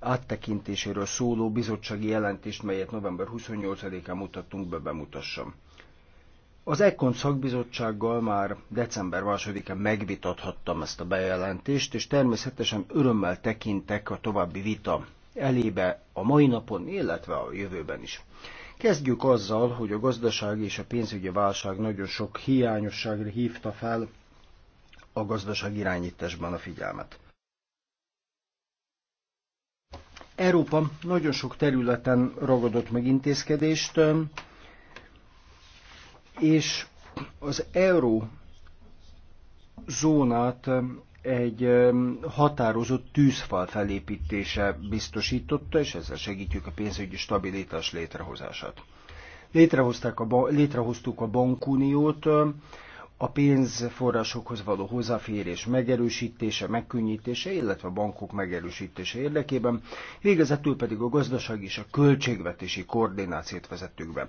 áttekintéséről szóló bizottsági jelentést, melyet november 28-án mutattunk be, bemutassam. Az Ekkon szakbizottsággal már december 2-án megvitathattam ezt a bejelentést, és természetesen örömmel tekintek a további vita elébe a mai napon, illetve a jövőben is. Kezdjük azzal, hogy a gazdasági és a pénzügyi válság nagyon sok hiányosságra hívta fel a gazdaság irányításban a figyelmet. Európa nagyon sok területen ragadott meg intézkedést, és az euró zónát egy határozott tűzfal felépítése biztosította, és ezzel segítjük a pénzügyi stabilitás létrehozását. Létrehozták a, létrehoztuk a bankuniót, a pénzforrásokhoz való hozzáférés megerősítése, megkönnyítése, illetve a bankok megerősítése érdekében, végezetül pedig a gazdaság és a költségvetési koordinációt vezettük be.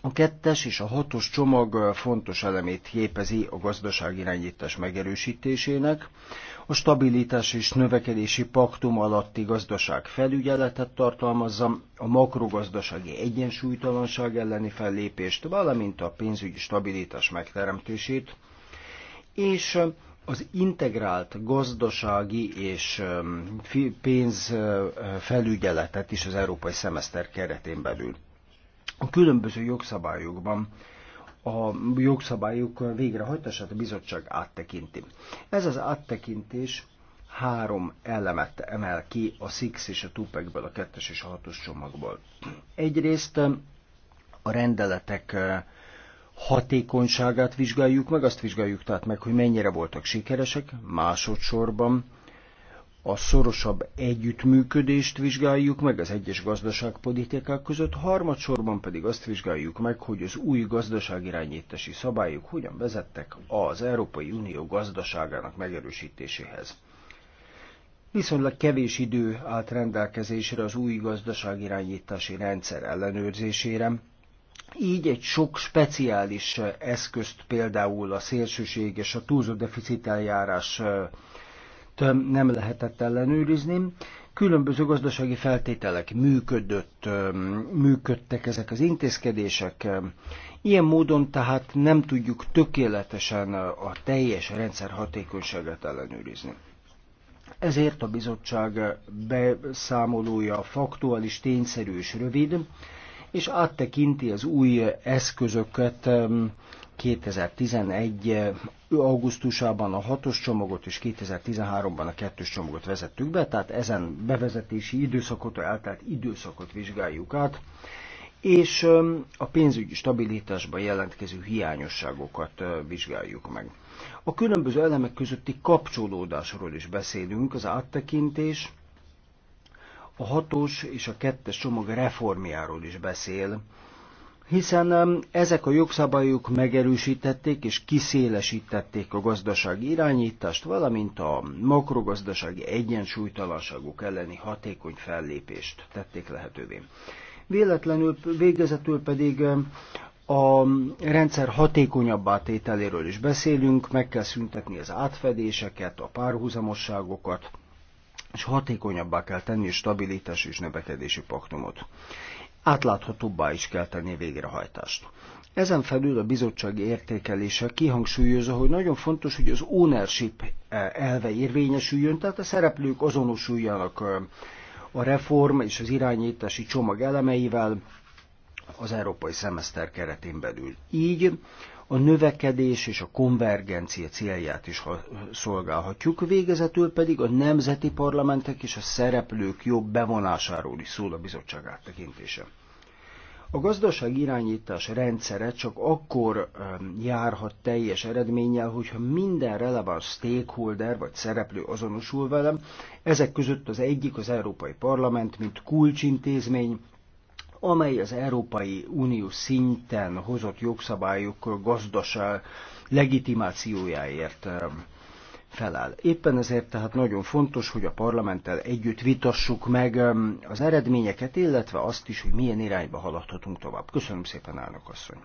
A kettes és a hatos csomag fontos elemét képezi a gazdaságirányítás megerősítésének, a stabilitás és növekedési paktum alatti gazdaság felügyeletet tartalmazza, a makrogazdasági egyensúlytalanság elleni fellépést, valamint a pénzügyi stabilitás megteremtését, és az integrált gazdasági és pénzfelügyeletet is az európai szemeszter keretén belül a különböző jogszabályokban a jogszabályok végrehajtását a bizottság áttekinti. Ez az áttekintés három elemet emel ki a Six és a TUPEC-ből, a 2 és a 6-os csomagból. Egyrészt a rendeletek hatékonyságát vizsgáljuk meg, azt vizsgáljuk tehát meg, hogy mennyire voltak sikeresek, másodszorban a szorosabb együttműködést vizsgáljuk meg az egyes gazdaságpolitikák között, harmadsorban pedig azt vizsgáljuk meg, hogy az új gazdaságirányítási szabályok hogyan vezettek az Európai Unió gazdaságának megerősítéséhez. Viszonylag kevés idő állt rendelkezésre az új gazdaságirányítási rendszer ellenőrzésére, így egy sok speciális eszközt, például a szélsőséges, a túlzó deficiteljárás eljárás nem lehetett ellenőrizni. Különböző gazdasági feltételek működött, működtek ezek az intézkedések. Ilyen módon tehát nem tudjuk tökéletesen a teljes rendszer hatékonyságát ellenőrizni. Ezért a bizottság beszámolója faktuális, tényszerű és rövid, és áttekinti az új eszközöket, 2011. Eh, augusztusában a hatos csomagot és 2013-ban a kettős csomagot vezettük be, tehát ezen bevezetési időszakot, eltelt időszakot vizsgáljuk át, és eh, a pénzügyi stabilitásban jelentkező hiányosságokat eh, vizsgáljuk meg. A különböző elemek közötti kapcsolódásról is beszélünk, az áttekintés, a hatós és a kettes csomag reformjáról is beszél, hiszen um, ezek a jogszabályok megerősítették és kiszélesítették a gazdasági irányítást, valamint a makrogazdasági egyensúlytalanságok elleni hatékony fellépést tették lehetővé. Véletlenül végezetül pedig um, a rendszer hatékonyabb átételéről is beszélünk, meg kell szüntetni az átfedéseket, a párhuzamosságokat, és hatékonyabbá kell tenni a stabilitás és növekedési paktumot átláthatóbbá is kell tenni a végrehajtást. Ezen felül a bizottság értékelése kihangsúlyozza, hogy nagyon fontos, hogy az ownership eh, elve érvényesüljön, tehát a szereplők azonosuljanak eh, a reform és az irányítási csomag elemeivel az európai szemeszter keretén belül. Így a növekedés és a konvergencia célját is szolgálhatjuk, végezetül pedig a nemzeti parlamentek és a szereplők jobb bevonásáról is szól a bizottság áttekintése. A gazdaság irányítás rendszere csak akkor járhat teljes eredménnyel, hogyha minden releváns stakeholder vagy szereplő azonosul velem. Ezek között az egyik az Európai Parlament, mint kulcsintézmény, amely az Európai Unió szinten hozott jogszabályok gazdaság legitimációjáért feláll. Éppen ezért tehát nagyon fontos, hogy a parlamenttel együtt vitassuk meg um, az eredményeket, illetve azt is, hogy milyen irányba haladhatunk tovább. Köszönöm szépen, elnök asszony!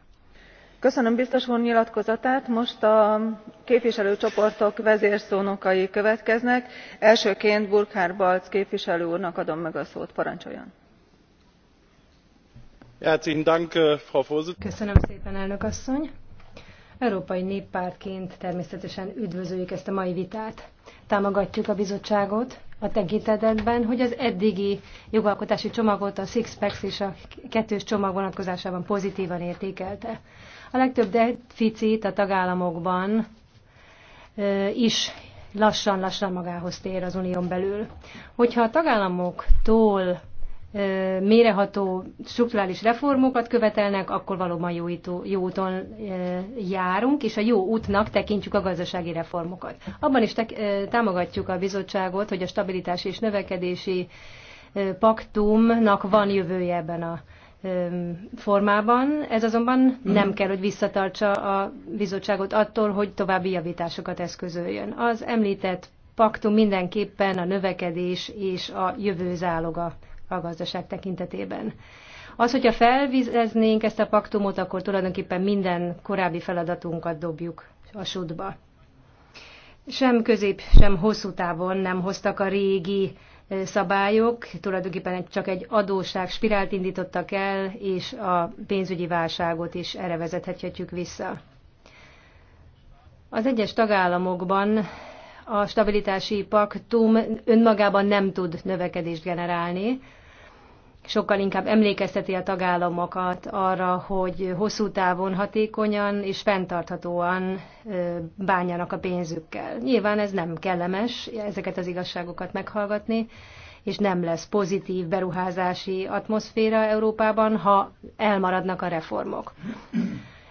Köszönöm biztos úr nyilatkozatát. Most a képviselőcsoportok vezérszónokai következnek. Elsőként Burkhár Balc képviselő úrnak adom meg a szót. Parancsoljon! Köszönöm szépen, elnök asszony! Európai Néppártként természetesen üdvözöljük ezt a mai vitát. Támogatjuk a bizottságot a tekintetben, hogy az eddigi jogalkotási csomagot a Sixpacks és a kettős csomag vonatkozásában pozitívan értékelte. A legtöbb deficit a tagállamokban is lassan-lassan magához tér az unión belül. Hogyha a tagállamoktól méreható strukturális reformokat követelnek, akkor valóban jó, itó, jó úton járunk, és a jó útnak tekintjük a gazdasági reformokat. Abban is tek, támogatjuk a bizottságot, hogy a stabilitási és növekedési paktumnak van jövője ebben a formában. Ez azonban nem mhm. kell, hogy visszatartsa a bizottságot attól, hogy további javításokat eszközöljön. Az említett paktum mindenképpen a növekedés és a jövő záloga a gazdaság tekintetében. Az, hogyha felvizeznénk ezt a paktumot, akkor tulajdonképpen minden korábbi feladatunkat dobjuk a sudba. Sem közép, sem hosszú távon nem hoztak a régi eh, szabályok, tulajdonképpen csak egy adóság spirált indítottak el, és a pénzügyi válságot is erre vezethetjük vissza. Az egyes tagállamokban a stabilitási paktum önmagában nem tud növekedést generálni, sokkal inkább emlékezteti a tagállamokat arra, hogy hosszú távon hatékonyan és fenntarthatóan bánjanak a pénzükkel. Nyilván ez nem kellemes, ezeket az igazságokat meghallgatni, és nem lesz pozitív beruházási atmoszféra Európában, ha elmaradnak a reformok.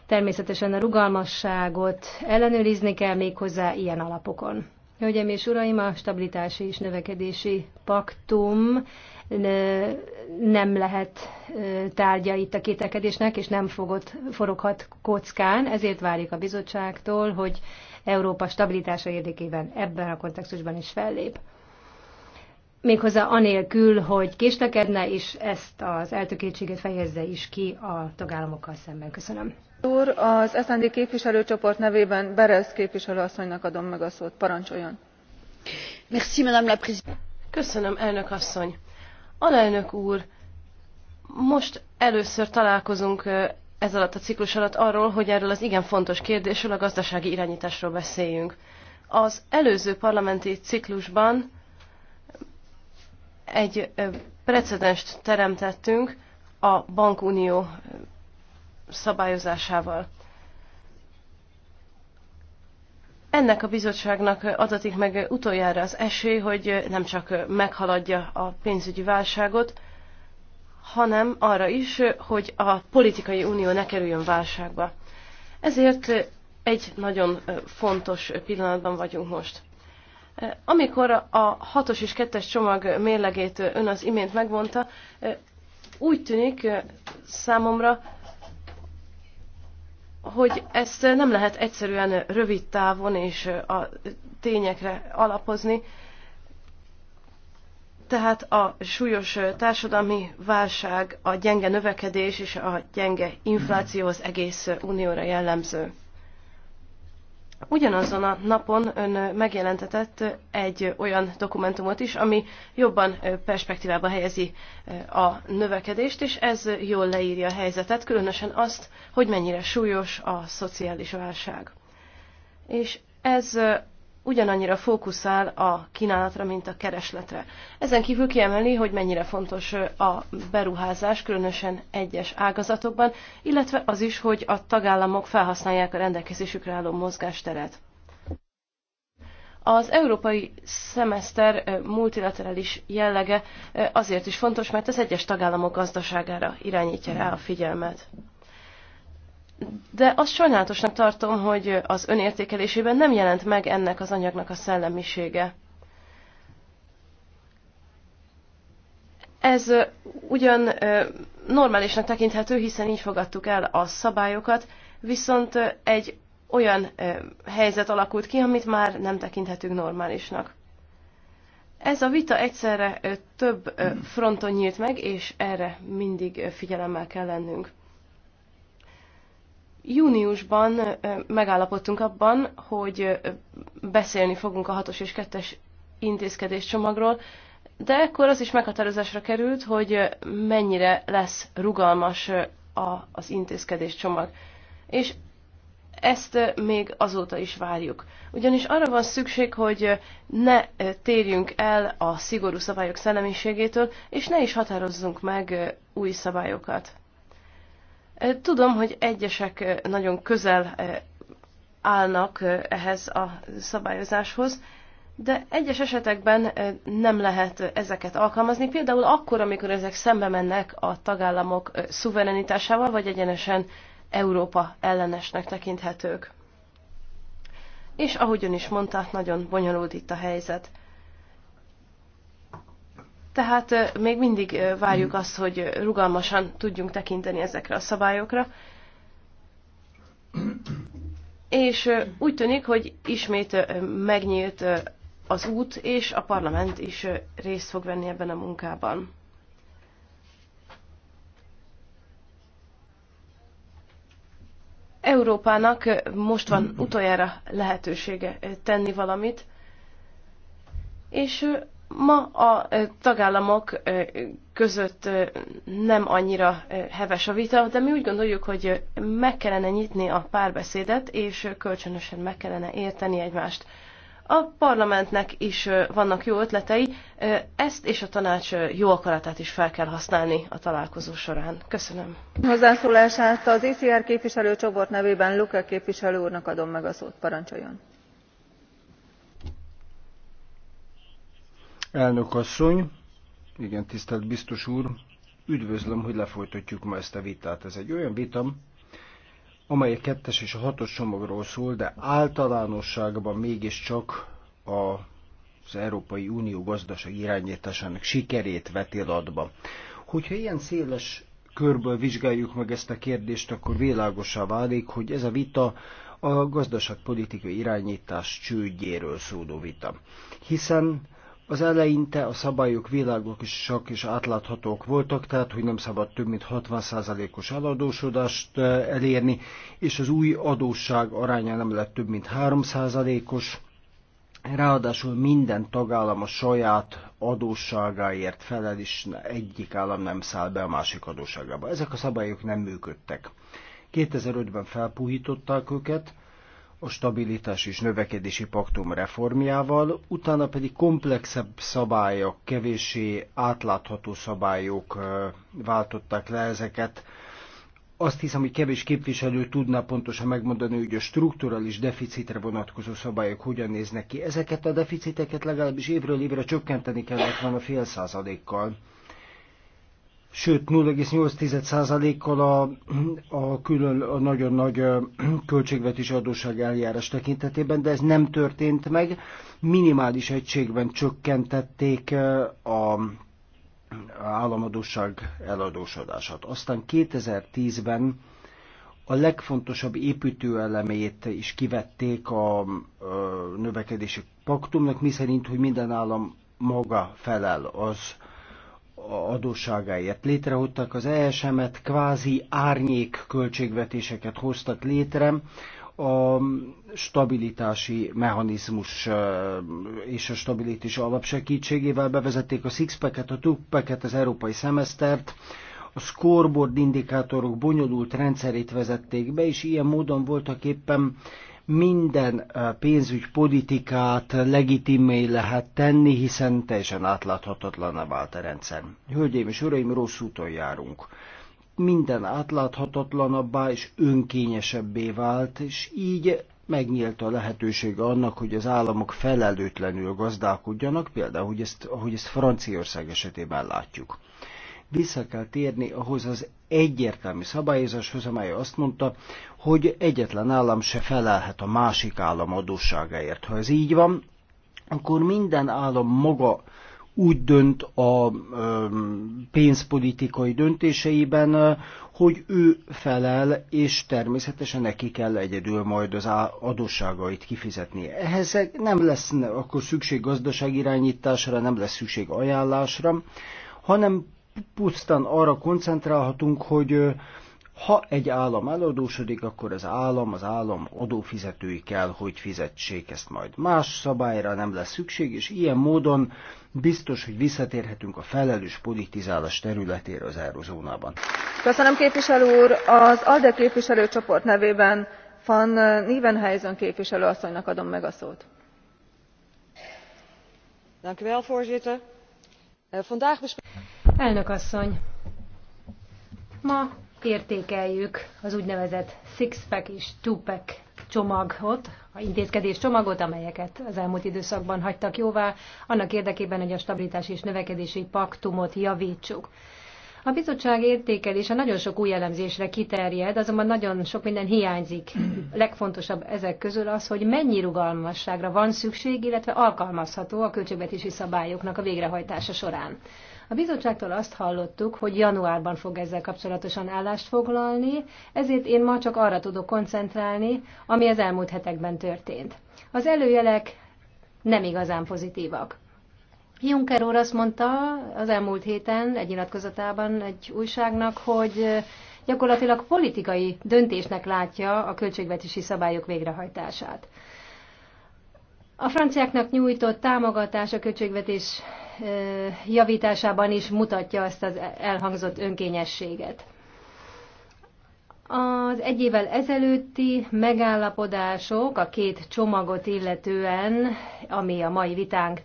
Természetesen a rugalmasságot ellenőrizni kell méghozzá ilyen alapokon. Hölgyeim és Uraim, a stabilitási és növekedési paktum nem lehet tárgya itt a kételkedésnek, és nem fogott, foroghat kockán, ezért várjuk a bizottságtól, hogy Európa stabilitása érdekében ebben a kontextusban is fellép méghozzá anélkül, hogy késlekedne, és ezt az eltökétséget fejezze is ki a tagállamokkal szemben. Köszönöm. Úr, az SZND képviselőcsoport nevében Berez képviselő asszonynak adom meg a szót. Parancsoljon. Merci, madame la Köszönöm, elnök asszony. Alelnök úr, most először találkozunk ez alatt a ciklus alatt arról, hogy erről az igen fontos kérdésről, a gazdasági irányításról beszéljünk. Az előző parlamenti ciklusban egy precedenst teremtettünk a bankunió szabályozásával. Ennek a bizottságnak adatik meg utoljára az esély, hogy nem csak meghaladja a pénzügyi válságot, hanem arra is, hogy a politikai unió ne kerüljön válságba. Ezért egy nagyon fontos pillanatban vagyunk most. Amikor a hatos és kettes csomag mérlegét ön az imént megmondta, úgy tűnik számomra, hogy ezt nem lehet egyszerűen rövid távon és a tényekre alapozni. Tehát a súlyos társadalmi válság, a gyenge növekedés és a gyenge infláció az egész unióra jellemző. Ugyanazon a napon ön megjelentetett egy olyan dokumentumot is, ami jobban perspektívába helyezi a növekedést, és ez jól leírja a helyzetet, különösen azt, hogy mennyire súlyos a szociális válság. És ez ugyanannyira fókuszál a kínálatra, mint a keresletre. Ezen kívül kiemeli, hogy mennyire fontos a beruházás, különösen egyes ágazatokban, illetve az is, hogy a tagállamok felhasználják a rendelkezésükre álló mozgásteret. Az európai szemeszter multilaterális jellege azért is fontos, mert az egyes tagállamok gazdaságára irányítja rá a figyelmet de azt sajnálatosnak tartom, hogy az önértékelésében nem jelent meg ennek az anyagnak a szellemisége. Ez ugyan normálisnak tekinthető, hiszen így fogadtuk el a szabályokat, viszont egy olyan helyzet alakult ki, amit már nem tekinthetünk normálisnak. Ez a vita egyszerre több fronton nyílt meg, és erre mindig figyelemmel kell lennünk. Júniusban megállapodtunk abban, hogy beszélni fogunk a 6 és 2-es intézkedés csomagról, de ekkor az is meghatározásra került, hogy mennyire lesz rugalmas a, az intézkedés csomag. És ezt még azóta is várjuk. Ugyanis arra van szükség, hogy ne térjünk el a szigorú szabályok szellemiségétől, és ne is határozzunk meg új szabályokat. Tudom, hogy egyesek nagyon közel állnak ehhez a szabályozáshoz, de egyes esetekben nem lehet ezeket alkalmazni, például akkor, amikor ezek szembe mennek a tagállamok szuverenitásával, vagy egyenesen Európa ellenesnek tekinthetők. És ahogy ön is mondta, nagyon bonyolult itt a helyzet. Tehát még mindig várjuk mm. azt, hogy rugalmasan tudjunk tekinteni ezekre a szabályokra. És úgy tűnik, hogy ismét megnyílt az út, és a parlament is részt fog venni ebben a munkában. Európának most van mm-hmm. utoljára lehetősége tenni valamit, és Ma a tagállamok között nem annyira heves a vita, de mi úgy gondoljuk, hogy meg kellene nyitni a párbeszédet, és kölcsönösen meg kellene érteni egymást. A parlamentnek is vannak jó ötletei, ezt és a tanács jó akaratát is fel kell használni a találkozó során. Köszönöm. Hozzászólását az ICR képviselőcsoport nevében Luke képviselő úrnak adom meg a szót. Parancsoljon! Elnök asszony, igen, tisztelt biztos úr, üdvözlöm, hogy lefolytatjuk ma ezt a vitát. Ez egy olyan vita, amely a kettes és a hatos csomagról szól, de általánosságban mégiscsak a, az Európai Unió gazdaság irányításának sikerét veti adba. Hogyha ilyen széles körből vizsgáljuk meg ezt a kérdést, akkor világosá válik, hogy ez a vita a gazdaságpolitikai irányítás csődjéről szóló vita. Hiszen az eleinte a szabályok világosak és átláthatók voltak, tehát hogy nem szabad több mint 60%-os eladósodást eh, elérni, és az új adósság aránya nem lett több mint 3%-os. Ráadásul minden tagállam a saját adósságáért felel, és egyik állam nem száll be a másik adósságába. Ezek a szabályok nem működtek. 2005-ben felpuhították őket, a stabilitás és növekedési paktum reformjával, utána pedig komplexebb szabályok, kevésé átlátható szabályok váltották le ezeket. Azt hiszem, hogy kevés képviselő tudná pontosan megmondani, hogy a strukturális deficitre vonatkozó szabályok hogyan néznek ki. Ezeket a deficiteket legalábbis évről évre csökkenteni kellett volna fél százalékkal sőt 0,8%-kal a, a külön a nagyon nagy költségvetési adósság eljárás tekintetében, de ez nem történt meg. Minimális egységben csökkentették a államadóság eladósodását. Aztán 2010-ben a legfontosabb építőelemét is kivették a növekedési paktumnak, miszerint, hogy minden állam maga felel az adósságáért. Létrehoztak az ESM-et, kvázi árnyék költségvetéseket hoztak létre, a stabilitási mechanizmus eh, és a stabilitási alap segítségével bevezették a sixpacket, a twopacket, az európai szemesztert, a scoreboard indikátorok bonyolult rendszerét vezették be, és ilyen módon voltak éppen minden pénzügypolitikát legitimé lehet tenni, hiszen teljesen a vált a rendszer. Hölgyeim és uraim, rossz úton járunk. Minden átláthatatlanabbá és önkényesebbé vált, és így megnyílt a lehetőség annak, hogy az államok felelőtlenül gazdálkodjanak, például, hogy ezt, ahogy ezt Franciaország esetében látjuk. Vissza kell térni ahhoz az egyértelmű szabályozáshoz, amely azt mondta, hogy egyetlen állam se felelhet a másik állam adósságáért. Ha ez így van, akkor minden állam maga úgy dönt a pénzpolitikai döntéseiben, hogy ő felel, és természetesen neki kell egyedül majd az adósságait kifizetni. Ehhez nem lesz akkor szükség gazdaságirányításra, nem lesz szükség ajánlásra, hanem pusztán arra koncentrálhatunk, hogy ha egy állam eladósodik, akkor az állam, az állam adófizetői kell, hogy fizetsék ezt majd. Más szabályra nem lesz szükség, és ilyen módon biztos, hogy visszatérhetünk a felelős politizálás területére az eurozónában. Köszönöm képviselő úr! Az ALDE képviselőcsoport nevében van Nieuwenhuizen képviselő asszonynak adom meg a szót. voorzitter. Eh, vandaag Elnök asszony! Ma értékeljük az úgynevezett six-pack és two-pack csomagot, a intézkedés csomagot, amelyeket az elmúlt időszakban hagytak jóvá, annak érdekében, hogy a stabilitás és növekedési paktumot javítsuk. A bizottság értékelése nagyon sok új elemzésre kiterjed, azonban nagyon sok minden hiányzik. Legfontosabb ezek közül az, hogy mennyi rugalmasságra van szükség, illetve alkalmazható a költségvetési szabályoknak a végrehajtása során. A bizottságtól azt hallottuk, hogy januárban fog ezzel kapcsolatosan állást foglalni, ezért én ma csak arra tudok koncentrálni, ami az elmúlt hetekben történt. Az előjelek nem igazán pozitívak. Juncker úr azt mondta az elmúlt héten egy nyilatkozatában egy újságnak, hogy gyakorlatilag politikai döntésnek látja a költségvetési szabályok végrehajtását. A franciáknak nyújtott támogatás a költségvetés javításában is mutatja ezt az elhangzott önkényességet. Az egy évvel ezelőtti megállapodások a két csomagot illetően, ami a mai vitánk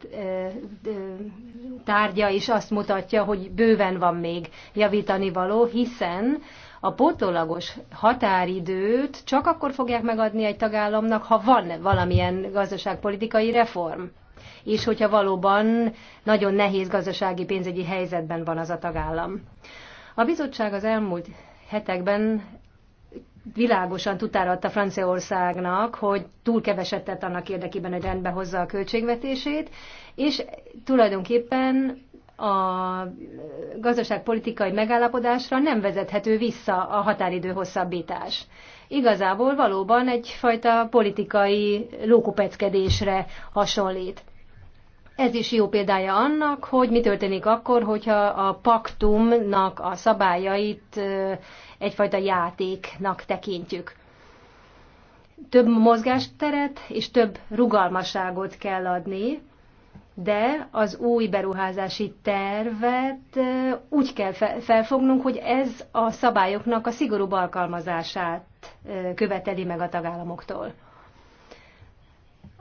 tárgya is azt mutatja, hogy bőven van még javítani való, hiszen a pótolagos határidőt csak akkor fogják megadni egy tagállamnak, ha van valamilyen gazdaságpolitikai reform és hogyha valóban nagyon nehéz gazdasági pénzügyi helyzetben van az a tagállam. A bizottság az elmúlt hetekben világosan tudtára adta Franciaországnak, hogy túl keveset tett annak érdekében, hogy rendbe hozza a költségvetését, és tulajdonképpen a gazdaságpolitikai megállapodásra nem vezethető vissza a határidő hosszabbítás. Igazából valóban egyfajta politikai lókupeckedésre hasonlít. Ez is jó példája annak, hogy mi történik akkor, hogyha a paktumnak a szabályait egyfajta játéknak tekintjük. Több mozgásteret és több rugalmasságot kell adni, de az új beruházási tervet úgy kell felfognunk, hogy ez a szabályoknak a szigorúbb alkalmazását követeli meg a tagállamoktól.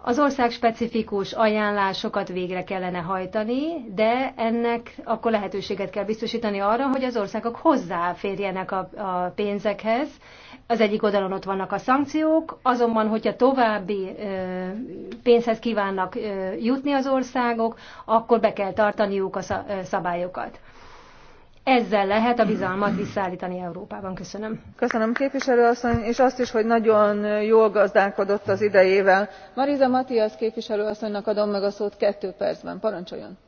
Az ország specifikus ajánlásokat végre kellene hajtani, de ennek akkor lehetőséget kell biztosítani arra, hogy az országok hozzáférjenek a, a pénzekhez. Az egyik oldalon ott vannak a szankciók, azonban, hogyha további ö, pénzhez kívánnak ö, jutni az országok, akkor be kell tartaniuk a szabályokat ezzel lehet a bizalmat visszaállítani európában. köszönöm. köszönöm képviselő asszony és azt is hogy nagyon jól gazdálkodott az idejével. marisa matias képviselő asszonynak adom meg a szót two percben. parancsoljon!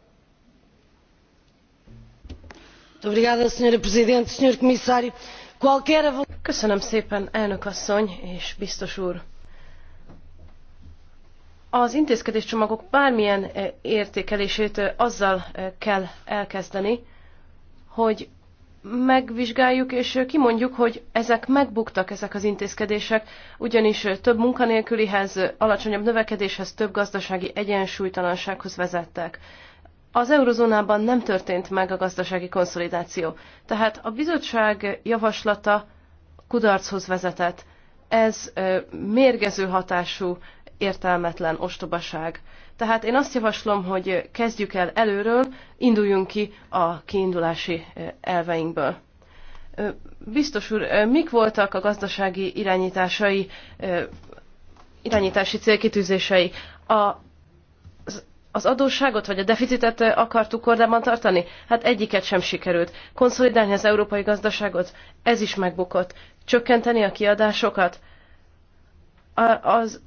köszönöm szépen elnök asszony és biztos úr! az intézkedéscsomagok bármilyen eh, értékelését eh, azzal eh, kell elkezdeni hogy megvizsgáljuk és kimondjuk, hogy ezek megbuktak, ezek az intézkedések, ugyanis több munkanélkülihez, alacsonyabb növekedéshez, több gazdasági egyensúlytalansághoz vezettek. Az eurozónában nem történt meg a gazdasági konszolidáció, tehát a bizottság javaslata kudarchoz vezetett. Ez mérgező hatású értelmetlen ostobaság. Tehát én azt javaslom, hogy kezdjük el előről, induljunk ki a kiindulási elveinkből. Biztos úr, mik voltak a gazdasági irányításai, irányítási célkitűzései? A az adósságot vagy a deficitet akartuk kordában tartani? Hát egyiket sem sikerült. Konszolidálni az európai gazdaságot? Ez is megbukott. Csökkenteni a kiadásokat? A, az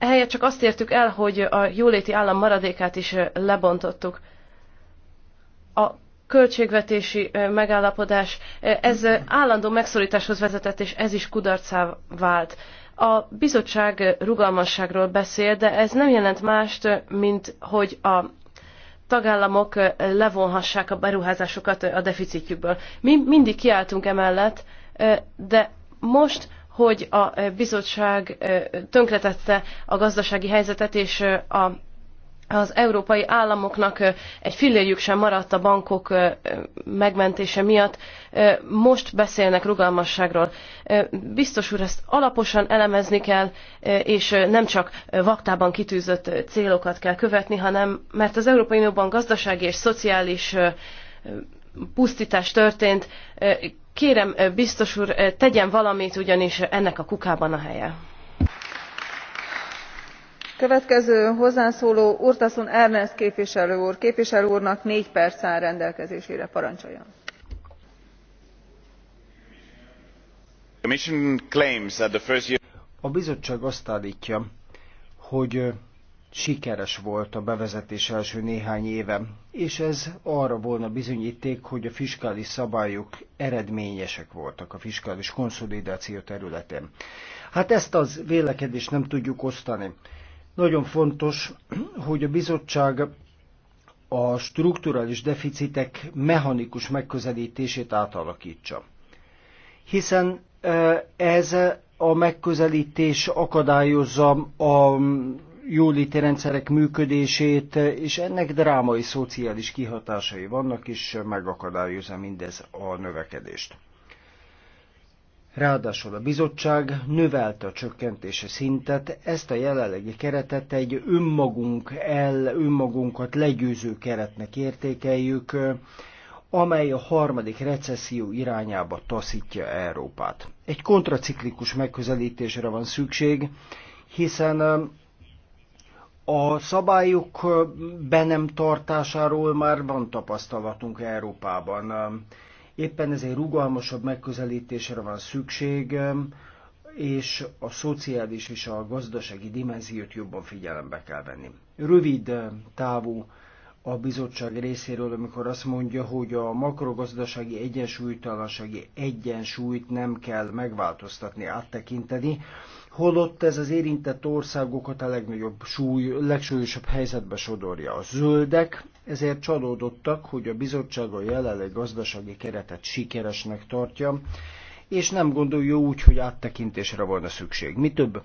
Ehelyett csak azt értük el, hogy a jóléti állam maradékát is lebontottuk. A költségvetési megállapodás, ez állandó megszorításhoz vezetett, és ez is kudarcá vált. A bizottság rugalmasságról beszél, de ez nem jelent mást, mint hogy a tagállamok levonhassák a beruházásokat a deficitjükből. Mi mindig kiálltunk emellett, de most hogy a bizottság tönkretette a gazdasági helyzetet, és a, az európai államoknak egy fillérjük sem maradt a bankok megmentése miatt. Most beszélnek rugalmasságról. Biztos úr, ezt alaposan elemezni kell, és nem csak vaktában kitűzött célokat kell követni, hanem mert az Európai Unióban gazdasági és szociális pusztítás történt, Kérem, biztos úr, tegyen valamit, ugyanis ennek a kukában a helye. Következő hozzászóló Urtasun Ernest képviselő úr. Képviselő úrnak négy perc áll rendelkezésére. Parancsoljon. A bizottság azt állítja, hogy sikeres volt a bevezetés első néhány éve, és ez arra volna bizonyíték, hogy a fiskális szabályok eredményesek voltak a fiskális konszolidáció területén. Hát ezt az vélekedést nem tudjuk osztani. Nagyon fontos, hogy a bizottság a strukturális deficitek mechanikus megközelítését átalakítsa. Hiszen ez a megközelítés akadályozza a jóléti rendszerek működését, és ennek drámai szociális kihatásai vannak, és megakadályozza mindez a növekedést. Ráadásul a bizottság növelte a csökkentési szintet, ezt a jelenlegi keretet egy önmagunk el, önmagunkat legyőző keretnek értékeljük, amely a harmadik recesszió irányába taszítja Európát. Egy kontraciklikus megközelítésre van szükség, hiszen a szabályok be nem tartásáról már van tapasztalatunk Európában. Éppen ezért rugalmasabb megközelítésre van szükség, és a szociális és a gazdasági dimenziót jobban figyelembe kell venni. Rövid távú a bizottság részéről, amikor azt mondja, hogy a makrogazdasági egyensúlytalansági egyensúlyt nem kell megváltoztatni, áttekinteni, holott ez az érintett országokat a legnagyobb súly, legsúlyosabb helyzetbe sodorja. A zöldek ezért csalódottak, hogy a bizottság a jelenleg gazdasági keretet sikeresnek tartja, és nem gondolja úgy, hogy áttekintésre volna szükség. Mi több,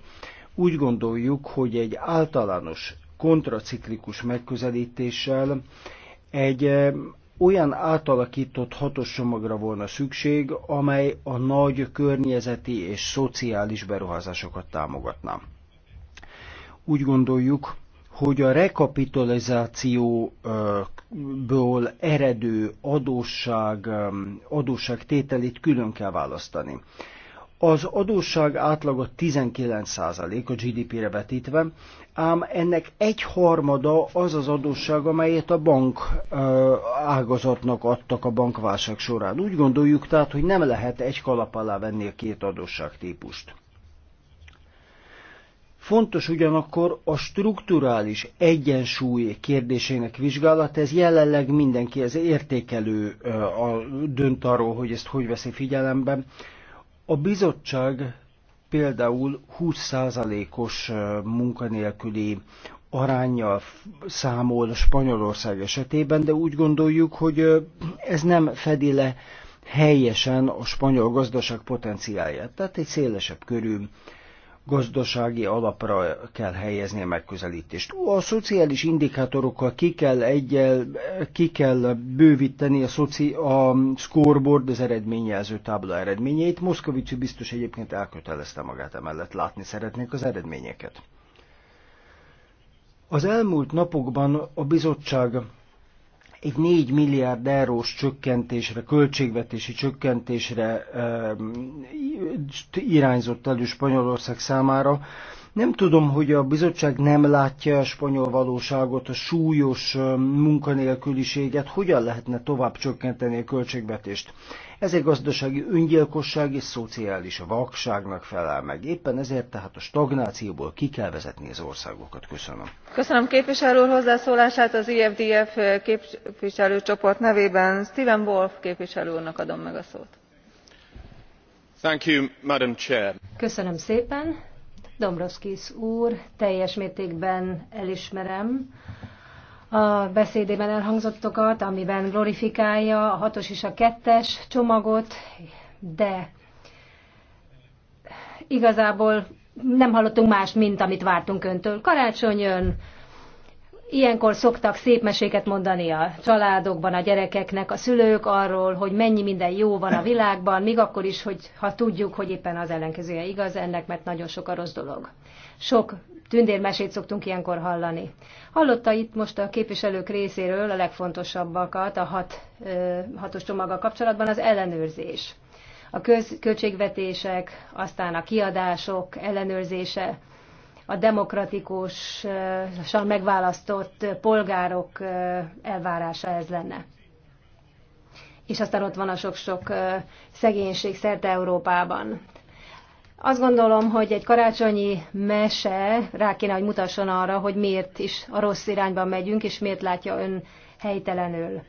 úgy gondoljuk, hogy egy általános kontraciklikus megközelítéssel egy olyan átalakított hatos csomagra volna szükség, amely a nagy környezeti és szociális beruházásokat támogatná. Úgy gondoljuk, hogy a rekapitalizációból eredő adósság, adósság tételét külön kell választani. Az adósság átlaga 19% a GDP-re vetítve, ám ennek egy harmada az az adósság, amelyet a bank ágazatnak adtak a bankválság során. Úgy gondoljuk tehát, hogy nem lehet egy kalap alá venni a két adósságtípust. Fontos ugyanakkor a strukturális egyensúly kérdésének vizsgálata, ez jelenleg mindenki, ez értékelő a, dönt arról, hogy ezt hogy veszi figyelembe. A bizottság például 20%-os munkanélküli arányjal számol Spanyolország esetében, de úgy gondoljuk, hogy ez nem fedi le helyesen a spanyol gazdaság potenciáját. Tehát egy szélesebb körű gazdasági alapra kell helyezni a megközelítést. A szociális indikátorokkal ki kell, egyel, ki kell bővíteni a, szoci, a scoreboard, az eredményjelző tábla eredményeit. Moszkovicsi biztos egyébként elkötelezte magát emellett, látni szeretnék az eredményeket. Az elmúlt napokban a bizottság egy 4 milliárd eurós csökkentésre, költségvetési csökkentésre irányzott elő Spanyolország számára. Nem tudom, hogy a bizottság nem látja a spanyol valóságot, a súlyos munkanélküliséget, hogyan lehetne tovább csökkenteni a költségvetést. Ez egy gazdasági öngyilkosság és szociális vakságnak felel meg. Éppen ezért tehát a stagnációból ki kell vezetni az országokat. Köszönöm. Köszönöm képviselő úr hozzászólását az IFDF képviselőcsoport nevében. Steven Wolf képviselő úrnak adom meg a szót. Thank you, Madam Chair. Köszönöm szépen. Dombrovskis úr, teljes mértékben elismerem, a beszédében elhangzottokat, amiben glorifikálja a hatos és a kettes csomagot, de igazából nem hallottunk más, mint amit vártunk öntől. Karácsony jön, Ilyenkor szoktak szép meséket mondani a családokban, a gyerekeknek, a szülők arról, hogy mennyi minden jó van a világban, még akkor is, hogy ha tudjuk, hogy éppen az ellenkezője igaz ennek, mert nagyon sok a rossz dolog. Sok tündérmesét szoktunk ilyenkor hallani. Hallotta itt most a képviselők részéről a legfontosabbakat a hat, hatos csomaggal kapcsolatban az ellenőrzés. A köz, költségvetések, aztán a kiadások ellenőrzése, a demokratikusan megválasztott polgárok elvárása ez lenne. És aztán ott van a sok-sok szegénység szerte Európában. Azt gondolom, hogy egy karácsonyi mese rá kéne, hogy mutasson arra, hogy miért is a rossz irányba megyünk, és miért látja ön helytelenül.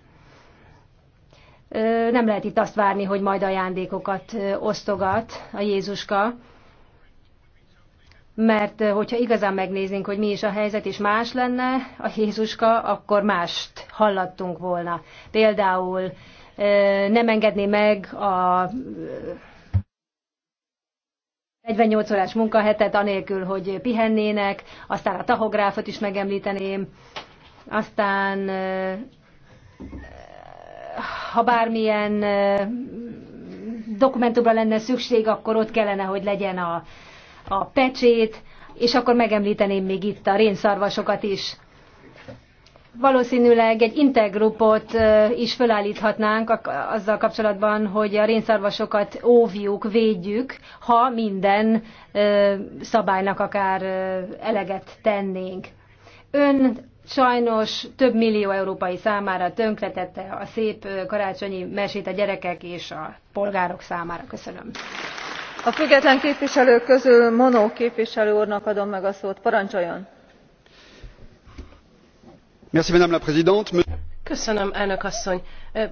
Nem lehet itt azt várni, hogy majd ajándékokat osztogat a Jézuska, mert eh, hogyha igazán megnéznénk, hogy mi is a helyzet, és más lenne a Jézuska, akkor mást hallattunk volna. Például eh, nem engedné meg a 48 eh, órás munkahetet, anélkül, hogy pihennének, aztán a tahográfot is megemlíteném, aztán ha bármilyen dokumentumra lenne szükség, akkor ott kellene, hogy legyen a, a pecsét, és akkor megemlíteném még itt a rénszarvasokat is. Valószínűleg egy intergrupot is felállíthatnánk azzal kapcsolatban, hogy a rénszarvasokat óvjuk, védjük, ha minden szabálynak akár eleget tennénk. Ön sajnos több millió európai számára tönkretette a szép karácsonyi mesét a gyerekek és a polgárok számára. Köszönöm a független képviselők közül monot képviselő úrnak adom meg a szót parancsoljon!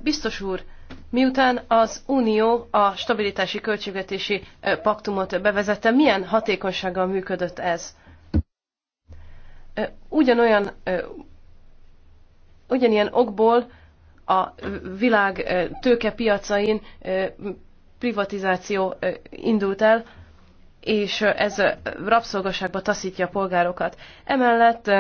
biztos úr miután az unió a stabilitási költségvetési paktumot bevezette milyen hatékonysággal működött ez? ugyanolyan ugyanilyen okból a világ tőkepiacain privatizáció indult el, és ez rabszolgaságba taszítja a polgárokat. Emellett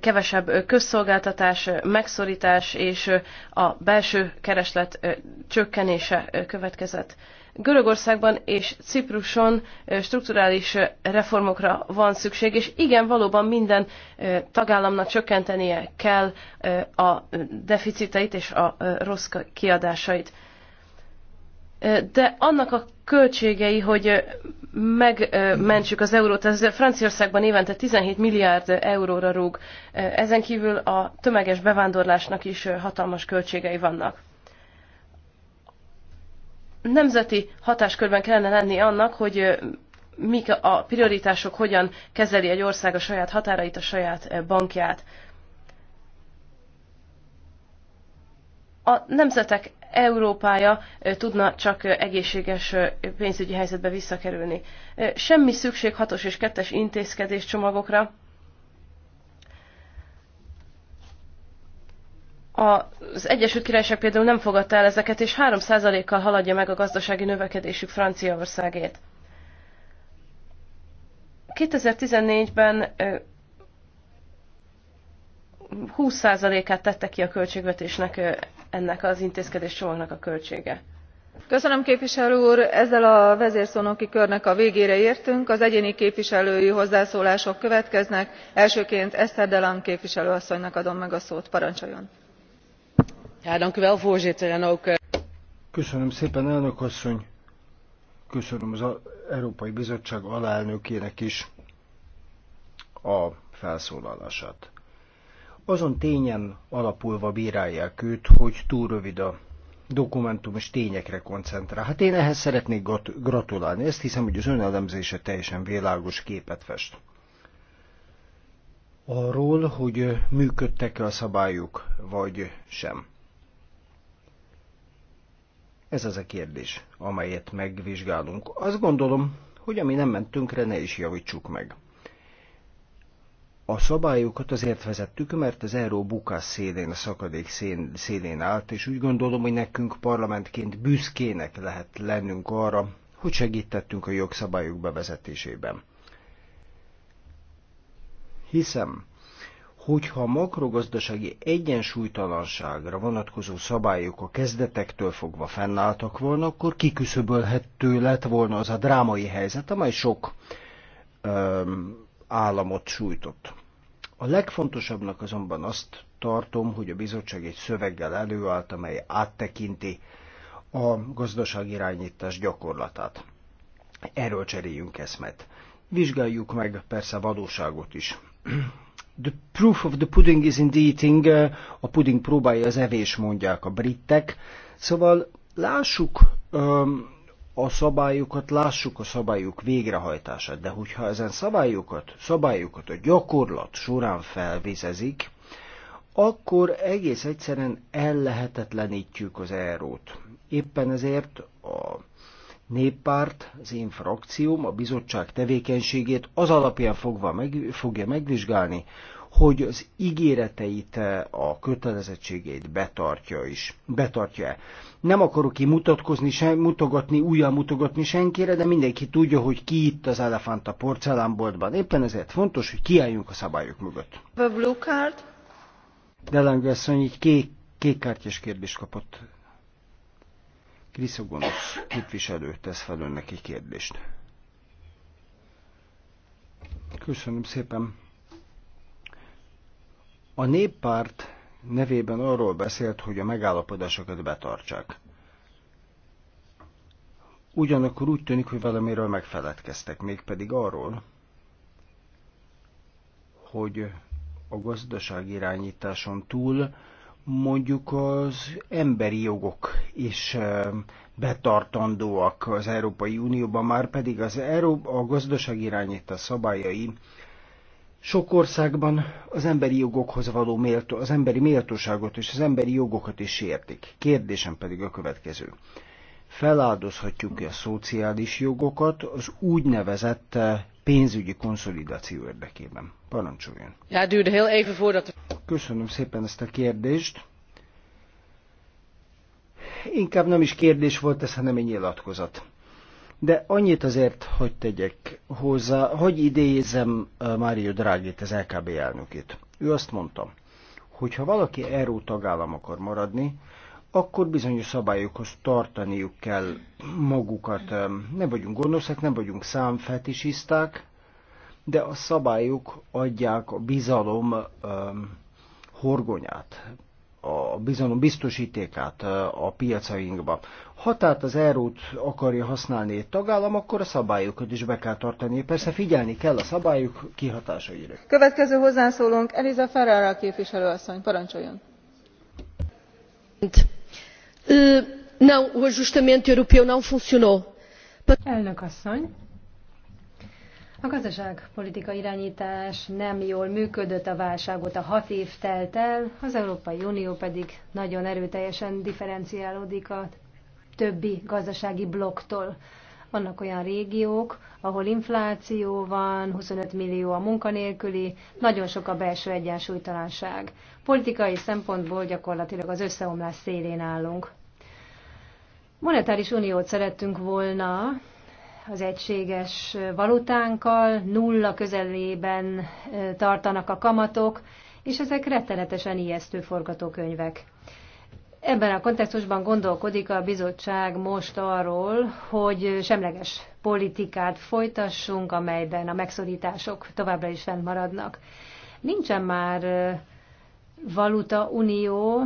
kevesebb közszolgáltatás, megszorítás és a belső kereslet csökkenése következett. Görögországban és Cipruson strukturális reformokra van szükség, és igen, valóban minden tagállamnak csökkentenie kell a deficiteit és a rossz kiadásait de annak a költségei, hogy megmentsük az eurót, ez Franciaországban évente 17 milliárd euróra rúg. Ezen kívül a tömeges bevándorlásnak is hatalmas költségei vannak. Nemzeti hatáskörben kellene lenni annak, hogy mik a prioritások, hogyan kezeli egy ország a saját határait, a saját bankját. a nemzetek Európája tudna csak egészséges pénzügyi helyzetbe visszakerülni. Semmi szükség hatos és kettes intézkedés csomagokra. Az Egyesült Királyság például nem fogadta el ezeket, és 3%-kal haladja meg a gazdasági növekedésük Franciaországét. 2014-ben 20%-át tette ki a költségvetésnek ennek az intézkedés csomagnak a költsége. Köszönöm képviselő úr, ezzel a vezérszónoki körnek a végére értünk. Az egyéni képviselői hozzászólások következnek. Elsőként Eszter Delam képviselő asszonynak adom meg a szót. Parancsoljon! Eh, Köszönöm szépen, elnök asszony! Köszönöm az Európai Bizottság alelnökének is a felszólalását azon tényen alapulva bírálják őt, hogy túl rövid a dokumentum és tényekre koncentrál. Hát én ehhez szeretnék gratulálni, ezt hiszem, hogy az ön elemzése teljesen világos képet fest. Arról, hogy működtek-e a szabályok, vagy sem. Ez az a kérdés, amelyet megvizsgálunk. Azt gondolom, hogy ami nem mentünkre, ne is javítsuk meg. A szabályokat azért vezettük, mert az euró bukás szélén, a szakadék szén, szélén állt, és úgy gondolom, hogy nekünk parlamentként büszkének lehet lennünk arra, hogy segítettünk a jogszabályok bevezetésében. Hiszem, hogyha a makrogazdasági egyensúlytalanságra vonatkozó szabályok a kezdetektől fogva fennálltak volna, akkor kiküszöbölhető lett volna az a drámai helyzet, amely sok öm, államot sújtott. A legfontosabbnak azonban azt tartom, hogy a bizottság egy szöveggel előállt, amely áttekinti a gazdasági irányítás gyakorlatát. Erről cseréljünk eszmet. Vizsgáljuk meg persze a valóságot is. The proof of the pudding is in the eating, a pudding próbálja az evés, mondják a britek. Szóval lássuk, um, a szabályokat, lássuk a szabályok végrehajtását, de hogyha ezen szabályokat, szabályokat a gyakorlat során felvizezik, akkor egész egyszerűen ellehetetlenítjük az erót. Éppen ezért a néppárt, az én frakcióm a bizottság tevékenységét az alapján fogva meg, fogja megvizsgálni, hogy az ígéreteit, eh, a kötelezettségeit betartja is. Betartja-e. Nem akarok ki mutatkozni, sem, mutogatni, újjal mutogatni senkire, de mindenki tudja, hogy ki itt az elefánt a porcelánboltban. Éppen ezért fontos, hogy kiálljunk a szabályok mögött. A blue card? De asszony így kék, kék kártyás kérdést kapott. Kriszogonosz képviselő tesz fel önnek egy kérdést. Köszönöm szépen. A néppárt nevében arról beszélt, hogy a megállapodásokat betartsák. Ugyanakkor úgy tűnik, hogy valamiről megfeledkeztek, mégpedig arról, hogy a gazdaság irányításon túl mondjuk az emberi jogok is betartandóak az Európai Unióban, már pedig az Euró- a gazdaság irányítás szabályai sok országban az emberi jogokhoz való méltó, az emberi méltóságot és az emberi jogokat is sértik. Kérdésem pedig a következő. Feláldozhatjuk-e a szociális jogokat az úgynevezett eh, pénzügyi konszolidáció érdekében? Parancsoljon. Ja, duurde heel even voordat... Köszönöm szépen ezt a kérdést. Inkább nem is kérdés volt ez, hanem egy nyilatkozat de annyit azért, hogy tegyek hozzá, hogy idézem eh, Mário Drágit, az LKB elnökét. Ő azt mondta, hogy ha valaki euró tagállam akar maradni, akkor bizonyos szabályokhoz tartaniuk kell magukat. Eh, nem vagyunk gonoszak, nem vagyunk számfetisiszták, de a szabályok adják a bizalom um, horgonyát a bizalom biztosítékát a piacainkba. Ha tehát az eurót akarja használni egy tagállam, akkor a szabályokat is be kell tartani. Persze figyelni kell a szabályok kihatásaira. Következő hozzászólónk Eliza Ferrara képviselőasszony. Parancsoljon! Não, o ajustamento europeu não funcionou. Elnök asszony, a gazdaságpolitika irányítás nem jól működött a válságot a hat év telt el, az Európai Unió pedig nagyon erőteljesen differenciálódik a többi gazdasági blokktól. Vannak olyan régiók, ahol infláció van, 25 millió a munkanélküli, nagyon sok a belső egyensúlytalanság. Politikai szempontból gyakorlatilag az összeomlás szélén állunk. Monetáris uniót szerettünk volna, az egységes valutánkkal, nulla közelében tartanak a kamatok, és ezek rettenetesen ijesztő forgatókönyvek. Ebben a kontextusban gondolkodik a bizottság most arról, hogy semleges politikát folytassunk, amelyben a megszorítások továbbra is fennmaradnak. Nincsen már valuta unió,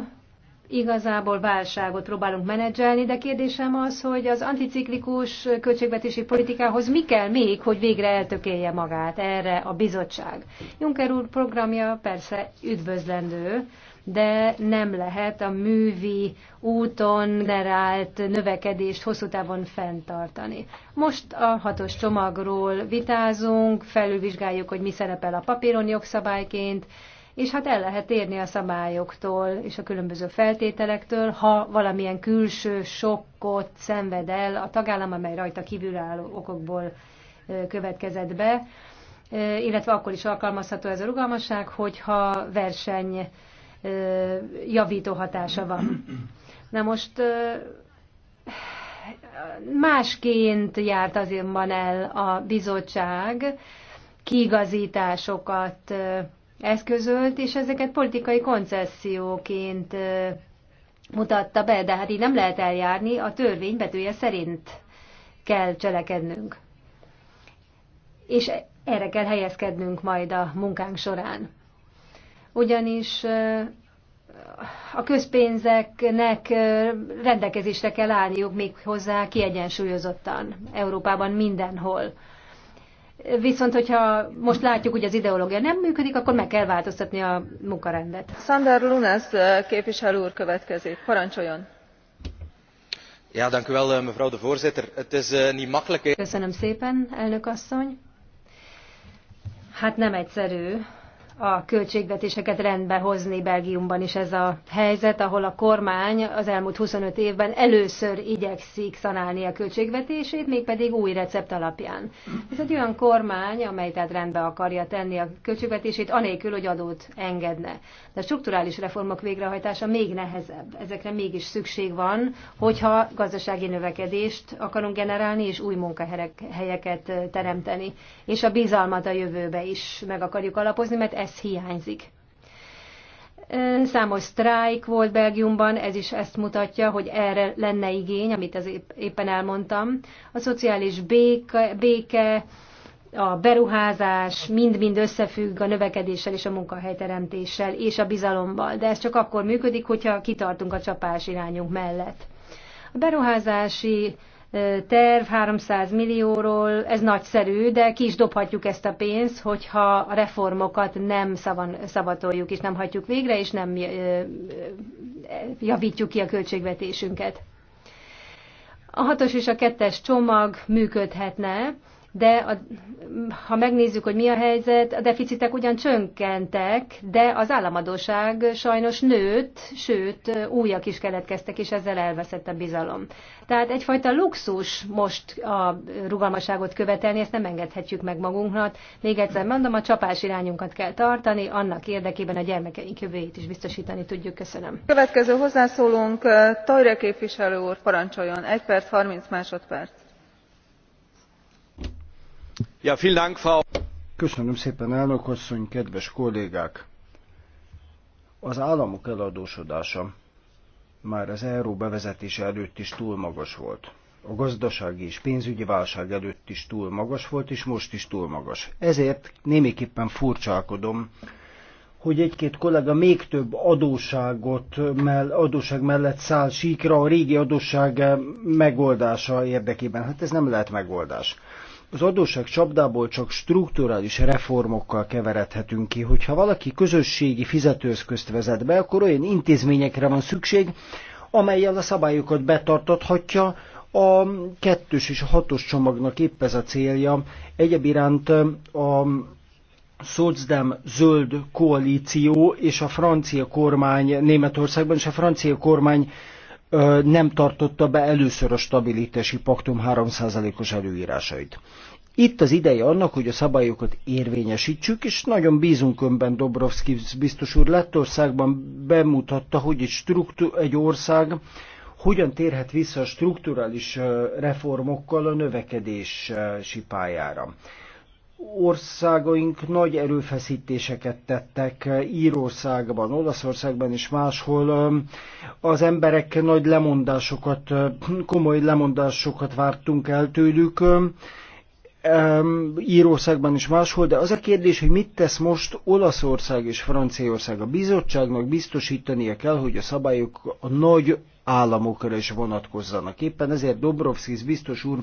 igazából válságot próbálunk menedzselni, de kérdésem az, hogy az anticiklikus költségvetési politikához mi kell még, hogy végre eltökélje magát erre a bizottság. Juncker úr programja persze üdvözlendő, de nem lehet a művi úton generált növekedést hosszú távon fenntartani. Most a hatos csomagról vitázunk, felülvizsgáljuk, hogy mi szerepel a papíron jogszabályként, és hát el lehet érni a szabályoktól és a különböző feltételektől, ha valamilyen külső sokkot szenved el a tagállam, amely rajta kívülálló okokból következett be, illetve akkor is alkalmazható ez a rugalmasság, hogyha verseny javító hatása van. Na most másként járt azonban el a bizottság, kiigazításokat eszközölt, és ezeket politikai koncesszióként mutatta be, de hát így nem lehet eljárni, a törvény betűje szerint kell cselekednünk. És erre kell helyezkednünk majd a munkánk során. Ugyanis a közpénzeknek rendelkezésre kell állniuk még hozzá kiegyensúlyozottan Európában mindenhol. Viszont, hogyha most látjuk, hogy az ideológia nem működik, akkor meg kell változtatni a munkarendet. Sander Lunes képviselő úr következik. Parancsoljon! Ja, dank u wel, eh, mevrouw de voorzitter. Het is uh, niet makkelijk. Köszönöm szépen, elnök asszony. Hát nem egyszerű a költségvetéseket rendbe hozni Belgiumban is ez a helyzet, ahol a kormány az elmúlt 25 évben először igyekszik szanálni a költségvetését, mégpedig új recept alapján. Ez egy olyan kormány, amely tehát rendbe akarja tenni a költségvetését, anélkül, hogy adót engedne. De a strukturális reformok végrehajtása még nehezebb. Ezekre mégis szükség van, hogyha gazdasági növekedést akarunk generálni, és új munkahelyeket teremteni. És a bizalmat a jövőbe is meg akarjuk alapozni, mert ez ez hiányzik. Számos sztrájk volt Belgiumban, ez is ezt mutatja, hogy erre lenne igény, amit az épp, éppen elmondtam. A szociális béke, béke a beruházás mind-mind összefügg a növekedéssel és a munkahelyteremtéssel és a bizalommal, de ez csak akkor működik, hogyha kitartunk a csapás irányunk mellett. A beruházási terv 300 millióról, ez nagyszerű, de ki is dobhatjuk ezt a pénzt, hogyha a reformokat nem szavan, szavatoljuk, és nem hagyjuk végre, és nem javítjuk ki a költségvetésünket. A hatos és a kettes csomag működhetne, de a, ha megnézzük, hogy mi a helyzet, a deficitek ugyan csökkentek, de az államadóság sajnos nőtt, sőt, újak is keletkeztek, és ezzel elveszett a bizalom. Tehát egyfajta luxus most a rugalmasságot követelni, ezt nem engedhetjük meg magunknak. Még egyszer mondom, a csapás irányunkat kell tartani, annak érdekében a gyermekeink jövőjét is biztosítani tudjuk. Köszönöm. Következő hozzászólónk Tajre képviselő úr, parancsoljon. 1 perc, 30 másodperc Köszönöm szépen, elnök asszony, kedves kollégák! Az államok eladósodása már az euró bevezetése előtt is túl magas volt. A gazdasági és pénzügyi válság előtt is túl magas volt, és most is túl magas. Ezért némiképpen furcsálkodom, hogy egy-két kollega még több adóságot, mell, adóság mellett száll síkra a régi adósság megoldása érdekében. Hát ez nem lehet megoldás az adósság csapdából csak strukturális reformokkal keveredhetünk ki. Hogyha valaki közösségi fizetőeszközt vezet be, akkor olyan intézményekre van szükség, amelyel a szabályokat betartathatja, a kettős és a hatos csomagnak épp ez a célja. Egyéb iránt a Szocdem zöld koalíció és a francia kormány Németországban és a francia kormány nem tartotta be először a stabilitási paktum 3%-os előírásait. Itt az ideje annak, hogy a szabályokat érvényesítsük, és nagyon bízunk önben, Dobrovszki biztos úr Lettországban bemutatta, hogy egy, struktú- egy ország hogyan térhet vissza a strukturális reformokkal a növekedési pályára országaink nagy erőfeszítéseket tettek Írországban, Olaszországban és máshol. Az emberek nagy lemondásokat, komoly lemondásokat vártunk el tőlük. Írországban is máshol, de az a kérdés, hogy mit tesz most Olaszország és Franciaország. A bizottságnak biztosítania kell, hogy a szabályok a nagy államokra is vonatkozzanak. Éppen ezért Dobrovskis biztos úr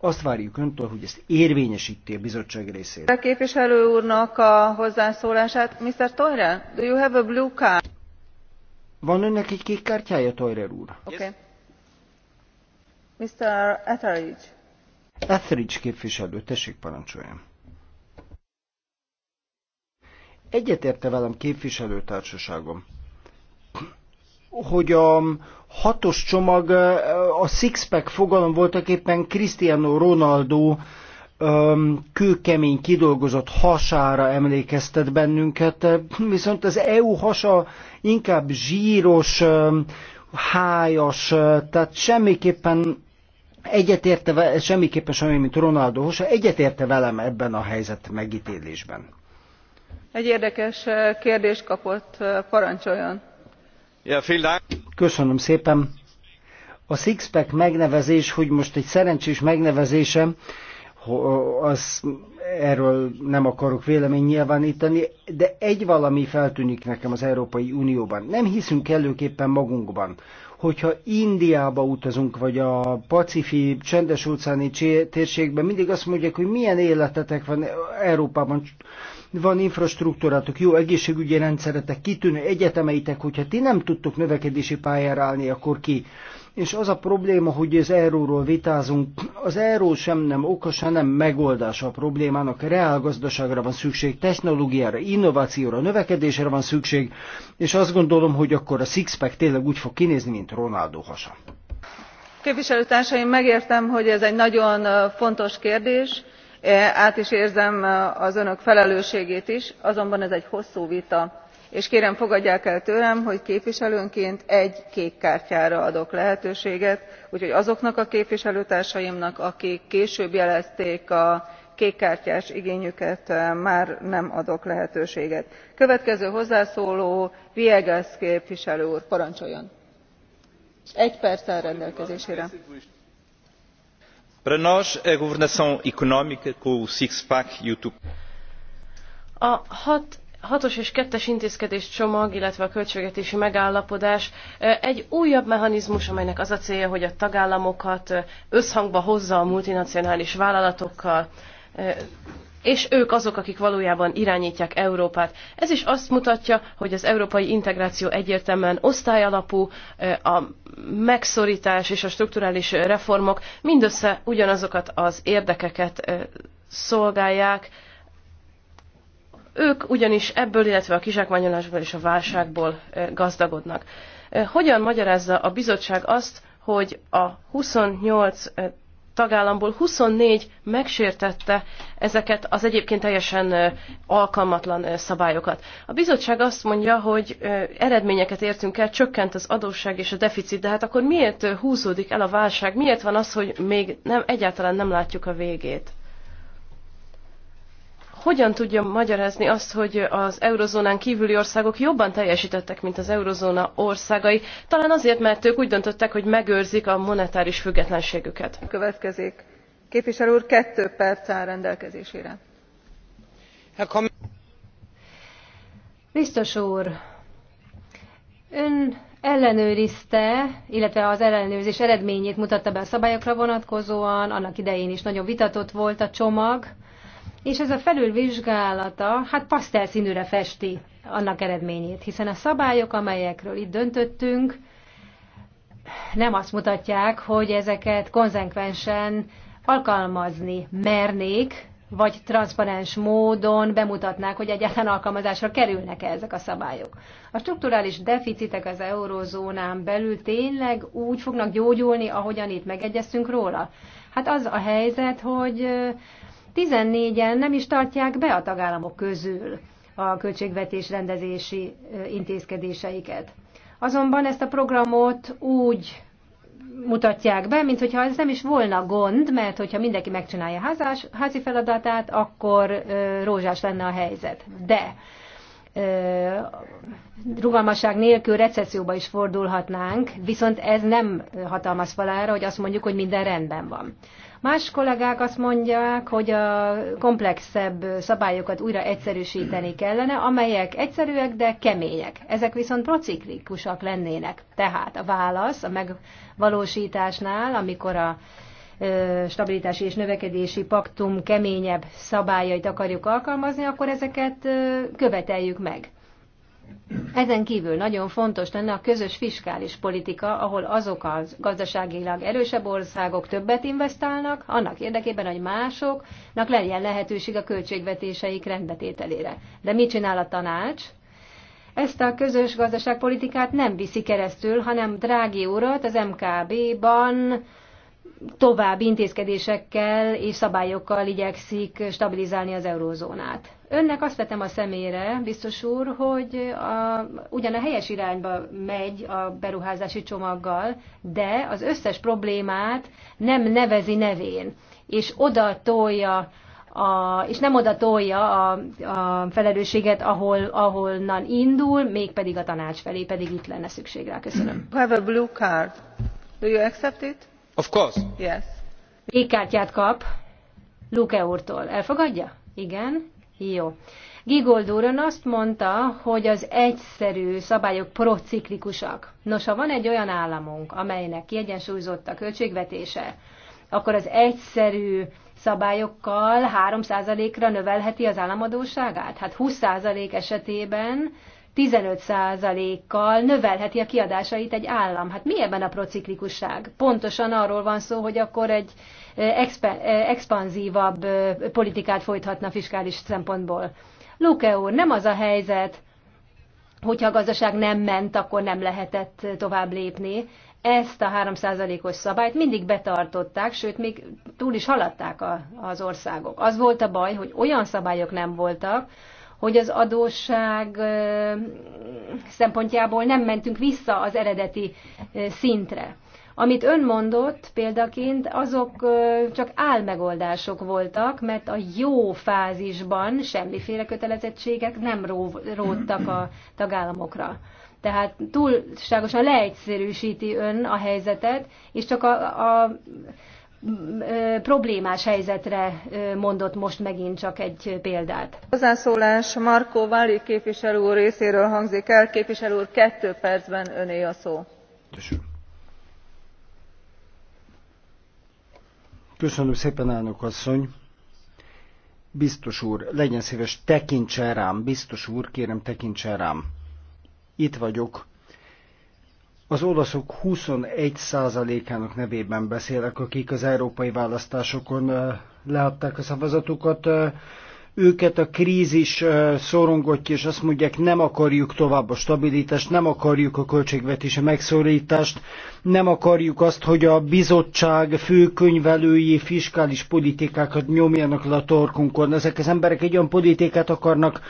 azt várjuk öntől, hogy ezt érvényesíti a bizottság részéről. A képviselő úrnak a hozzászólását. Mr. Toyre, do you have a blue card? Van önnek egy kék kártyája, Toyrer úr? Oké. Okay. Mr. Etheridge. Etheridge képviselő, tessék parancsoljon. Egyetérte velem képviselőtársaságom, hogy a hatos csomag, a Sixpack fogalom voltak éppen Cristiano Ronaldo kőkemény kidolgozott hasára emlékeztet bennünket, viszont az EU hasa inkább zsíros, hájas, tehát semmiképpen egyetérte, semmiképpen semmi, mint Ronaldo hasa, egyetérte velem ebben a helyzet megítélésben. Egy érdekes kérdést kapott, parancsoljon! Köszönöm szépen. A Sixpack megnevezés, hogy most egy szerencsés megnevezése, az, erről nem akarok vélemény nyilvánítani, de egy valami feltűnik nekem az Európai Unióban. Nem hiszünk előképpen magunkban. Hogyha Indiába utazunk, vagy a Pacifi csendes óceáni térségben, mindig azt mondják, hogy milyen életetek van Európában van infrastruktúrátok, jó egészségügyi rendszeretek, kitűnő egyetemeitek, hogyha ti nem tudtok növekedési pályára állni, akkor ki? És az a probléma, hogy az euróról vitázunk, az euró sem nem oka, sem nem megoldása a problémának. Reál gazdaságra van szükség, technológiára, innovációra, növekedésre van szükség, és azt gondolom, hogy akkor a Sixpack tényleg úgy fog kinézni, mint Ronaldo hasa képviselőtársaim megértem hogy ez egy nagyon fontos kérdés E, át is érzem e, az önök felelősségét is azonban ez egy hosszú vita és kérem fogadják el tőlem hogy képviselőnként egy kék kártyára adok lehetőséget úgyhogy azoknak a képviselőtársaimnak akik később jelezték a kékkártyás igényüket e, már nem adok lehetőséget. következő hozzászóló viegas képviselő úr parancsoljon! egy perccel rendelkezésére a hatos és kettes intézkedéscsomag illetve a költségvetési megállapodás egy újabb mechanizmus, amelynek az a célja, hogy a tagállamokat összhangba hozza a multinacionális vállalatokkal, és ők azok, akik valójában irányítják Európát. Ez is azt mutatja, hogy az európai integráció egyértelműen osztályalapú, eh, a megszorítás és a strukturális reformok mindössze ugyanazokat az érdekeket eh, szolgálják, ők ugyanis ebből, illetve a kizsákmányolásból és a válságból eh, gazdagodnak. Hogyan magyarázza a bizottság azt, hogy a 28 tagállamból 24 megsértette ezeket az egyébként teljesen alkalmatlan szabályokat. A bizottság azt mondja, hogy eredményeket értünk el, csökkent az adósság és a deficit, de hát akkor miért húzódik el a válság, miért van az, hogy még nem, egyáltalán nem látjuk a végét? hogyan tudja magyarázni azt, hogy az eurozónán kívüli országok jobban teljesítettek, mint az eurozóna országai, talán azért, mert ők úgy döntöttek, hogy megőrzik a monetáris függetlenségüket. Következik. Képviselő úr, kettő perc áll rendelkezésére. Biztos úr, ön ellenőrizte, illetve az ellenőrzés eredményét mutatta be a szabályokra vonatkozóan, annak idején is nagyon vitatott volt a csomag, és ez a felülvizsgálata hát pasztel színűre festi annak eredményét, hiszen a szabályok, amelyekről itt döntöttünk, nem azt mutatják, hogy ezeket konzekvensen alkalmazni mernék, vagy transzparens módon bemutatnák, hogy egyáltalán alkalmazásra kerülnek -e ezek a szabályok. A strukturális deficitek az eurozónán belül tényleg úgy fognak gyógyulni, ahogyan itt megegyeztünk róla? Hát az a helyzet, hogy 14-en nem is tartják be a tagállamok közül a költségvetés rendezési intézkedéseiket. Azonban ezt a programot úgy mutatják be, mint hogyha ez nem is volna gond, mert hogyha mindenki megcsinálja házás, házi feladatát, akkor ö, rózsás lenne a helyzet. De ö, rugalmasság nélkül recesszióba is fordulhatnánk, viszont ez nem hatalmaz falára, hogy azt mondjuk, hogy minden rendben van. Más kollégák azt mondják, hogy a komplexebb szabályokat újra egyszerűsíteni kellene, amelyek egyszerűek, de kemények. Ezek viszont prociklikusak lennének. Tehát a válasz a megvalósításnál, amikor a stabilitási és növekedési paktum keményebb szabályait akarjuk alkalmazni, akkor ezeket követeljük meg. Ezen kívül nagyon fontos lenne a közös fiskális politika, ahol azok a az gazdaságilag erősebb országok többet investálnak, annak érdekében, hogy másoknak legyen lehetőség a költségvetéseik rendbetételére. De mit csinál a tanács? Ezt a közös gazdaságpolitikát nem viszi keresztül, hanem Drági urat az MKB-ban Tovább intézkedésekkel és szabályokkal igyekszik stabilizálni az eurózónát. Önnek azt vettem a szemére, biztos úr, hogy a, ugyan a helyes irányba megy a beruházási csomaggal, de az összes problémát nem nevezi nevén, és oda tolja a, és nem oda tolja a, a felelősséget, ahol, ahonnan indul, mégpedig a tanács felé, pedig itt lenne szükség rá. Köszönöm. have a blue card. Do you accept it? Of course. Yes. Kékkártyát kap Luke úrtól. Elfogadja? Igen? Jó. Gigold úrön azt mondta, hogy az egyszerű szabályok prociklikusak. Nos, ha van egy olyan államunk, amelynek kiegyensúlyozott a költségvetése, akkor az egyszerű szabályokkal 3%-ra növelheti az államadóságát? Hát 20% esetében 15%-kal növelheti a kiadásait egy állam. Hát mi ebben a prociklikusság? Pontosan arról van szó, hogy akkor egy expanzívabb politikát folytatna fiskális szempontból. Luke úr, nem az a helyzet, hogyha a gazdaság nem ment, akkor nem lehetett tovább lépni. Ezt a 3%-os szabályt mindig betartották, sőt, még túl is haladták a, az országok. Az volt a baj, hogy olyan szabályok nem voltak, hogy az adósság szempontjából nem mentünk vissza az eredeti szintre. Amit ön mondott példaként, azok csak álmegoldások voltak, mert a jó fázisban semmiféle kötelezettségek nem ró, róttak a tagállamokra. Tehát túlságosan leegyszerűsíti ön a helyzetet, és csak a, a problémás helyzetre mondott most megint csak egy példát. a hozzászólás marco Váli képviselő úr részéről hangzik el. képviselő úr kettő percben öné a szó. köszönöm szépen elnök asszony! biztos úr legyen szíves tekintsen rám biztos úr kérem tekintsen rám itt vagyok az olaszok 21%-ának nevében beszélek, akik az európai választásokon leadták a szavazatukat. Őket a krízis szorongotja, és azt mondják, nem akarjuk tovább a stabilitást, nem akarjuk a költségvetési megszorítást, nem akarjuk azt, hogy a bizottság főkönyvelői fiskális politikákat nyomjanak le a torkunkon. Ezek az emberek egy olyan politikát akarnak,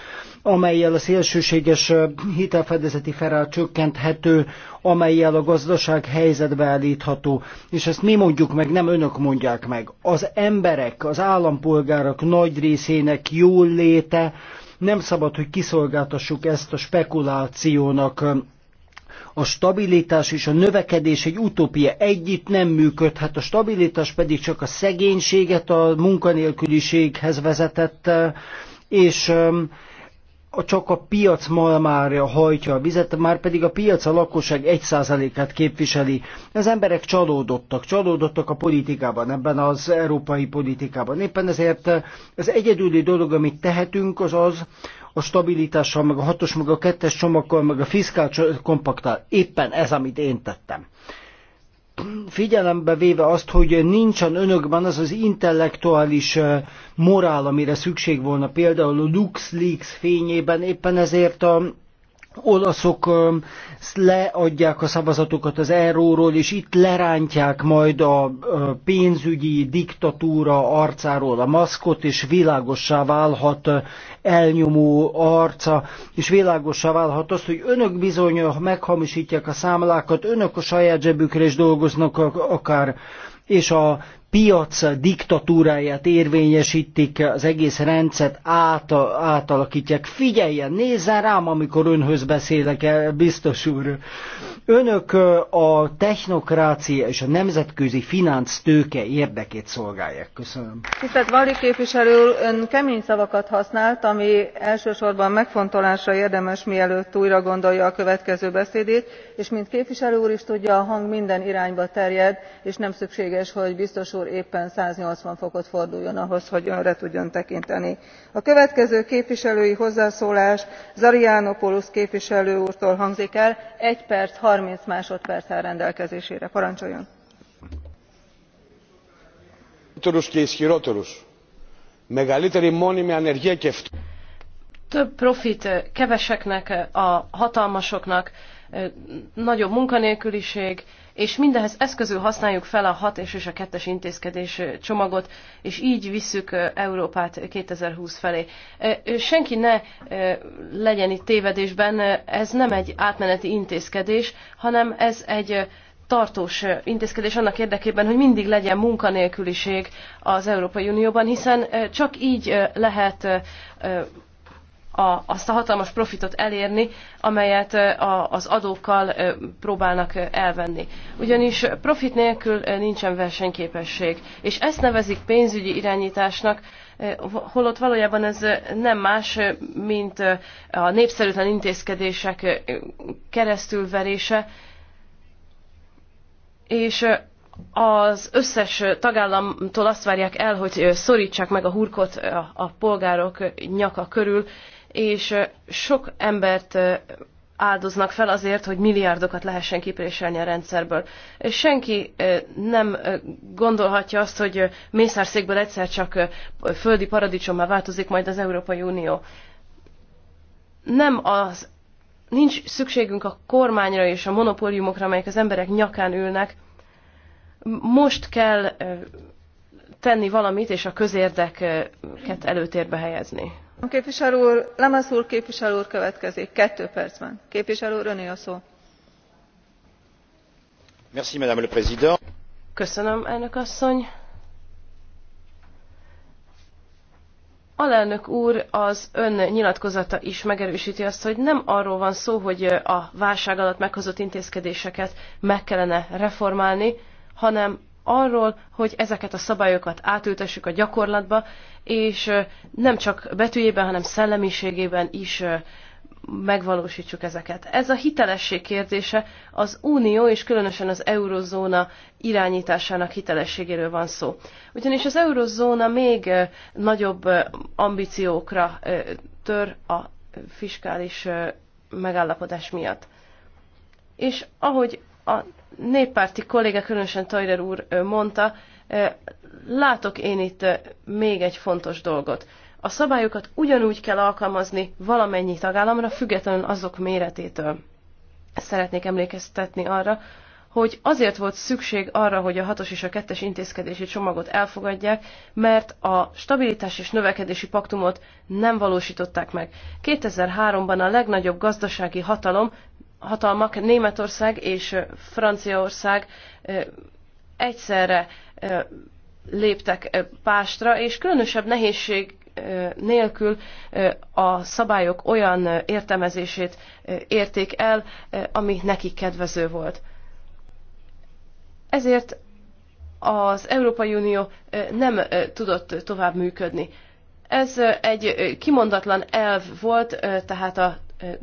amelyel a szélsőséges hitelfedezeti felel csökkenthető, amelyel a gazdaság helyzetbe állítható. És ezt mi mondjuk meg, nem önök mondják meg. Az emberek, az állampolgárok nagy részének jól léte, nem szabad, hogy kiszolgáltassuk ezt a spekulációnak a stabilitás és a növekedés egy utópia együtt nem működhet, a stabilitás pedig csak a szegénységet, a munkanélküliséghez vezetett, és csak a piac malmára hajtja a vizet, már pedig a piac a lakosság 1%-át képviseli. Az emberek csalódottak, csalódottak a politikában, ebben az európai politikában. Éppen ezért az egyedüli dolog, amit tehetünk, az az, a stabilitással, meg a hatos, meg a kettes csomagkal, meg a fiskál kompaktál. Éppen ez, amit én tettem figyelembe véve azt, hogy nincsen önökben az az intellektuális morál, amire szükség volna például a LuxLeaks fényében, éppen ezért a olaszok leadják a szavazatokat az euróról, és itt lerántják majd a pénzügyi diktatúra arcáról a maszkot, és világossá válhat elnyomó arca, és világossá válhat azt, hogy önök bizony meghamisítják a számlákat, önök a saját zsebükre is dolgoznak akár, és a piac diktatúráját érvényesítik, az egész rendszert át, átalakítják. Figyeljen, nézzen rám, amikor önhöz beszélek, el, eh, biztos úr. Önök eh, a technokrácia és a nemzetközi finansz tőke érdekét szolgálják. Köszönöm. Tisztelt Vali képviselő ön kemény szavakat használt, ami elsősorban megfontolásra érdemes, mielőtt újra gondolja a következő beszédét, és mint képviselő úr is tudja, a hang minden irányba terjed, és nem szükséges, hogy biztos úr éppen one hundred and eighty fokot forduljon ahhoz hogy önre tudjon tekinteni. a következő képviselői hozzászólás zarianopoulos képviselő úrtól hangzik el one perc thirty másodperc áll rendelkezésére. parancsoljon! több profit eh, keveseknek eh, a hatalmasoknak eh, nagyobb munkanélküliség és mindehez eszközül használjuk fel a 6 és a 2-es intézkedés csomagot, és így visszük Európát 2020 felé. Senki ne legyen itt tévedésben, ez nem egy átmeneti intézkedés, hanem ez egy tartós intézkedés annak érdekében, hogy mindig legyen munkanélküliség az Európai Unióban, hiszen csak így lehet a, azt a hatalmas profitot elérni, amelyet a, az adókkal próbálnak elvenni. Ugyanis profit nélkül nincsen versenyképesség, és ezt nevezik pénzügyi irányításnak, holott valójában ez nem más, mint a népszerűtlen intézkedések keresztülverése, és az összes tagállamtól azt várják el, hogy szorítsák meg a hurkot a polgárok nyaka körül, és sok embert áldoznak fel azért, hogy milliárdokat lehessen kipréselni a rendszerből. Senki nem gondolhatja azt, hogy mészárszékből egyszer csak földi paradicsommá változik majd az Európai Unió. Nem az, nincs szükségünk a kormányra és a monopóliumokra, amelyek az emberek nyakán ülnek. Most kell tenni valamit, és a közérdeket előtérbe helyezni képviselő képviselő úr madame la présidente Alelnök úr, az ön nyilatkozata is megerősíti azt, hogy nem arról van szó, hogy a válság alatt meghozott intézkedéseket meg kellene reformálni, hanem arról, hogy ezeket a szabályokat átültessük a gyakorlatba, és nem csak betűjében, hanem szellemiségében is megvalósítsuk ezeket. Ez a hitelesség kérdése az unió és különösen az eurozóna irányításának hitelességéről van szó. Ugyanis az eurozóna még nagyobb ambíciókra tör a fiskális megállapodás miatt. És ahogy a néppárti kolléga, különösen Tajder úr mondta, látok én itt még egy fontos dolgot. A szabályokat ugyanúgy kell alkalmazni valamennyi tagállamra, függetlenül azok méretétől. Szeretnék emlékeztetni arra, hogy azért volt szükség arra, hogy a hatos és a kettes intézkedési csomagot elfogadják, mert a stabilitás és növekedési paktumot nem valósították meg. 2003-ban a legnagyobb gazdasági hatalom hatalmak, Németország és Franciaország egyszerre léptek pástra, és különösebb nehézség nélkül a szabályok olyan értelmezését érték el, ami nekik kedvező volt. Ezért az Európai Unió nem tudott tovább működni. Ez egy kimondatlan elv volt, tehát a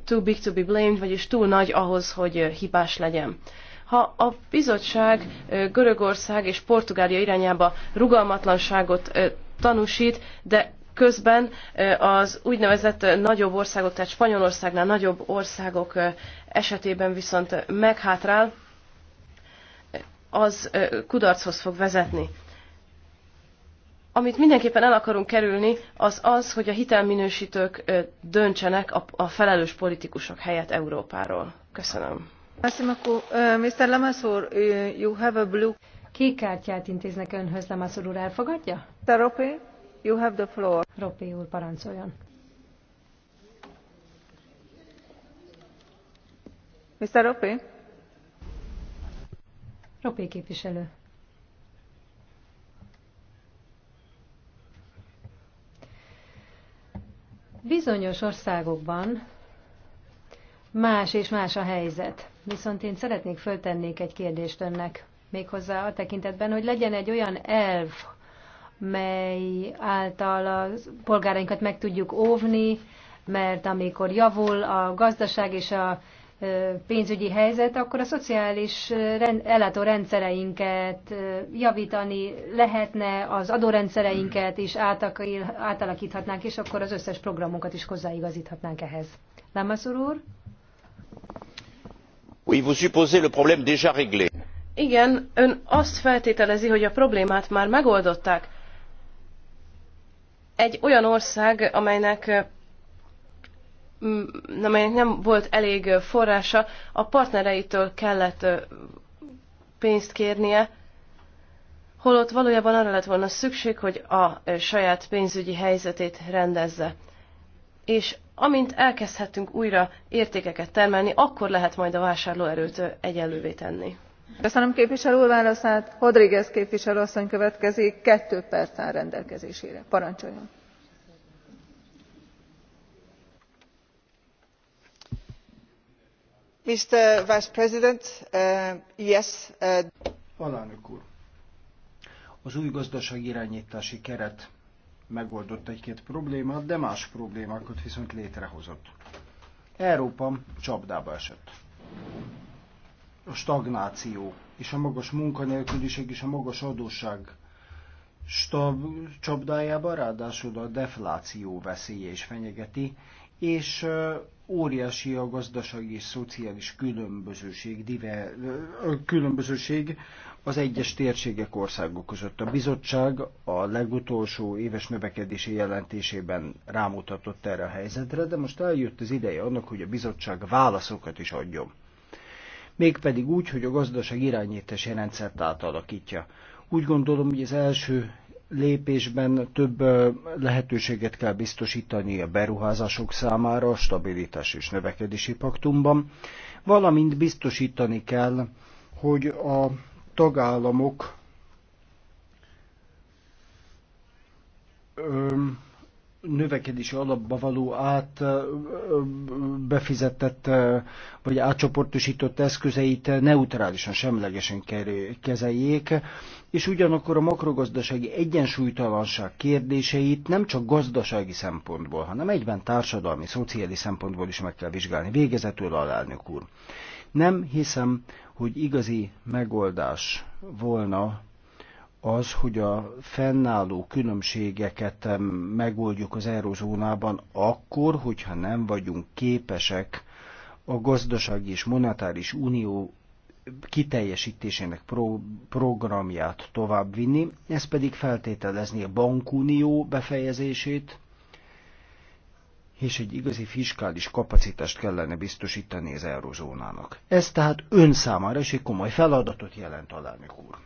too big to be blamed, vagyis túl nagy ahhoz, hogy hibás legyen. Ha a bizottság Görögország és Portugália irányába rugalmatlanságot tanúsít, de közben az úgynevezett nagyobb országok, tehát Spanyolországnál nagyobb országok esetében viszont meghátrál, az kudarchoz fog vezetni. Amit mindenképpen el akarunk kerülni, az az, hogy a hitelminősítők döntsenek a, felelős politikusok helyett Európáról. Köszönöm. Mr. Lamassur, you have a blue... Kék kártyát intéznek önhöz, Lamassur úr elfogadja? Mr. Ropé, you have the floor. Ropé úr, parancsoljon. Mr. Ropé? Ropé képviselő. Bizonyos országokban más és más a helyzet. Viszont én szeretnék föltennék egy kérdést önnek, méghozzá a tekintetben, hogy legyen egy olyan elv, mely által a polgárainkat meg tudjuk óvni, mert amikor javul a gazdaság és a pénzügyi helyzet, akkor a szociális ellátó rendszereinket javítani lehetne, az adórendszereinket is átalakíthatnánk, és akkor az összes programunkat is hozzáigazíthatnánk ehhez. Lámaszur úr? Oui, vous supposez le problème déjà réglé. Igen, ön azt feltételezi, hogy a problémát már megoldották. Egy olyan ország, amelynek Mm, amelynek nem volt elég forrása, a partnereitől kellett pénzt kérnie, holott valójában arra lett volna szükség, hogy a saját pénzügyi helyzetét rendezze. És amint elkezdhetünk újra értékeket termelni, akkor lehet majd a vásárlóerőt egyenlővé tenni. Köszönöm képviselő úr válaszát. Rodriguez képviselő asszony következik, kettő perc áll rendelkezésére. Parancsoljon! Mr. Vice President, uh, uh, az új gazdasági irányítási keret megoldott egy-két problémát, de más problémákat viszont létrehozott. Európa csapdába esett. A stagnáció és a magas munkanélküliség és a magas adósság stab, csapdájába, ráadásul a defláció veszélye is fenyegeti, és óriási a gazdasági és szociális különbözőség, dive, különbözőség az egyes térségek országok között. A bizottság a legutolsó éves növekedési jelentésében rámutatott erre a helyzetre, de most eljött az ideje annak, hogy a bizottság válaszokat is adjon. Mégpedig úgy, hogy a gazdaság irányítási rendszert átalakítja. Úgy gondolom, hogy az első lépésben több lehetőséget kell biztosítani a beruházások számára a stabilitás és növekedési paktumban, valamint biztosítani kell, hogy a tagállamok növekedési alapba való át befizetett vagy átcsoportosított eszközeit neutrálisan, semlegesen kezeljék, és ugyanakkor a makrogazdasági egyensúlytalanság kérdéseit nem csak gazdasági szempontból, hanem egyben társadalmi, szociális szempontból is meg kell vizsgálni. Végezetül alelnök úr. Nem hiszem, hogy igazi megoldás volna az, hogy a fennálló különbségeket megoldjuk az eurozónában akkor, hogyha nem vagyunk képesek a gazdasági és monetáris unió kiteljesítésének pro- programját továbbvinni, ez pedig feltételezni a bankunió befejezését, és egy igazi fiskális kapacitást kellene biztosítani az eurozónának. Ez tehát ön számára is egy komoly feladatot jelent, alelnök úr.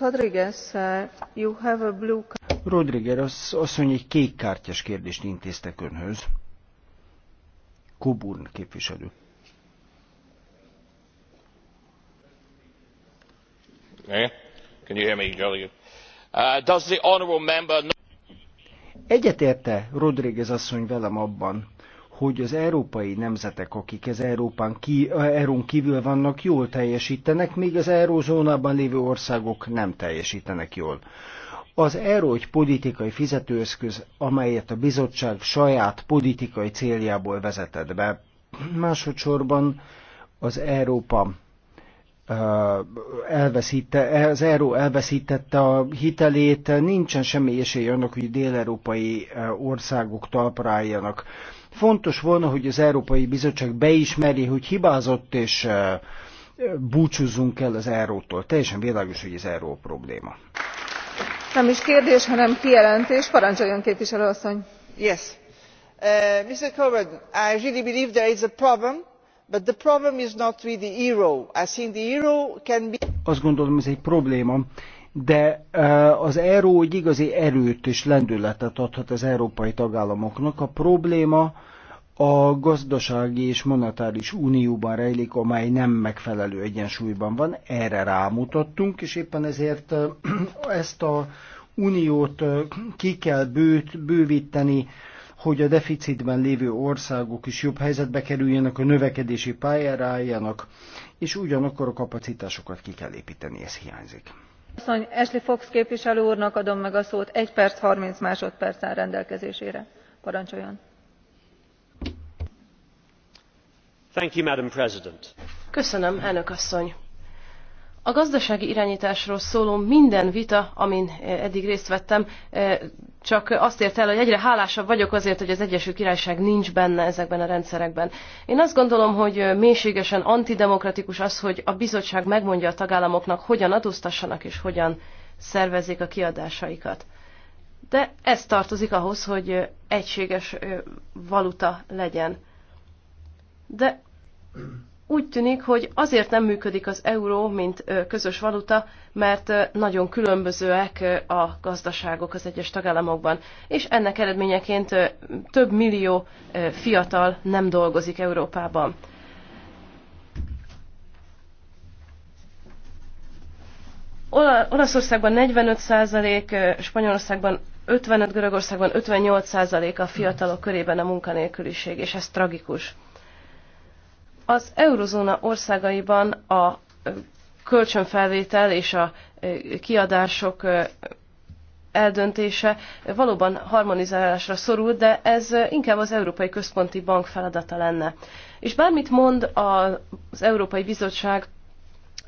rodrigues uh, a asszony egy kék kérdést intéztek önhöz. Coburn képviselő. egyetért e rodrigues me, Jolly? Uh, asszony velem abban, hogy az európai nemzetek, akik az Európán ki, Eurón kívül vannak, jól teljesítenek, míg az eurózónában lévő országok nem teljesítenek jól. Az euró egy politikai fizetőeszköz, amelyet a bizottság saját politikai céljából vezetett be. Másodszorban az Európa elveszítte, az euró elveszítette a hitelét, nincsen semmi esély annak, hogy dél-európai országok talpra álljanak. Fontos volna, hogy az Európai Bizottság beismeri, hogy hibázott, és búcsúzzunk el az eurótól. Teljesen világos, hogy az euró probléma. Nem is kérdés, hanem kijelentés. Parancsoljon képviselő asszony. Yes. Uh, Mr. Corbyn, I really believe there is a problem, but the problem is not with the euro. I think the euro can be... Azt gondolom, ez egy probléma de az euró egy igazi erőt és lendületet adhat az európai tagállamoknak. A probléma a gazdasági és monetáris unióban rejlik, amely nem megfelelő egyensúlyban van. Erre rámutattunk, és éppen ezért ezt a uniót ki kell bőt, bővíteni, hogy a deficitben lévő országok is jobb helyzetbe kerüljenek, a növekedési pályára álljanak, és ugyanakkor a kapacitásokat ki kell építeni, ez hiányzik ashley fox képviselő úrnak adom meg a szót one perc thirty másodperc áll rendelkezésére. parancsoljon! köszönöm elnök asszony! A gazdasági irányításról szóló minden vita, amin eh, eddig részt vettem, eh, csak azt ért el, hogy egyre hálásabb vagyok azért, hogy az Egyesült Királyság nincs benne ezekben a rendszerekben. Én azt gondolom, hogy eh, mélységesen antidemokratikus az, hogy a bizottság megmondja a tagállamoknak, hogyan adóztassanak és hogyan szervezzék a kiadásaikat. De ez tartozik ahhoz, hogy egységes valuta legyen. De úgy tűnik, hogy azért nem működik az euró, mint közös valuta, mert nagyon különbözőek a gazdaságok az egyes tagállamokban, és ennek eredményeként több millió fiatal nem dolgozik Európában. Olaszországban 45%, Spanyolországban 55, Görögországban 58% a fiatalok körében a munkanélküliség, és ez tragikus. Az eurozóna országaiban a kölcsönfelvétel és a kiadások eldöntése valóban harmonizálásra szorul, de ez inkább az Európai Központi Bank feladata lenne. És bármit mond az Európai Bizottság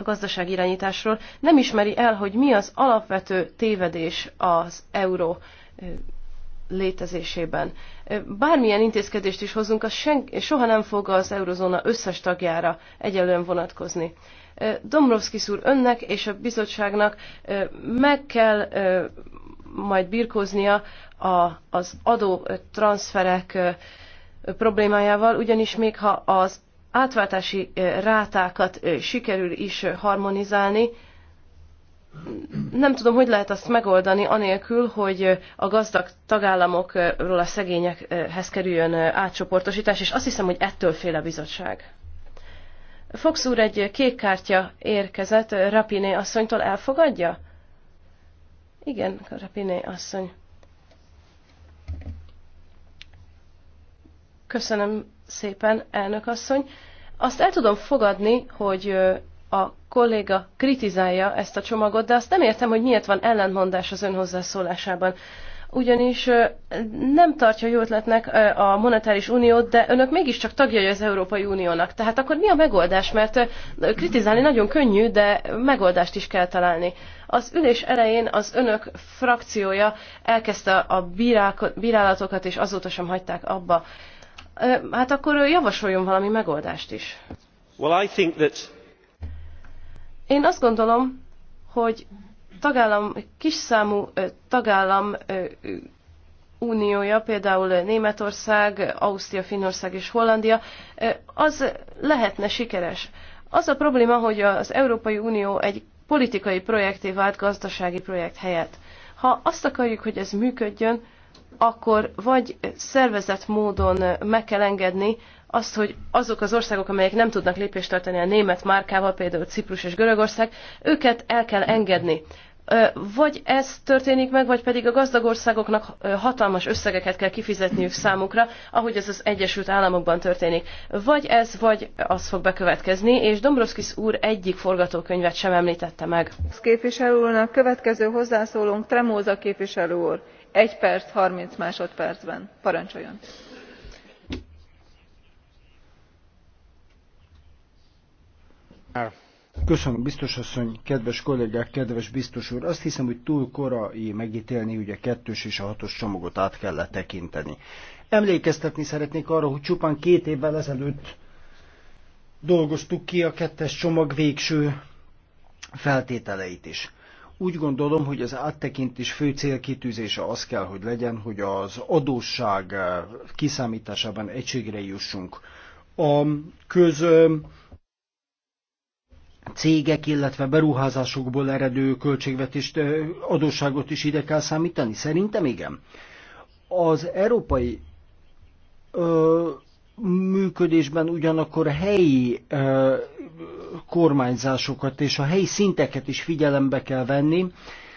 a irányításról, nem ismeri el, hogy mi az alapvető tévedés az euró létezésében. Bármilyen intézkedést is hozunk, az sen, soha nem fog az eurozóna összes tagjára egyelően vonatkozni. Dombrovskis úr önnek és a bizottságnak meg kell majd birkóznia a, az adó transferek problémájával, ugyanis még ha az átváltási rátákat sikerül is harmonizálni, nem tudom, hogy lehet azt megoldani anélkül, hogy a gazdag tagállamokról a szegényekhez kerüljön átcsoportosítás, és azt hiszem, hogy ettől fél a bizottság. Fox úr egy kék kártya érkezett, Rapiné asszonytól elfogadja? Igen, Rapiné asszony. Köszönöm szépen, elnök asszony. Azt el tudom fogadni, hogy a kolléga kritizálja ezt a csomagot, de azt nem értem, hogy miért van ellentmondás az ön hozzászólásában. Ugyanis nem tartja jó ötletnek a monetáris uniót, de önök mégiscsak tagjai az Európai Uniónak. Tehát akkor mi a megoldás? Mert kritizálni nagyon könnyű, de megoldást is kell találni. Az ülés elején az önök frakciója elkezdte a bírálatokat, és azóta sem hagyták abba. Hát akkor javasoljon valami megoldást is. Well, I think that én azt gondolom, hogy tagállam, kisszámú tagállam uniója, például Németország, Ausztria, Finnország és Hollandia, az lehetne sikeres. Az a probléma, hogy az Európai Unió egy politikai projekté vált gazdasági projekt helyett. Ha azt akarjuk, hogy ez működjön, akkor vagy szervezett módon meg kell engedni, azt, hogy azok az országok, amelyek nem tudnak lépést tartani a német márkával, például Ciprus és Görögország, őket el kell engedni. Vagy ez történik meg, vagy pedig a gazdag országoknak hatalmas összegeket kell kifizetniük számukra, ahogy ez az Egyesült Államokban történik. Vagy ez, vagy az fog bekövetkezni, és Dombrovskis úr egyik forgatókönyvet sem említette meg. Képviselő úrnak következő hozzászólónk Tremóza képviselő úr. Egy perc, 30 másodpercben. Parancsoljon! Köszönöm, biztos asszony, kedves kollégák, kedves biztos úr. Azt hiszem, hogy túl korai megítélni, hogy a kettős és a hatos csomagot át kell tekinteni. Emlékeztetni szeretnék arra, hogy csupán két évvel ezelőtt dolgoztuk ki a kettes csomag végső feltételeit is. Úgy gondolom, hogy az áttekintés fő célkitűzése az kell, hogy legyen, hogy az adósság kiszámításában egységre jussunk. A köz cégek, illetve beruházásokból eredő költségvetést, adósságot is ide kell számítani? Szerintem igen. Az európai ö, működésben ugyanakkor helyi ö, kormányzásokat és a helyi szinteket is figyelembe kell venni,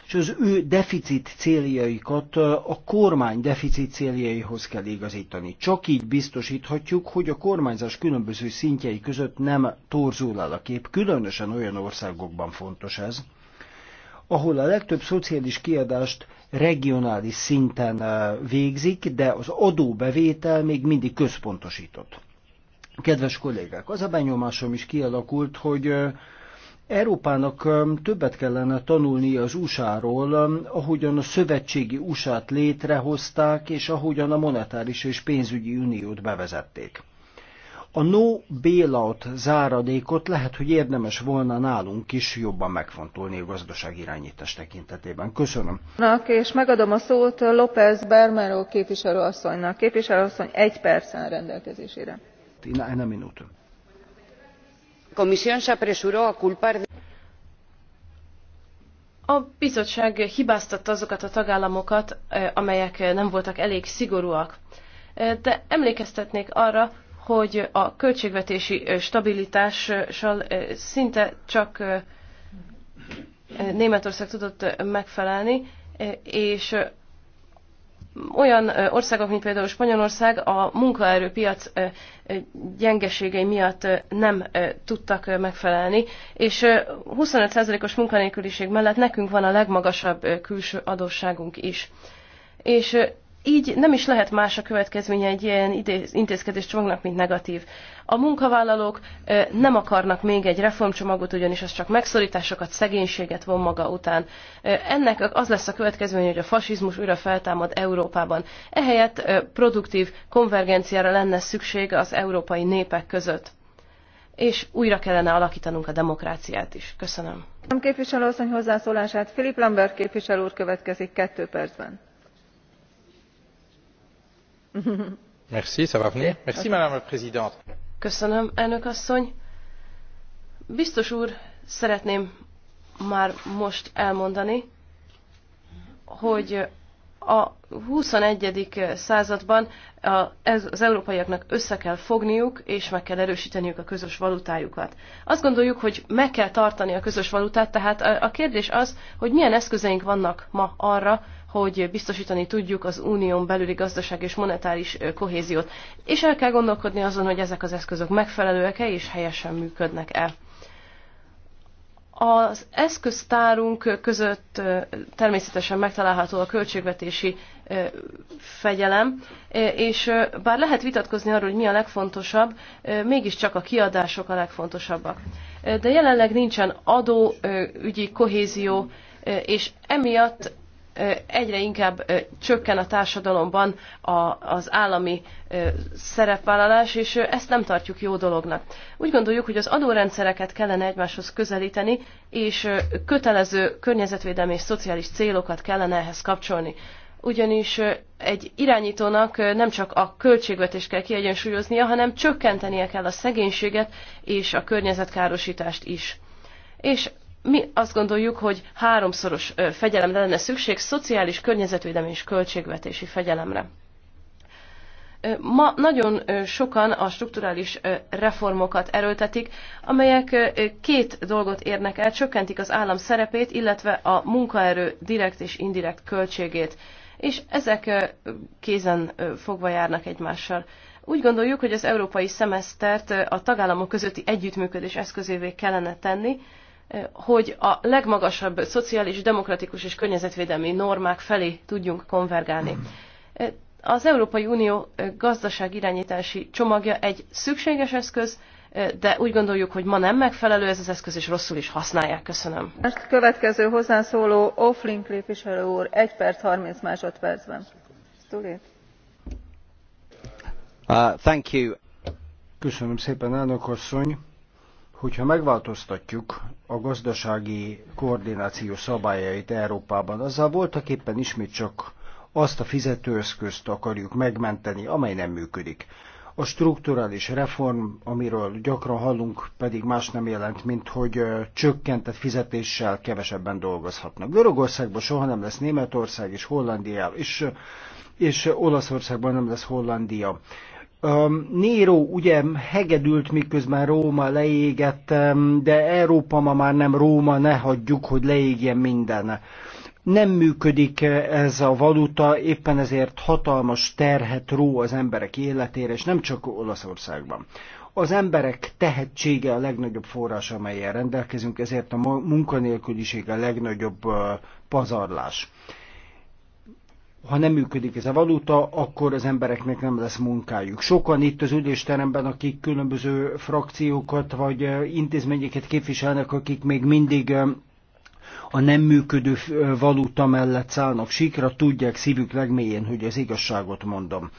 és az ő deficit céljaikat a kormány deficit céljaihoz kell igazítani. Csak így biztosíthatjuk, hogy a kormányzás különböző szintjei között nem torzul el a kép, különösen olyan országokban fontos ez, ahol a legtöbb szociális kiadást regionális szinten végzik, de az adóbevétel még mindig központosított. Kedves kollégák, az a benyomásom is kialakult, hogy Európának többet kellene tanulni az USA-ról, ahogyan a szövetségi USA-t létrehozták, és ahogyan a monetáris és pénzügyi uniót bevezették. A no bailout záradékot lehet, hogy érdemes volna nálunk is jobban megfontolni a gazdaság irányítás tekintetében. Köszönöm. És megadom a szót López Bermero képviselőasszonynak. Képviselőasszony egy percen rendelkezésére. Tina, en a comisión se apresuró a culpar de a bizottság hibáztatta azokat a tagállamokat, eh, amelyek nem voltak elég szigorúak. Eh, de emlékeztetnék arra, hogy a költségvetési eh, stabilitással szinte csak Németország tudott megfelelni, és olyan országok, mint például Spanyolország a munkaerőpiac gyengeségei miatt nem tudtak megfelelni, és 25%-os munkanélküliség mellett nekünk van a legmagasabb külső adósságunk is. És így nem is lehet más a következménye egy ilyen intézkedés csomagnak, mint negatív. A munkavállalók nem akarnak még egy reformcsomagot, ugyanis az csak megszorításokat, szegénységet von maga után. Ennek az lesz a következménye, hogy a fasizmus újra feltámad Európában. Ehelyett produktív konvergenciára lenne szükség az európai népek között. És újra kellene alakítanunk a demokráciát is. Köszönöm. Köszönöm képviselő hozzászólását. Filip Lambert képviselő úr következik kettő percben Köszönöm, elnök asszony. Biztos úr, szeretném már most elmondani, hogy a 21. században az európaiaknak össze kell fogniuk, és meg kell erősíteniük a közös valutájukat. Azt gondoljuk, hogy meg kell tartani a közös valutát, tehát a kérdés az, hogy milyen eszközeink vannak ma arra, hogy biztosítani tudjuk az unión belüli gazdaság és monetáris kohéziót. És el kell gondolkodni azon, hogy ezek az eszközök megfelelőek-e és helyesen működnek-e. Az eszköztárunk között természetesen megtalálható a költségvetési fegyelem, és bár lehet vitatkozni arról, hogy mi a legfontosabb, mégiscsak a kiadások a legfontosabbak. De jelenleg nincsen adóügyi kohézió, és emiatt egyre inkább csökken a társadalomban az állami szerepvállalás, és ezt nem tartjuk jó dolognak. Úgy gondoljuk, hogy az adórendszereket kellene egymáshoz közelíteni, és kötelező környezetvédelmi és szociális célokat kellene ehhez kapcsolni. Ugyanis egy irányítónak nem csak a költségvetést kell kiegyensúlyoznia, hanem csökkentenie kell a szegénységet és a környezetkárosítást is. És mi azt gondoljuk, hogy háromszoros fegyelemre lenne szükség, szociális, környezetvédelmi és költségvetési fegyelemre. Ma nagyon sokan a strukturális reformokat erőltetik, amelyek két dolgot érnek el, csökkentik az állam szerepét, illetve a munkaerő direkt és indirekt költségét, és ezek kézen fogva járnak egymással. Úgy gondoljuk, hogy az európai szemesztert a tagállamok közötti együttműködés eszközévé kellene tenni, hogy a legmagasabb szociális, demokratikus és környezetvédelmi normák felé tudjunk konvergálni. Az Európai Unió gazdaság irányítási csomagja egy szükséges eszköz, de úgy gondoljuk, hogy ma nem megfelelő ez az eszköz, és rosszul is használják. Köszönöm. Most következő hozzászóló Offlin képviselő úr, 1 perc 30 másodpercben. Tudod? Uh, thank you. Köszönöm szépen, elnök asszony hogyha megváltoztatjuk a gazdasági koordináció szabályait Európában, azzal voltak éppen ismét csak azt a fizetőeszközt akarjuk megmenteni, amely nem működik. A strukturális reform, amiről gyakran hallunk, pedig más nem jelent, mint hogy csökkentett fizetéssel kevesebben dolgozhatnak. Görögországban soha nem lesz Németország és Hollandia, és, és Olaszországban nem lesz Hollandia Um, Néró ugye hegedült, miközben Róma leégett, de Európa ma már nem Róma, ne hagyjuk, hogy leégjen minden. Nem működik ez a valuta, éppen ezért hatalmas terhet ró az emberek életére, és nem csak Olaszországban. Az emberek tehetsége a legnagyobb forrás, amelyen rendelkezünk, ezért a munkanélküliség a legnagyobb pazarlás ha nem működik ez a valuta, akkor az embereknek nem lesz munkájuk. Sokan itt az ülésteremben, akik különböző frakciókat vagy intézményeket képviselnek, akik még mindig a nem működő valuta mellett szállnak sikra. tudják szívük legmélyén, hogy az igazságot mondom.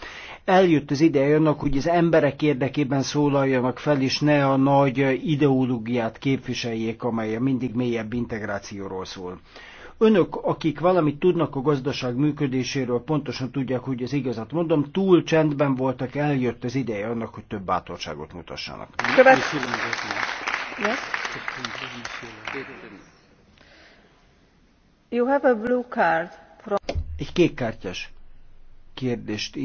Eljött az ideje annak, hogy az emberek érdekében szólaljanak fel, és ne a nagy ideológiát képviseljék, amely a mindig mélyebb integrációról szól. Önök, akik valamit tudnak a gazdaság működéséről, pontosan tudják, hogy ez igazat mondom, túl csendben voltak, eljött az ideje annak, hogy több bátorságot mutassanak. Követ... You have a blue card from... Egy kékkártyás kérdést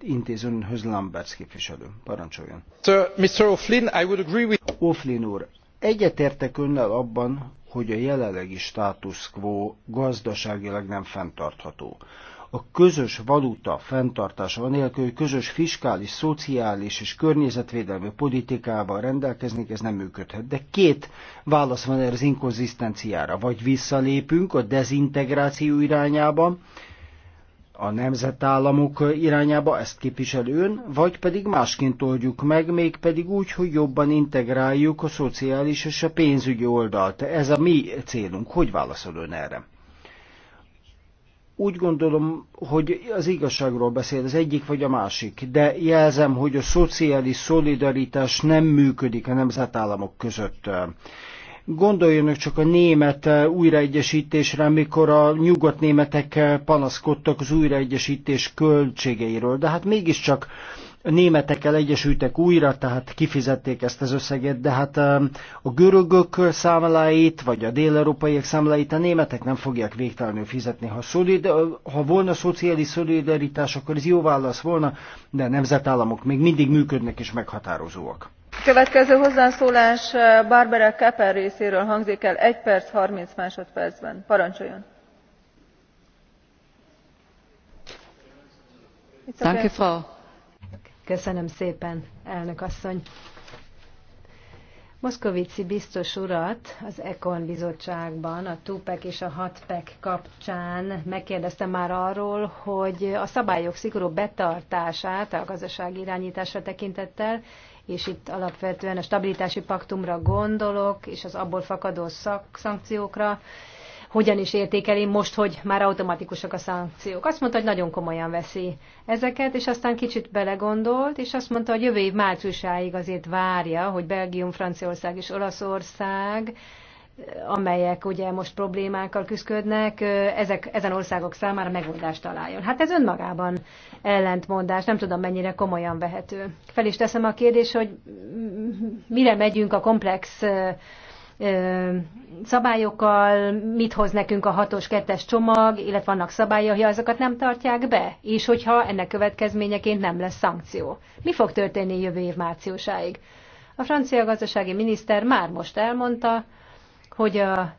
intéz önhöz Lamberts képviselő. Parancsoljon. Sir, Mr. O'Flynn, I would agree with... O'Flynn úr, egyetértek önnel abban, hogy a jelenlegi status quo gazdaságilag nem fenntartható. A közös valuta fenntartása anélkül, hogy közös fiskális, szociális és környezetvédelmi politikával rendelkeznék, ez nem működhet. De két válasz van erre az inkonzisztenciára. Vagy visszalépünk a dezintegráció irányába, a nemzetállamok irányába, ezt képviselőn, vagy pedig másként oldjuk meg, mégpedig úgy, hogy jobban integráljuk a szociális és a pénzügyi oldalt. Ez a mi célunk. Hogy válaszol ön erre? Úgy gondolom, hogy az igazságról beszél az egyik vagy a másik, de jelzem, hogy a szociális szolidaritás nem működik a nemzetállamok között Gondoljanak csak a német eh, újraegyesítésre, amikor a nyugatnémetek eh, panaszkodtak az újraegyesítés költségeiről, de hát mégiscsak a németekkel egyesültek újra, tehát kifizették ezt az összeget, de hát eh, a görögök számláit, vagy a dél-európaiak számláit a németek nem fogják végtelenül fizetni. Ha, szolid, ha volna szociális szolidaritás, akkor ez jó válasz volna, de a nemzetállamok még mindig működnek és meghatározóak következő hozzászólás eh, barbara keppen részéről hangzik el one perc thirty másodpercben. parancsoljon! köszönöm szépen elnök asszony! Moszkovici biztos urat az Ekon bizottságban a Tupek és a Hatpek kapcsán megkérdeztem már arról, hogy a szabályok szigorú betartását a gazdaság irányításra tekintettel, és itt alapvetően a stabilitási paktumra gondolok, és az abból fakadó szak, szankciókra, hogyan is értékeli most, hogy már automatikusak a szankciók. Azt mondta, hogy nagyon komolyan veszi ezeket, és aztán kicsit belegondolt, és azt mondta, hogy jövő év márciusáig azért várja, hogy Belgium, Franciaország és Olaszország amelyek ugye most problémákkal küzdködnek, ezek, ezen országok számára megoldást találjon. Hát ez önmagában ellentmondás, nem tudom mennyire komolyan vehető. Fel is teszem a kérdés, hogy mire megyünk a komplex szabályokkal, mit hoz nekünk a hatos kettes csomag, illetve vannak szabályok, hogy azokat nem tartják be, és hogyha ennek következményeként nem lesz szankció. Mi fog történni jövő év márciusáig? A francia gazdasági miniszter már most elmondta, hogy a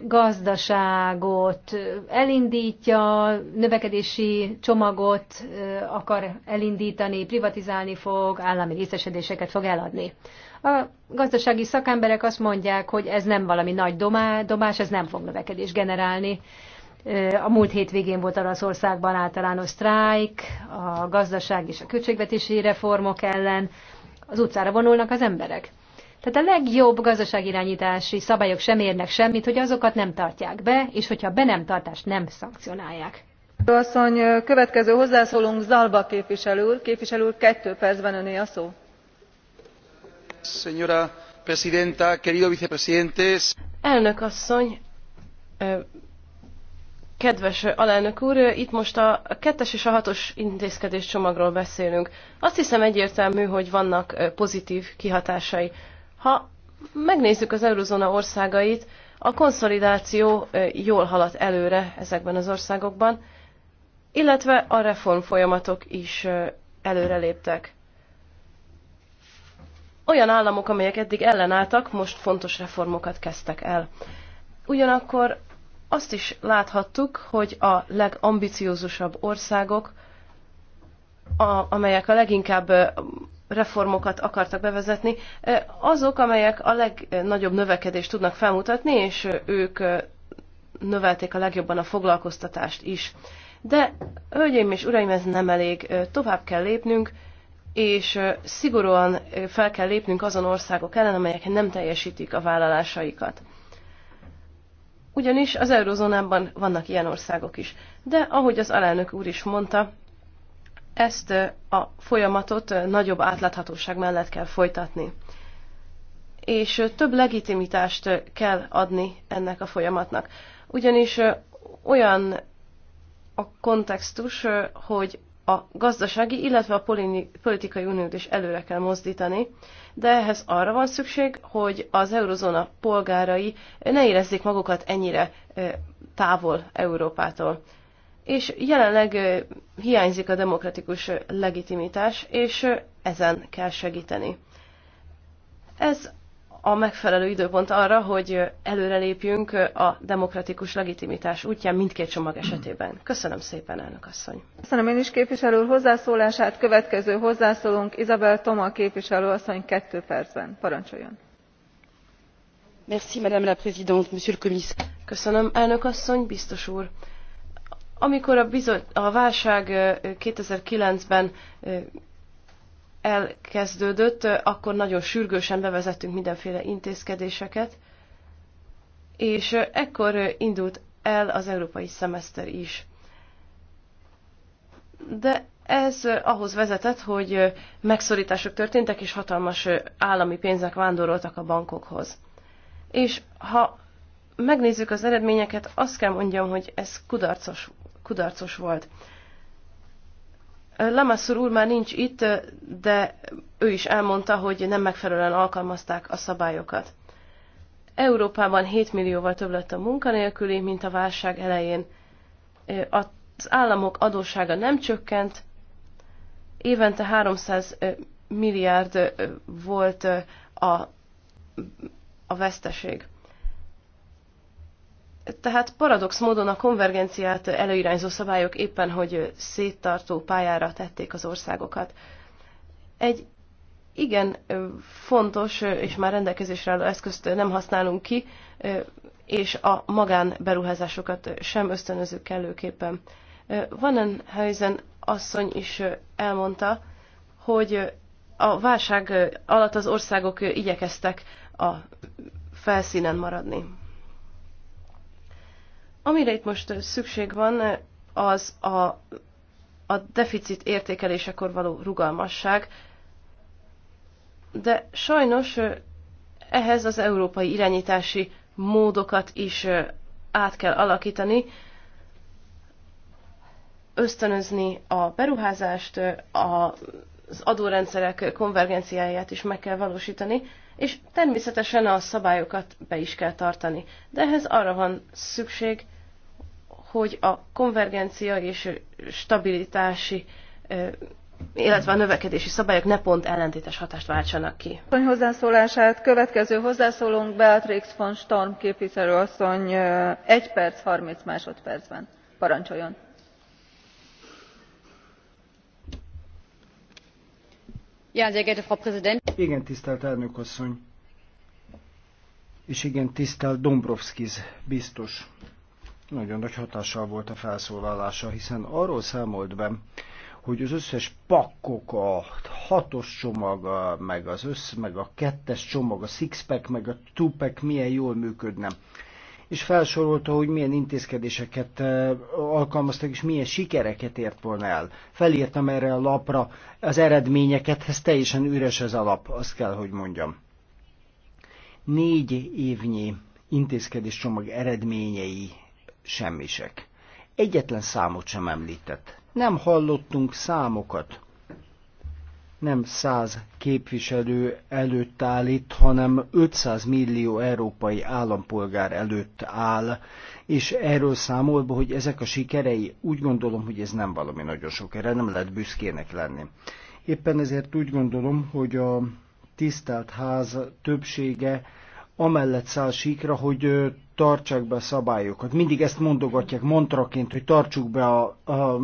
gazdaságot elindítja, növekedési csomagot akar elindítani, privatizálni fog, állami részesedéseket fog eladni. A gazdasági szakemberek azt mondják, hogy ez nem valami nagy domá, domás, ez nem fog növekedés generálni. A múlt hétvégén volt Olaszországban általános sztrájk, a gazdaság és a költségvetési reformok ellen. Az utcára vonulnak az emberek. Tehát a legjobb gazdaságirányítási szabályok sem érnek semmit, hogy azokat nem tartják be, és hogyha be nem tartást nem szankcionálják. Asszony, következő hozzászólunk Zalba képviselő úr. Képviselő úr, kettő percben öné a szó señora presidenta querido vicepresidente elnök asszony kedves alelnök úr itt most a kettes és a hatos intézkedéscsomagról beszélünk azt hiszem egyértelmű hogy vannak pozitv kihatásai ha megnézzük az eurózóna országait a konszolidáció jól halad előre ezekben az országokban illetve a reformfolyamatok is előreléptek olyan államok, amelyek eddig ellenálltak, most fontos reformokat kezdtek el. Ugyanakkor azt is láthattuk, hogy a legambiciózusabb országok, a, amelyek a leginkább reformokat akartak bevezetni, azok, amelyek a legnagyobb növekedést tudnak felmutatni, és ők növelték a legjobban a foglalkoztatást is. De, hölgyeim és uraim, ez nem elég, tovább kell lépnünk, és szigorúan fel kell lépnünk azon országok ellen, amelyek nem teljesítik a vállalásaikat. Ugyanis az eurozónában vannak ilyen országok is. De ahogy az alelnök úr is mondta, ezt a folyamatot nagyobb átláthatóság mellett kell folytatni. És több legitimitást kell adni ennek a folyamatnak. Ugyanis olyan a kontextus, hogy a gazdasági, illetve a politikai uniót is előre kell mozdítani, de ehhez arra van szükség, hogy az eurozóna polgárai ne érezzék magukat ennyire távol Európától. És jelenleg hiányzik a demokratikus legitimitás, és ezen kell segíteni. Ez a megfelelő időpont arra, hogy előrelépjünk a demokratikus legitimitás útján mindkét csomag esetében. Köszönöm szépen, elnök asszony. Köszönöm én is képviselő úr hozzászólását. Következő hozzászólunk Izabel Toma képviselő asszony kettő percben. Parancsoljon. Merci, madame la présidente, monsieur le commissaire. Köszönöm, elnök asszony, biztos úr. Amikor a, bizony, a válság 2009-ben elkezdődött, akkor nagyon sürgősen bevezettünk mindenféle intézkedéseket, és ekkor indult el az európai szemeszter is. De ez ahhoz vezetett, hogy megszorítások történtek, és hatalmas állami pénzek vándoroltak a bankokhoz. És ha megnézzük az eredményeket, azt kell mondjam, hogy ez kudarcos, kudarcos volt. Lamassur úr már nincs itt, de ő is elmondta, hogy nem megfelelően alkalmazták a szabályokat. Európában 7 millióval több lett a munkanélküli, mint a válság elején. Az államok adóssága nem csökkent, évente 300 milliárd volt a, a veszteség. Tehát paradox módon a konvergenciát előirányzó szabályok éppen, hogy széttartó pályára tették az országokat. Egy igen fontos és már rendelkezésre álló eszközt nem használunk ki, és a magánberuházásokat sem ösztönözünk kellőképpen. Vanen Helyzen asszony is elmondta, hogy a válság alatt az országok igyekeztek a felszínen maradni. Amire itt most szükség van, az a, a deficit értékelésekor való rugalmasság, de sajnos ehhez az európai irányítási módokat is át kell alakítani, ösztönözni a beruházást, az adórendszerek konvergenciáját is meg kell valósítani, és természetesen a szabályokat be is kell tartani. De ehhez arra van szükség, hogy a konvergencia és stabilitási, illetve a növekedési szabályok ne pont ellentétes hatást váltsanak ki. A hozzászólását következő hozzászólónk Beatrix von Storm képviselő asszony 1 perc 30 másodpercben. Parancsoljon! Ja, sehr Frau Präsident. Igen, tisztelt elnök asszony! És igen, tisztelt Dombrovskis biztos! nagyon nagy hatással volt a felszólalása, hiszen arról számolt be, hogy az összes pakkok, a hatos csomag, meg az össz, meg a kettes csomag, a sixpack, meg a tupack milyen jól működne. És felsorolta, hogy milyen intézkedéseket e, alkalmaztak, és milyen sikereket ért volna el. Felírtam erre a lapra az eredményeket, ez teljesen üres ez a lap, azt kell, hogy mondjam. Négy évnyi intézkedéscsomag eredményei semmisek. Egyetlen számot sem említett. Nem hallottunk számokat. Nem száz képviselő előtt áll itt, hanem 500 millió európai állampolgár előtt áll, és erről számol be, hogy ezek a sikerei, úgy gondolom, hogy ez nem valami nagyon sok, erre nem lehet büszkének lenni. Éppen ezért úgy gondolom, hogy a tisztelt ház többsége amellett száll síkra, hogy tartsák be a szabályokat. Mindig ezt mondogatják mantraként, hogy tartsuk be a, a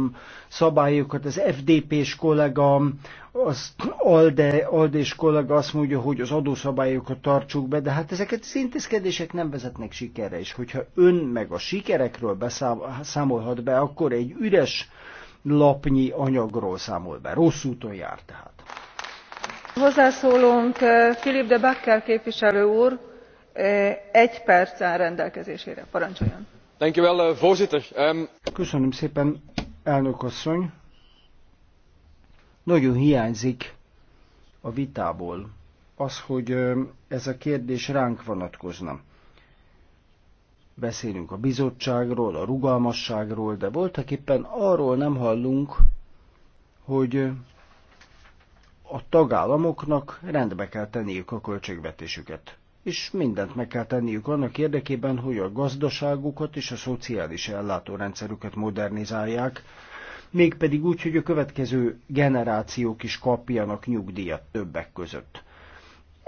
szabályokat. Az FDP-s kollega, az Alde, Alde-s kollega azt mondja, hogy az adószabályokat tartsuk be, de hát ezeket az intézkedések nem vezetnek sikerre, és hogyha ön meg a sikerekről beszámolhat be, akkor egy üres lapnyi anyagról számol be. Rossz úton jár tehát. Hozzászólunk Filip uh, de Bakker képviselő úr Uh, voorzitter um, nagyon hiányzik a vitából az hogy ez a kérdés ránk vonatkozna. Beszélünk a bizottságról, a rugalmasságról, de voltak éppen arról nem hallunk, hogy a tagállamoknak rendbe kell tenniük a költségvetésüket és mindent meg kell tenniük annak érdekében, hogy a gazdaságukat és a szociális ellátórendszerüket modernizálják, mégpedig úgy, hogy a következő generációk is kapjanak nyugdíjat többek között.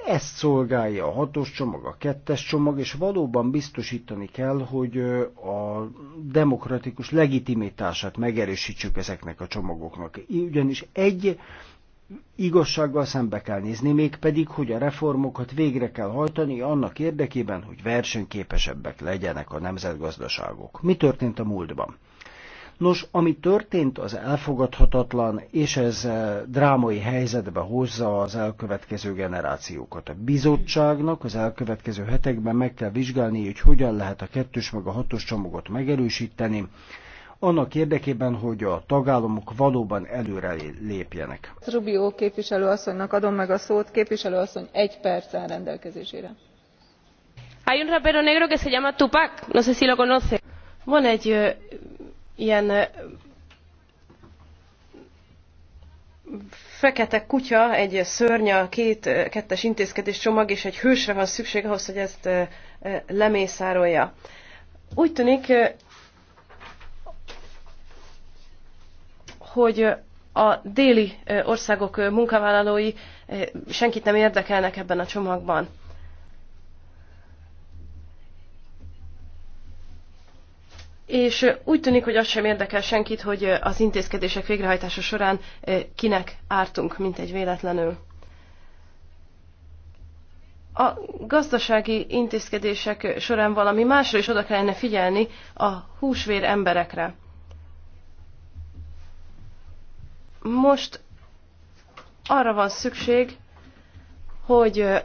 Ezt szolgálja a hatos csomag, a kettes csomag, és valóban biztosítani kell, hogy a demokratikus legitimitását megerősítsük ezeknek a csomagoknak. Ugyanis egy igazsággal szembe kell nézni, mégpedig, hogy a reformokat végre kell hajtani annak érdekében, hogy versenyképesebbek legyenek a nemzetgazdaságok. Mi történt a múltban? Nos, ami történt, az elfogadhatatlan, és ez eh, drámai helyzetbe hozza az elkövetkező generációkat. A bizottságnak az elkövetkező hetekben meg kell vizsgálni, hogy hogyan lehet a kettős meg a hatos csomagot megerősíteni, annak érdekében, hogy a tagállamok valóban előre lépjenek. Rubio képviselő asszonynak adom meg a szót, képviselő asszony egy perc áll rendelkezésére. Hay un rapero negro que se llama Tupac, no sé si lo conoce. Van egy ö, ilyen ö, fekete kutya, egy szörnya, két ö, kettes intézkedés csomag, és egy hősre van szükség ahhoz, hogy ezt ö, ö, lemészárolja. Úgy tűnik, hogy a déli országok munkavállalói senkit nem érdekelnek ebben a csomagban. És úgy tűnik, hogy az sem érdekel senkit, hogy az intézkedések végrehajtása során kinek ártunk, mint egy véletlenül. A gazdasági intézkedések során valami másra is oda kellene figyelni a húsvér emberekre. Most arra van szükség, hogy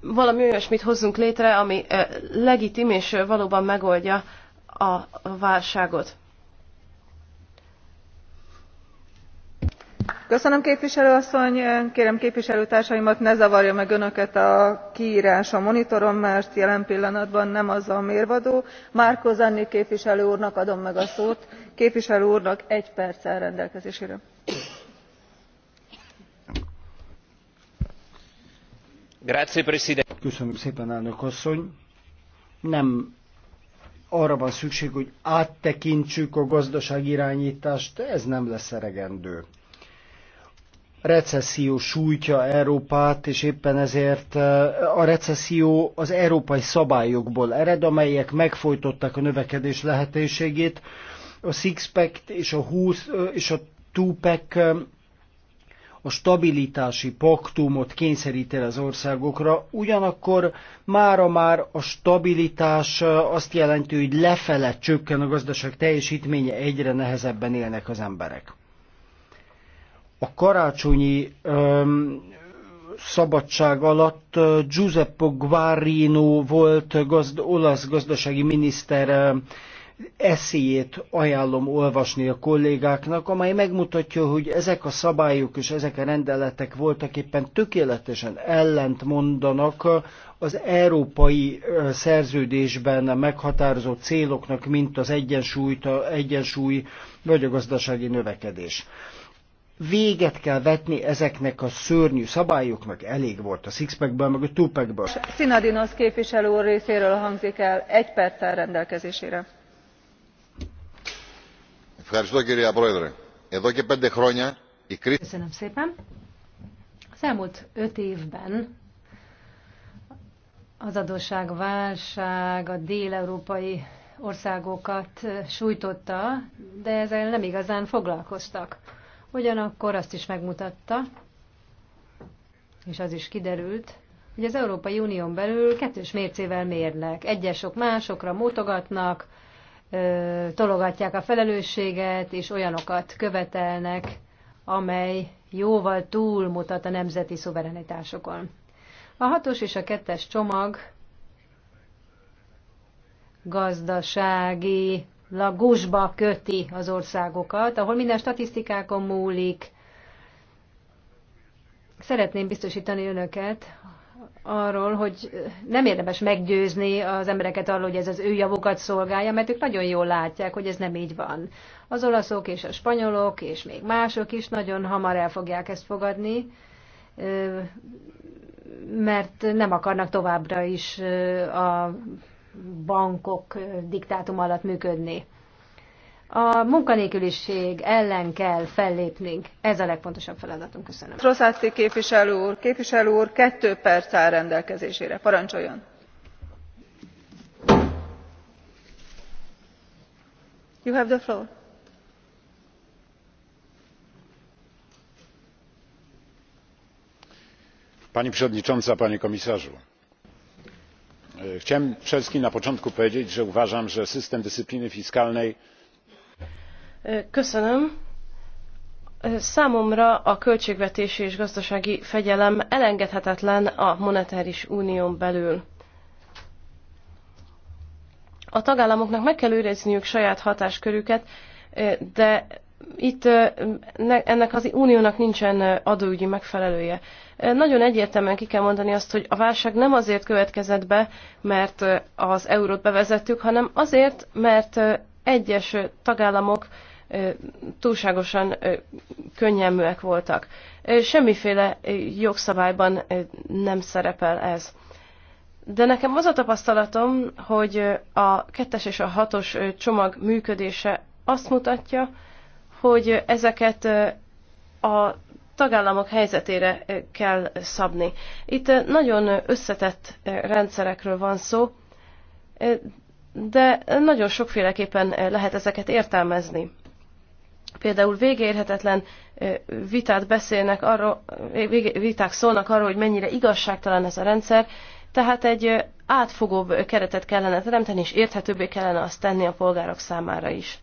valami olyasmit hozzunk létre, ami legitim és valóban megoldja a válságot. köszönöm képviselőasszony! kérem képviselőtársaimat ne zavarja meg önöket a kiírás a monitoron mert jelen pillanatban nem az a mérvadó. marco zanni képviselő úrnak adom meg a szót képviselő úrnak egy perc rendelkezésére. Köszönöm szépen, elnök asszony. Nem arra van szükség, hogy áttekintsük a gazdasági irányítást, ez nem lesz eregendő. Recesszió sújtja Európát, és éppen ezért eh, a recesszió az európai szabályokból ered, amelyek megfojtották a növekedés lehetőségét. A six-pack és a 20 eh, és a two-pack eh, a stabilitási paktumot el az országokra, ugyanakkor mára már a stabilitás azt jelenti, hogy lefele csökken a gazdaság teljesítménye, egyre nehezebben élnek az emberek. A karácsonyi öm, szabadság alatt Giuseppe Guarino volt gazd, olasz gazdasági miniszter eszéjét ajánlom olvasni a kollégáknak, amely megmutatja, hogy ezek a szabályok és ezek a rendeletek voltak éppen tökéletesen ellent mondanak az európai szerződésben meghatározott céloknak, mint az egyensúly, egyensúly vagy a gazdasági növekedés. Véget kell vetni ezeknek a szörnyű szabályoknak, elég volt a Sixpackből, meg a Tupackből. Szinadinos képviselő úr részéről hangzik el egy perccel rendelkezésére Köszönöm szépen. Az elmúlt öt évben az adósságválság a dél európai országokat sújtotta, de ezzel nem igazán foglalkoztak. Ugyanakkor azt is megmutatta, és az is kiderült, hogy az Európai Unión belül kettős mércével mérnek. Egyesok másokra mutogatnak, tologatják a felelősséget, és olyanokat követelnek, amely jóval túlmutat a nemzeti szuverenitásokon. A hatos és a kettes csomag gazdasági lagusba köti az országokat, ahol minden statisztikákon múlik. Szeretném biztosítani önöket arról, hogy nem érdemes meggyőzni az embereket arról, hogy ez az ő javukat szolgálja, mert ők nagyon jól látják, hogy ez nem így van. Az olaszok és a spanyolok és még mások is nagyon hamar el fogják ezt fogadni, mert nem akarnak továbbra is a bankok diktátum alatt működni. A munkanélküliség ellen kell fellépnünk. Ez a legfontosabb feladatunk. Köszönöm. Roszáci képviselő úr, képviselő úr, kettő perc áll rendelkezésére. Parancsoljon. You have the floor. pani przewodnicząca! panie komisarzu! chciałem przede wszystkim na początku powiedzieć że uważam że system dyscypliny fiskalnej Köszönöm. Számomra a költségvetési és gazdasági fegyelem elengedhetetlen a monetáris unión belül. A tagállamoknak meg kell őrizniük saját hatáskörüket, de itt ennek az uniónak nincsen adóügyi megfelelője. Nagyon egyértelműen ki kell mondani azt, hogy a válság nem azért következett be, mert az eurót bevezettük, hanem azért, mert egyes tagállamok túlságosan könnyelműek voltak. Semmiféle jogszabályban nem szerepel ez. De nekem az a tapasztalatom, hogy a kettes és a hatos csomag működése azt mutatja, hogy ezeket a tagállamok helyzetére kell szabni. Itt nagyon összetett rendszerekről van szó, de nagyon sokféleképpen lehet ezeket értelmezni. Például végérhetetlen vitát beszélnek arról, viták szólnak arról, hogy mennyire igazságtalan ez a rendszer, tehát egy átfogóbb keretet kellene teremteni, és érthetőbbé kellene azt tenni a polgárok számára is.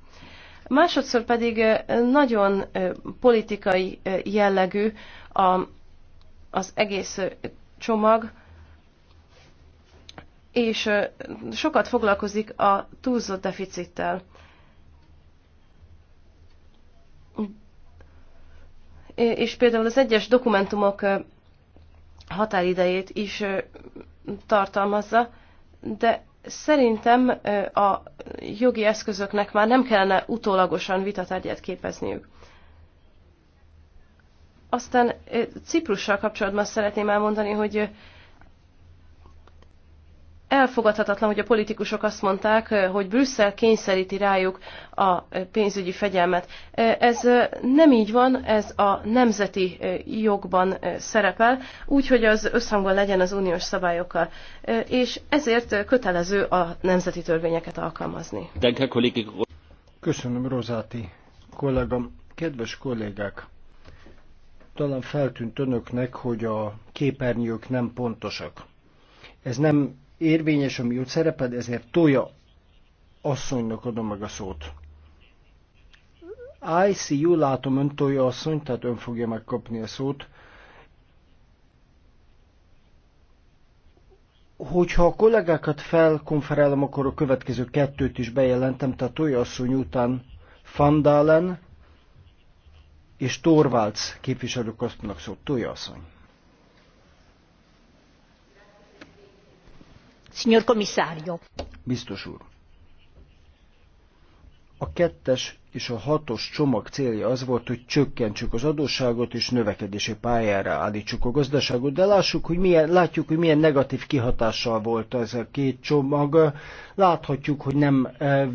Másodszor pedig nagyon politikai jellegű az egész csomag, és sokat foglalkozik a túlzott deficittel. És például az egyes dokumentumok határidejét is tartalmazza, de szerintem a jogi eszközöknek már nem kellene utólagosan vitatárgyát képezniük. Aztán Ciprussal kapcsolatban szeretném elmondani, hogy elfogadhatatlan, hogy a politikusok azt mondták, eh, hogy Brüsszel kényszeríti rájuk a eh, pénzügyi fegyelmet. Eh, ez nem így van, ez a nemzeti jogban szerepel, úgyhogy az összhangban legyen az uniós szabályokkal. És ezért kötelező a nemzeti törvényeket alkalmazni. Köszönöm, Rozáti kollégám. Kedves kollégák! Talán feltűnt önöknek, hogy a képernyők nem pontosak. Ez nem érvényes, ami úgy szereped, ezért Tója asszonynak adom meg a szót. you, látom ön Tója asszony, tehát ön fogja megkapni a szót. Hogyha a kollégákat felkonferálom, akkor a következő kettőt is bejelentem, tehát Tója asszony után Fandalen és Torvalds képviselők azt mondnak szót. Tója asszony. Signor Commissario. Biztos úr. A kettes és a hatos csomag célja az volt, hogy csökkentsük az adósságot és növekedési pályára állítsuk a gazdaságot, de lássuk, hogy milyen, látjuk, hogy milyen negatív kihatással volt ez a két csomag. Láthatjuk, hogy nem eh,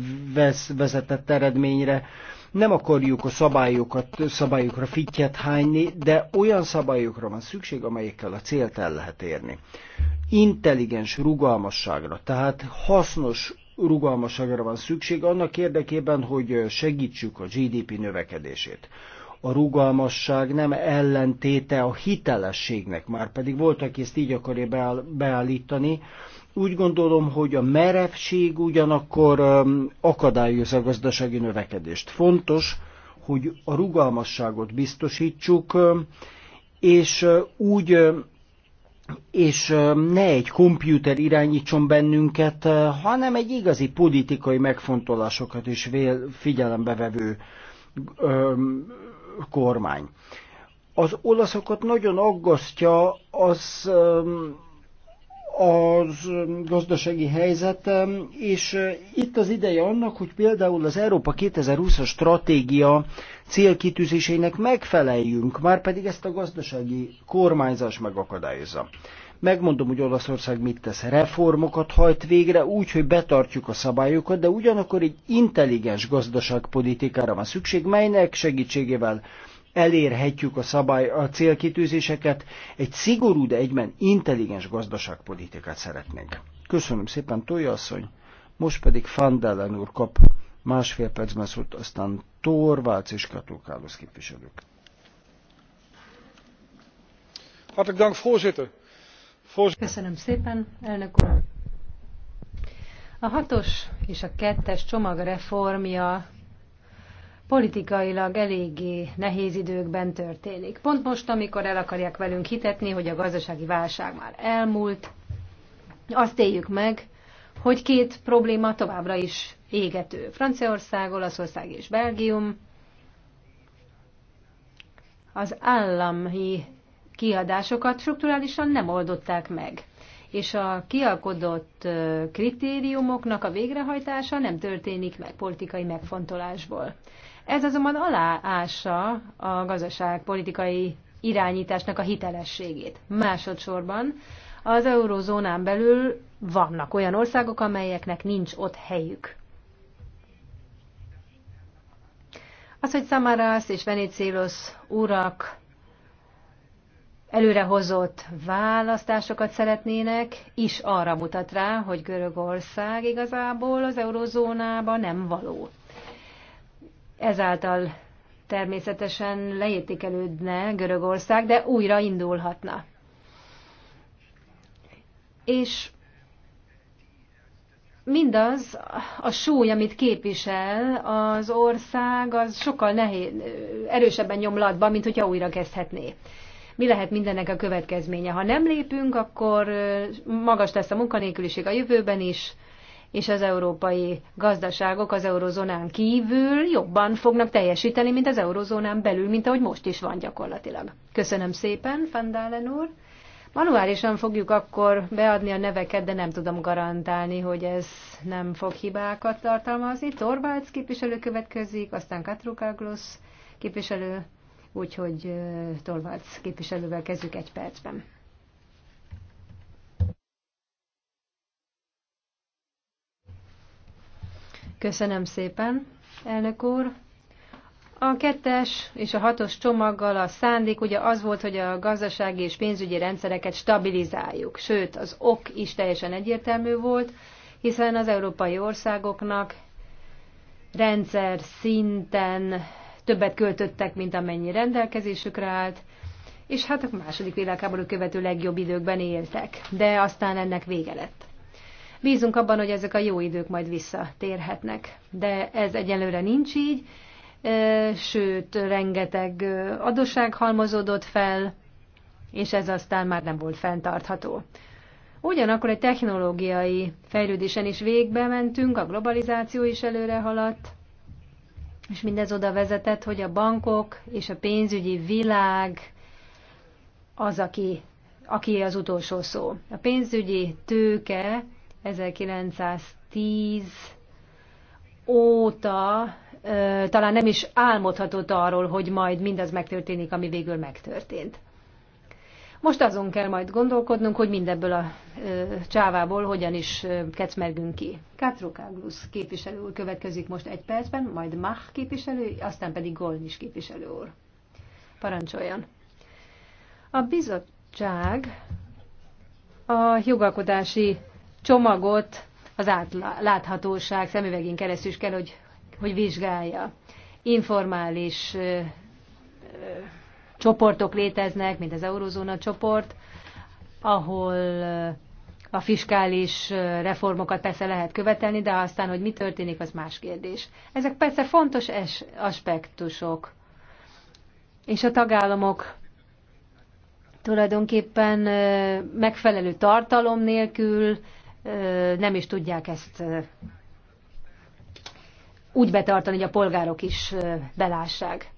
vezetett eredményre. Nem akarjuk a szabályokat, szabályokra fittyet hányni, de olyan szabályokra van szükség, amelyekkel a célt el lehet érni intelligens rugalmasságra, tehát hasznos rugalmasságra van szükség annak érdekében, hogy segítsük a GDP növekedését. A rugalmasság nem ellentéte a hitelességnek, már pedig volt, aki ezt így akarja beállítani. Úgy gondolom, hogy a merevség ugyanakkor akadályozza a gazdasági növekedést. Fontos, hogy a rugalmasságot biztosítsuk, és úgy és ne egy komputer irányítson bennünket, hanem egy igazi politikai megfontolásokat is figyelembe vevő kormány. Az olaszokat nagyon aggasztja az az um, gazdasági helyzet, um, és uh, itt az ideje annak, hogy például az Európa 2020-as stratégia célkitűzésének megfeleljünk, már pedig ezt a gazdasági kormányzás megakadályozza. Megmondom, hogy Olaszország mit tesz. Reformokat hajt végre úgy, hogy betartjuk a szabályokat, de ugyanakkor egy intelligens gazdaságpolitikára van szükség, melynek segítségével elérhetjük a szabály, a célkitűzéseket, egy szigorú, de egyben intelligens gazdaságpolitikát szeretnénk. Köszönöm szépen, Tója asszony, most pedig Fandellen úr kap másfél percben szót, aztán Torvác és Kálosz képviselők. Hartelijk dank, voorzitter. Köszönöm szépen, elnök úr. A hatos és a kettes csomag reformja politikailag eléggé nehéz időkben történik. Pont most, amikor el akarják velünk hitetni, hogy a gazdasági válság már elmúlt, azt éljük meg, hogy két probléma továbbra is égető. Franciaország, Olaszország és Belgium. Az állami kiadásokat strukturálisan nem oldották meg, és a kialkodott kritériumoknak a végrehajtása nem történik meg politikai megfontolásból. Ez azonban aláássa a gazdaságpolitikai irányításnak a hitelességét. Másodszorban az eurozónán belül vannak olyan országok, amelyeknek nincs ott helyük. Az, hogy Samaras és Venicélos urak előrehozott választásokat szeretnének, is arra mutat rá, hogy Görögország igazából az eurozónába nem való Ezáltal természetesen leértékelődne Görögország, de újra indulhatna. És mindaz a súly, amit képvisel az ország, az sokkal nehéz, erősebben nyomlatban, mint hogyha újra kezdhetné. Mi lehet mindennek a következménye? Ha nem lépünk, akkor magas lesz a munkanélküliség a jövőben is, és az európai gazdaságok az eurozónán kívül jobban fognak teljesíteni, mint az eurozónán belül, mint ahogy most is van gyakorlatilag. Köszönöm szépen, Fandálen úr. Manuálisan fogjuk akkor beadni a neveket, de nem tudom garantálni, hogy ez nem fog hibákat tartalmazni. Torvalds képviselő következik, aztán Katrukáglosz képviselő, úgyhogy Torvalds képviselővel kezdjük egy percben. Köszönöm szépen, elnök úr. A kettes és a hatos csomaggal a szándék ugye az volt, hogy a gazdasági és pénzügyi rendszereket stabilizáljuk. Sőt, az ok is teljesen egyértelmű volt, hiszen az európai országoknak rendszer szinten többet költöttek, mint amennyi rendelkezésükre állt, és hát a második világháború követő legjobb időkben éltek. De aztán ennek vége lett. Bízunk abban, hogy ezek a jó idők majd visszatérhetnek. De ez egyelőre nincs így, sőt, rengeteg adósság halmozódott fel, és ez aztán már nem volt fenntartható. Ugyanakkor egy technológiai fejlődésen is végbe mentünk, a globalizáció is előre haladt, és mindez oda vezetett, hogy a bankok és a pénzügyi világ az, aki, aki az utolsó szó. A pénzügyi tőke 1910 óta talán nem is álmodhatott arról, hogy majd mindaz megtörténik, ami végül megtörtént. Most azon kell majd gondolkodnunk, hogy mindebből a ö, csávából hogyan is ö, kecmergünk ki. Katrukáglusz képviselő úr következik most egy percben, majd Mach képviselő, aztán pedig is képviselő úr. Parancsoljon. A bizottság a jogalkotási csomagot az átláthatóság szemüvegén keresztül is kell, hogy, hogy vizsgálja. Informális ö, ö, csoportok léteznek, mint az Eurózóna csoport, ahol a fiskális reformokat persze lehet követelni, de aztán, hogy mi történik, az más kérdés. Ezek persze fontos es- aspektusok. És a tagállamok tulajdonképpen megfelelő tartalom nélkül nem is tudják ezt úgy betartani, hogy a polgárok is belássák.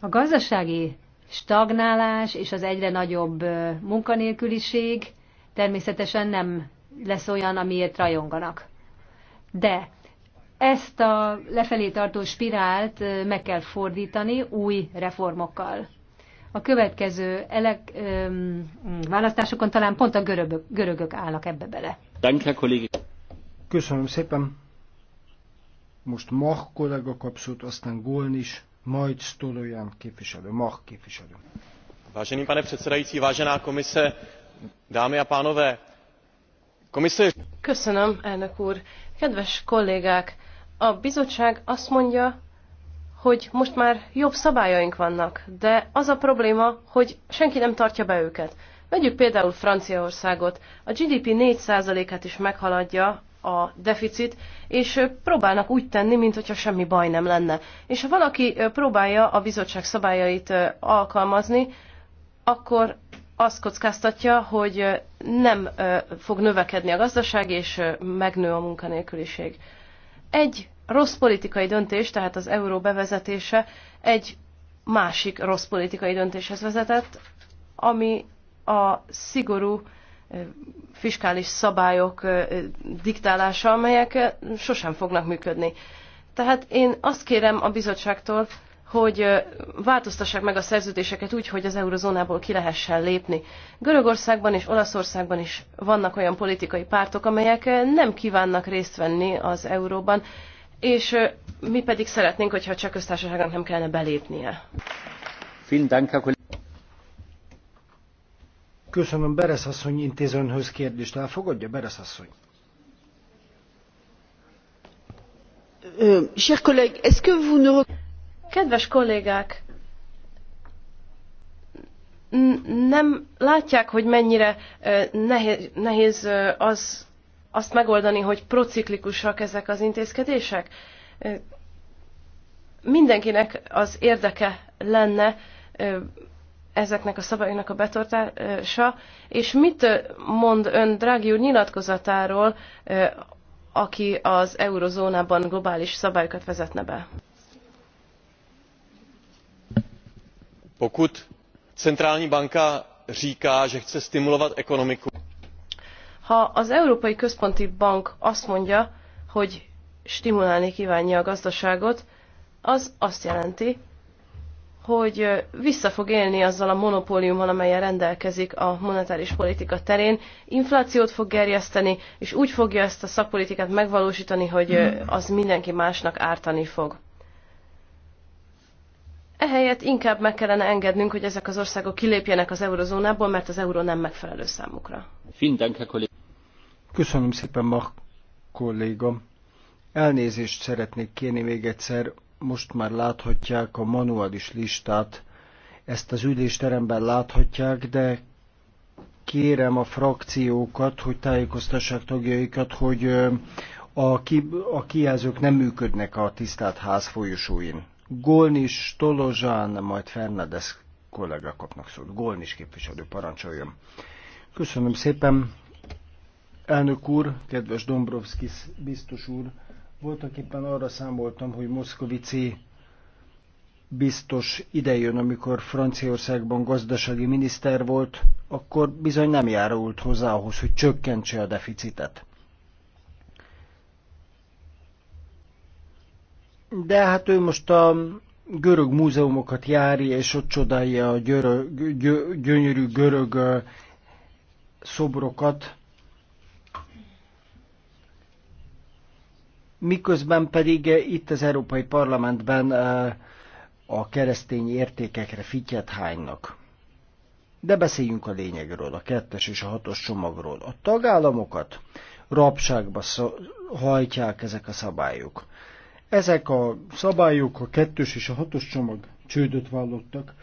A gazdasági stagnálás és az egyre nagyobb munkanélküliség természetesen nem lesz olyan, amiért rajonganak. De ezt a lefelé tartó spirált meg kell fordítani új reformokkal a következő elek, öm, választásokon talán pont a görögök, görögök állnak ebbe bele. Köszönöm szépen. Most Mach kollega kapszót, aztán Goln is, majd Stolojan képviselő, Mach képviselő. Vážený pane předsedající, vážená komise, dámy a pánové, komise... Köszönöm, elnök úr. Kedves kollégák, a bizottság azt mondja, hogy most már jobb szabályaink vannak, de az a probléma, hogy senki nem tartja be őket. Vegyük például Franciaországot. A GDP 4%-át is meghaladja a deficit, és próbálnak úgy tenni, mintha semmi baj nem lenne. És ha valaki próbálja a bizottság szabályait alkalmazni, akkor azt kockáztatja, hogy nem fog növekedni a gazdaság, és megnő a munkanélküliség. Egy rossz politikai döntés, tehát az euró bevezetése egy másik rossz politikai döntéshez vezetett, ami a szigorú fiskális szabályok diktálása, amelyek sosem fognak működni. Tehát én azt kérem a bizottságtól, hogy változtassák meg a szerződéseket úgy, hogy az eurozónából ki lehessen lépni. Görögországban és Olaszországban is vannak olyan politikai pártok, amelyek nem kívánnak részt venni az euróban, és mi pedig szeretnénk, hogyha a cseh köztársaságnak nem kellene belépnie. Köszönöm, Beres asszony intézőnhöz kérdést. Elfogadja, Beres asszony? Kedves kollégák, nem látják, hogy mennyire nehéz, nehéz az azt megoldani, hogy prociklikusak ezek az intézkedések? Mindenkinek az érdeke lenne ezeknek a szabályoknak a betartása, és mit mond ön Drági úr nyilatkozatáról, aki az eurozónában globális szabályokat vezetne be? Pokud centrální banka říká, že chce stimulovat ekonomiku, ha az Európai Központi Bank azt mondja, hogy stimulálni kívánja a gazdaságot, az azt jelenti, hogy vissza fog élni azzal a monopóliummal, amelyen rendelkezik a monetáris politika terén, inflációt fog gerjeszteni, és úgy fogja ezt a szakpolitikát megvalósítani, hogy az mindenki másnak ártani fog. Ehelyett inkább meg kellene engednünk, hogy ezek az országok kilépjenek az eurozónából, mert az euró nem megfelelő számukra. Köszönöm szépen, ma kolléga. Elnézést szeretnék kérni még egyszer. Most már láthatják a manuális listát. Ezt az ülésteremben láthatják, de kérem a frakciókat, hogy tájékoztassák tagjaikat, hogy a, ki, a kijelzők nem működnek a tisztelt ház folyosóin. Golnis, Tolozsán, majd Fernandez kollega kapnak szót. Golnis képviselő, parancsoljon. Köszönöm szépen, Elnök úr, kedves Dombrovskis biztos úr, voltak éppen arra számoltam, hogy Moszkovici biztos idejön, amikor Franciaországban gazdasági miniszter volt, akkor bizony nem járult hozzá ahhoz, hogy csökkentse a deficitet. De hát ő most a görög múzeumokat járja, és ott csodálja a györög, gyö, gyönyörű görög szobrokat, miközben pedig eh, itt az Európai Parlamentben eh, a keresztény értékekre fityet hánynak. De beszéljünk a lényegről, a kettes és a hatos csomagról. A tagállamokat rabságba hajtják ezek a szabályok. Ezek a szabályok, a kettős és a hatos csomag csődöt vallottak.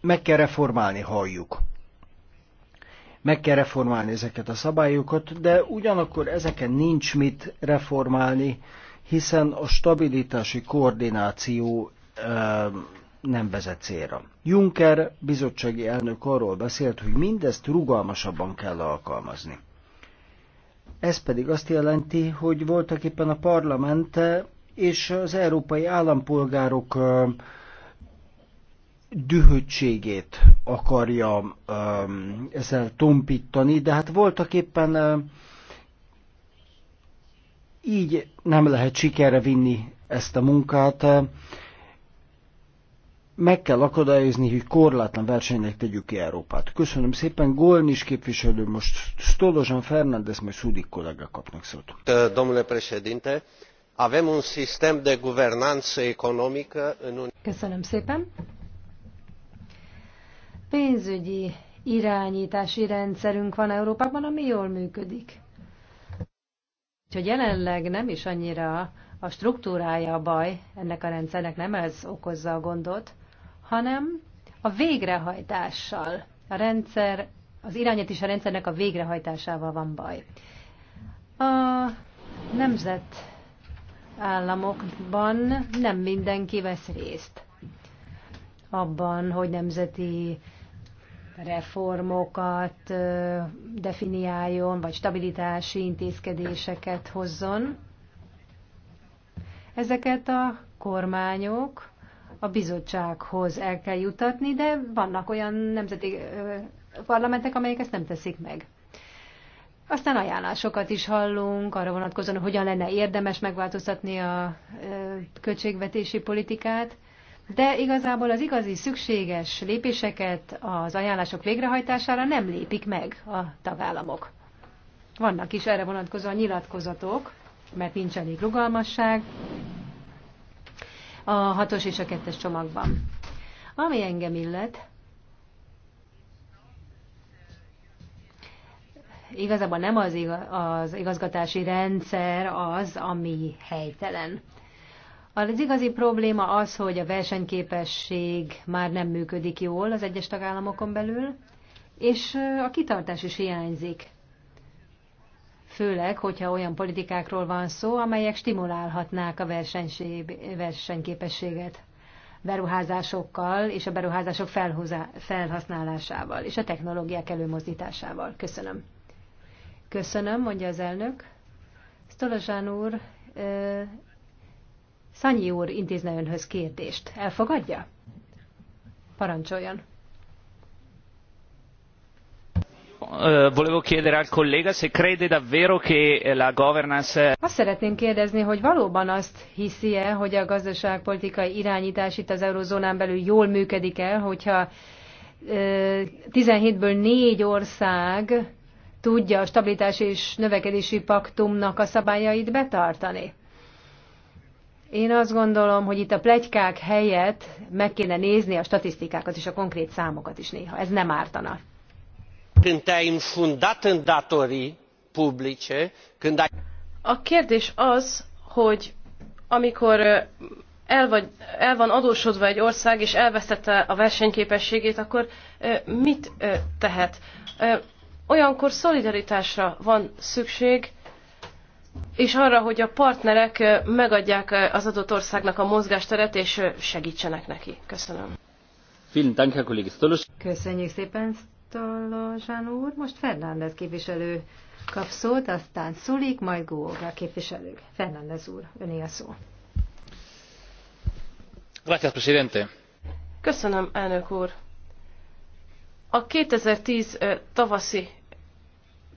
Meg kell reformálni, halljuk. Meg kell reformálni ezeket a szabályokat, de ugyanakkor ezeken nincs mit reformálni, hiszen a stabilitási koordináció nem vezet célra. Juncker bizottsági elnök arról beszélt, hogy mindezt rugalmasabban kell alkalmazni. Ez pedig azt jelenti, hogy voltak éppen a parlament és az európai állampolgárok dühöttségét akarja um, ezzel tompítani, de hát voltak éppen um, így nem lehet sikerre vinni ezt a munkát. meg kell akadályozni, hogy korlátlan versenynek tegyük ki Európát. Köszönöm szépen, is képviselő, most Stolozsan Fernández, majd Szudik kollega kapnak szót. Domnule președinte, avem un sistem de guvernanță economică în Köszönöm szépen pénzügyi irányítási rendszerünk van Európában, ami jól működik. Úgyhogy jelenleg nem is annyira a struktúrája a baj ennek a rendszernek, nem ez okozza a gondot, hanem a végrehajtással. A rendszer, az irányítás a rendszernek a végrehajtásával van baj. A nemzet államokban nem mindenki vesz részt abban, hogy nemzeti reformokat definiáljon, vagy stabilitási intézkedéseket hozzon. Ezeket a kormányok a bizottsághoz el kell jutatni, de vannak olyan nemzeti parlamentek, amelyek ezt nem teszik meg. Aztán ajánlásokat is hallunk arra vonatkozóan, hogyan lenne érdemes megváltoztatni a költségvetési politikát de igazából az igazi szükséges lépéseket az ajánlások végrehajtására nem lépik meg a tagállamok. Vannak is erre vonatkozó nyilatkozatok, mert nincs elég rugalmasság a hatos és a kettes csomagban. Ami engem illet, igazából nem az igazgatási rendszer az, ami helytelen. Az igazi probléma az, hogy a versenyképesség már nem működik jól az egyes tagállamokon belül, és a kitartás is hiányzik. Főleg, hogyha olyan politikákról van szó, amelyek stimulálhatnák a versenyképességet beruházásokkal és a beruházások felhasználásával és a technológiák előmozdításával. Köszönöm. Köszönöm, mondja az elnök. Stolozsán úr, Szanyi úr intézne önhöz kérdést. Elfogadja? Parancsoljon. Volevo chiedere al collega se crede davvero che la governance... Azt szeretném kérdezni, hogy valóban azt hiszi-e, hogy a gazdaságpolitikai irányítás itt az eurozónán belül jól működik el, hogyha 17-ből 4 ország tudja a stabilitás és növekedési paktumnak a szabályait betartani? Én azt gondolom, hogy itt a plegykák helyett meg kéne nézni a statisztikákat és a konkrét számokat is néha. Ez nem ártana. A kérdés az, hogy amikor el, vagy, el van adósodva egy ország, és elvesztette a versenyképességét, akkor mit tehet? Olyankor szolidaritásra van szükség, és arra, hogy a partnerek megadják az adott országnak a mozgásteret, és segítsenek neki. Köszönöm. Köszönjük szépen, Stolozsán úr. Most Fernández képviselő kap szót, aztán Szulik, majd Góga képviselő. Fernández úr, öné a szó. Gracias, presidente. Köszönöm, elnök úr. A 2010 tavaszi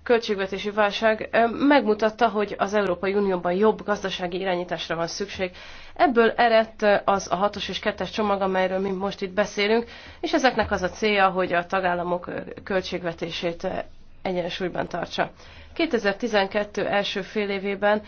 költségvetési válság megmutatta, hogy az Európai Unióban jobb gazdasági irányításra van szükség. Ebből eredt az a hatos és kettes csomag, amelyről mi most itt beszélünk, és ezeknek az a célja, hogy a tagállamok költségvetését egyensúlyban tartsa. 2012 első fél évében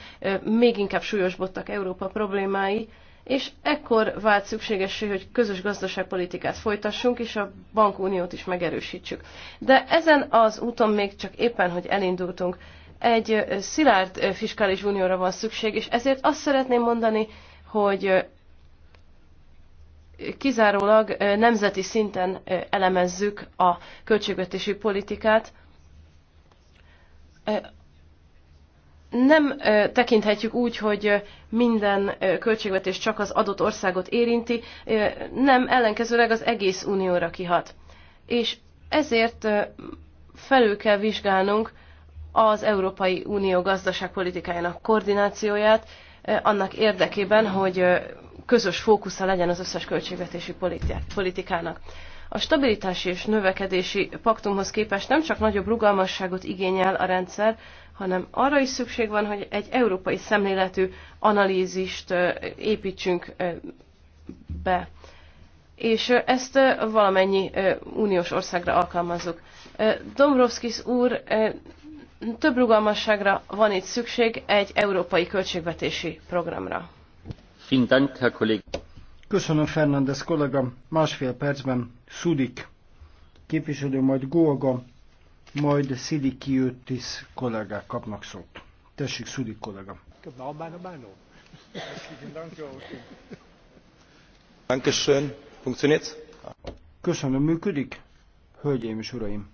még inkább súlyosbodtak Európa problémái, és ekkor vált szükségessé, hogy közös gazdaságpolitikát folytassunk, és a bankuniót is megerősítsük. De ezen az úton még csak éppen, hogy elindultunk, egy szilárd fiskális unióra van szükség, és ezért azt szeretném mondani, hogy kizárólag nemzeti szinten elemezzük a költségvetési politikát, nem tekinthetjük úgy, hogy minden költségvetés csak az adott országot érinti, nem ellenkezőleg az egész unióra kihat. És ezért felül kell vizsgálnunk az Európai Unió gazdaságpolitikájának koordinációját, annak érdekében, hogy közös fókusza legyen az összes költségvetési politikának. A stabilitási és növekedési paktumhoz képest nem csak nagyobb rugalmasságot igényel a rendszer, hanem arra is szükség van, hogy egy európai szemléletű analízist építsünk be. És ezt valamennyi uniós országra alkalmazzuk. Dombrovskis úr, több rugalmasságra van itt szükség egy európai költségvetési programra. Köszönöm, Fernández kollega. Másfél percben Szudik képviselő, majd Góga majd Szidi Öttis kollégák kapnak szót. Tessék, Szidi kollega. Köszönöm, működik? Hölgyeim és uraim!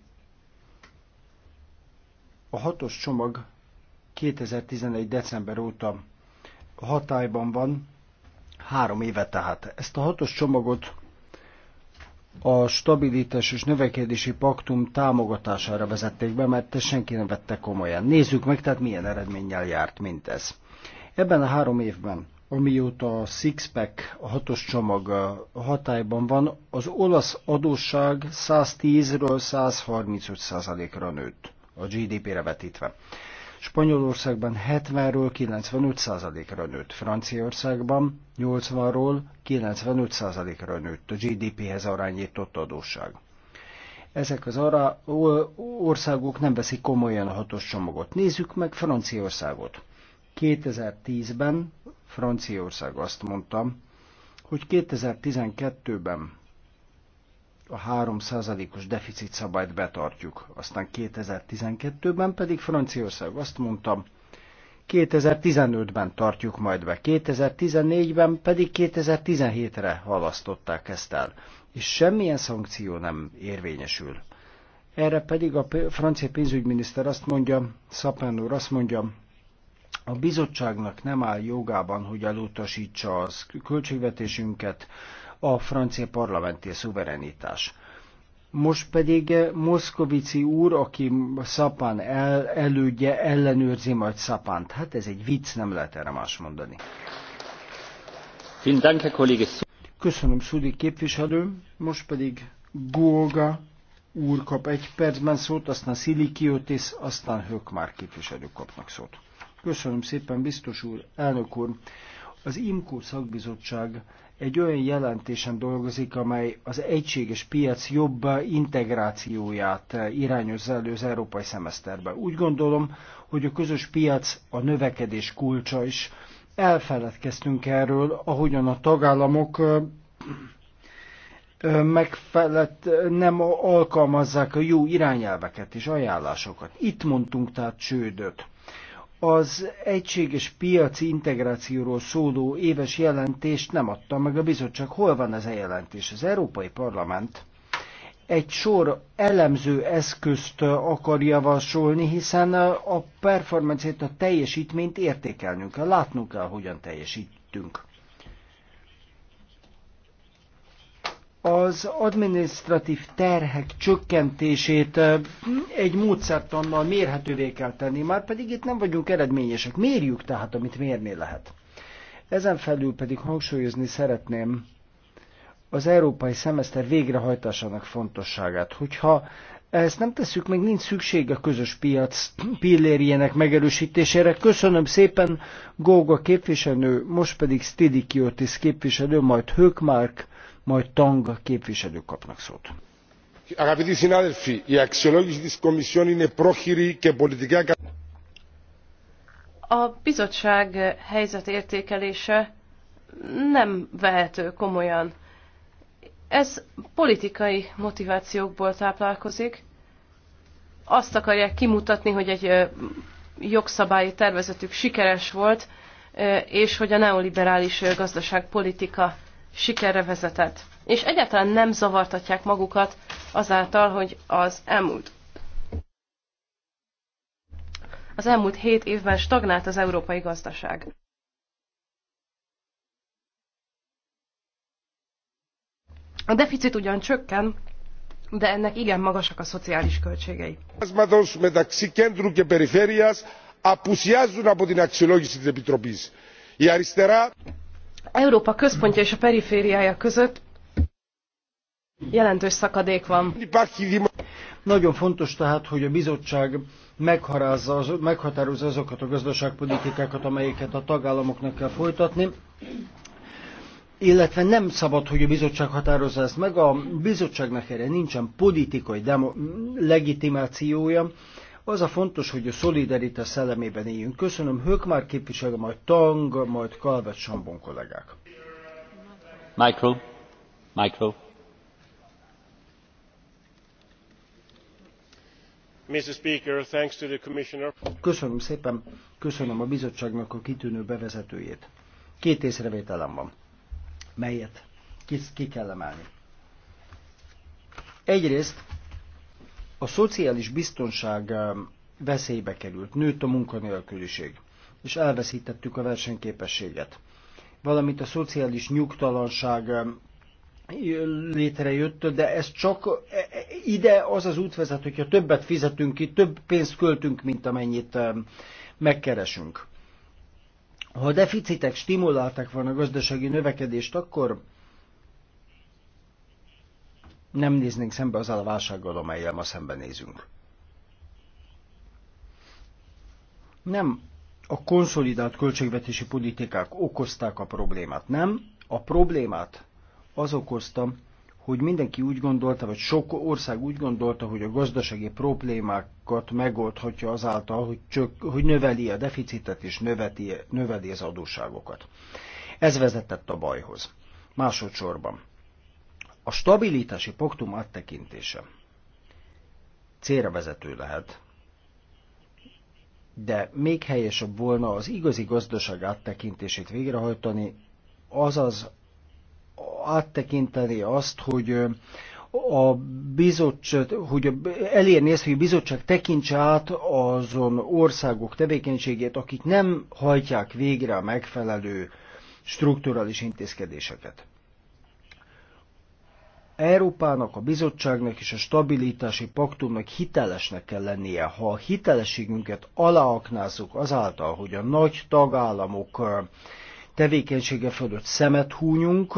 A hatos csomag 2011. december óta hatályban van, három éve tehát. Ezt a hatos csomagot a stabilitás és növekedési paktum támogatására vezették be, mert ezt senki nem vette komolyan. Nézzük meg, tehát milyen eredménnyel járt mindez. Ebben a három évben, amióta a Sixpack, a hatos csomag hatályban van, az olasz adósság 110-ről 135%-ra nőtt a GDP-re vetítve. Spanyolországban 70-ről 95%-ra nőtt, Franciaországban 80-ról 95%-ra nőtt a GDP-hez arányított adósság. Ezek az ará, országok nem veszik komolyan a hatos csomagot. Nézzük meg Franciaországot. 2010-ben Franciaország azt mondta, hogy 2012-ben a 3%-os deficit szabályt betartjuk. Aztán 2012-ben pedig Franciaország azt mondta, 2015-ben tartjuk majd be, 2014-ben pedig 2017-re halasztották ezt el, és semmilyen szankció nem érvényesül. Erre pedig a francia pénzügyminiszter azt mondja, Szapán úr azt mondja, a bizottságnak nem áll jogában, hogy elutasítsa az költségvetésünket, a francia parlamenti szuverenitás. Most pedig eh, Moszkovici úr, aki Szapán el, elődje, ellenőrzi majd Szapánt. Hát ez egy vicc, nem lehet erre más mondani. Köszönöm, Szudi képviselő. Most pedig Golga úr kap egy percben szót, aztán Szilikiotis, aztán Hökmár képviselők kapnak szót. Köszönöm szépen, biztos úr, elnök úr. Az IMKO szakbizottság egy olyan jelentésen dolgozik, amely az egységes piac jobb integrációját irányozza elő az európai szemeszterbe. Úgy gondolom, hogy a közös piac a növekedés kulcsa is. Elfeledkeztünk erről, ahogyan a tagállamok megfelett nem alkalmazzák a jó irányelveket és ajánlásokat. Itt mondtunk tehát csődöt az egységes piaci integrációról szóló éves jelentést nem adta meg a bizottság. Hol van ez a jelentés? Az Európai Parlament egy sor elemző eszközt akar javasolni, hiszen a performancét, a teljesítményt értékelnünk kell, látnunk kell, hogyan teljesítünk. az adminisztratív terhek csökkentését egy módszertannal mérhetővé kell tenni, már pedig itt nem vagyunk eredményesek. Mérjük tehát, amit mérni lehet. Ezen felül pedig hangsúlyozni szeretném az európai szemeszter végrehajtásának fontosságát. Hogyha ezt nem tesszük, meg nincs szükség a közös piac pillérjének megerősítésére. Köszönöm szépen Góga képviselő, most pedig Stidikiotis képviselő, majd Hökmark majd Tang képviselők kapnak szót. A bizottság helyzetértékelése nem vehető komolyan. Ez politikai motivációkból táplálkozik. Azt akarják kimutatni, hogy egy jogszabályi tervezetük sikeres volt, és hogy a neoliberális gazdaságpolitika sikerre vezetett. És egyáltalán nem zavartatják magukat azáltal, hogy az elmúlt az elmúlt hét évben stagnált az európai gazdaság. A deficit ugyan csökken, de ennek igen magasak a szociális költségei. Az Η αριστερά... Európa központja és a perifériája között jelentős szakadék van. Nagyon fontos tehát, hogy a bizottság meghatározza azokat a gazdaságpolitikákat, amelyeket a tagállamoknak kell folytatni, illetve nem szabad, hogy a bizottság határozza ezt meg, a bizottságnak erre nincsen politikai legitimációja, az a fontos, hogy a szolidaritás szellemében éljünk. Köszönöm Hökmár képviselő, majd Tang, majd Kalvet Sambon kollégák. the commissioner. Köszönöm szépen, köszönöm a bizottságnak a kitűnő bevezetőjét. Két észrevételem van, melyet ki, ki kell emelni. Egyrészt a szociális biztonság eh, veszélybe került, nőtt a munkanélküliség, és elveszítettük a versenyképességet. Valamint a szociális nyugtalanság eh, létrejött, de ez csak eh, ide az az út vezet, hogyha többet fizetünk ki, több pénzt költünk, mint amennyit megkeresünk. Ha a deficitek stimulálták volna a gazdasági növekedést, akkor nem néznénk szembe azzal a válsággal, amelyel ma szembenézünk. Nem a konszolidált költségvetési politikák okozták a problémát, nem. A problémát az okozta, hogy mindenki úgy gondolta, vagy sok ország úgy gondolta, hogy a gazdasági problémákat megoldhatja azáltal, hogy, csök, hogy növeli a deficitet és növeti, növeli az adósságokat. Ez vezetett a bajhoz. Másodszorban a stabilitási paktum áttekintése célra vezető lehet, de még helyesebb volna az igazi gazdaság áttekintését végrehajtani, azaz áttekinteni azt, hogy a bizottság, hogy elérni ezt, hogy a bizottság tekintse át azon országok tevékenységét, akik nem hajtják végre a megfelelő strukturális intézkedéseket. Európának, a bizottságnak és a stabilitási paktumnak hitelesnek kell lennie. Ha a hitelességünket aláaknázzuk azáltal, hogy a nagy tagállamok tevékenysége fölött szemet húnyunk,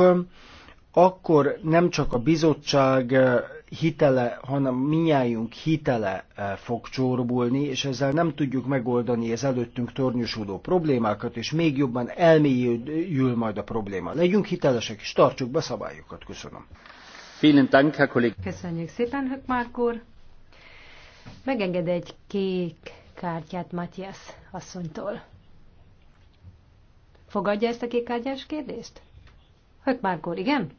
akkor nem csak a bizottság hitele, hanem minnyájunk hitele fog csorbulni, és ezzel nem tudjuk megoldani az előttünk tornyosuló problémákat, és még jobban elmélyül majd a probléma. Legyünk hitelesek, és tartsuk be szabályokat. Köszönöm. Köszönjük szépen, Hökmárk úr. Megenged egy kék kártyát Matthias asszonytól. Fogadja ezt a kék kártyás kérdést? Hökmárk úr, igen?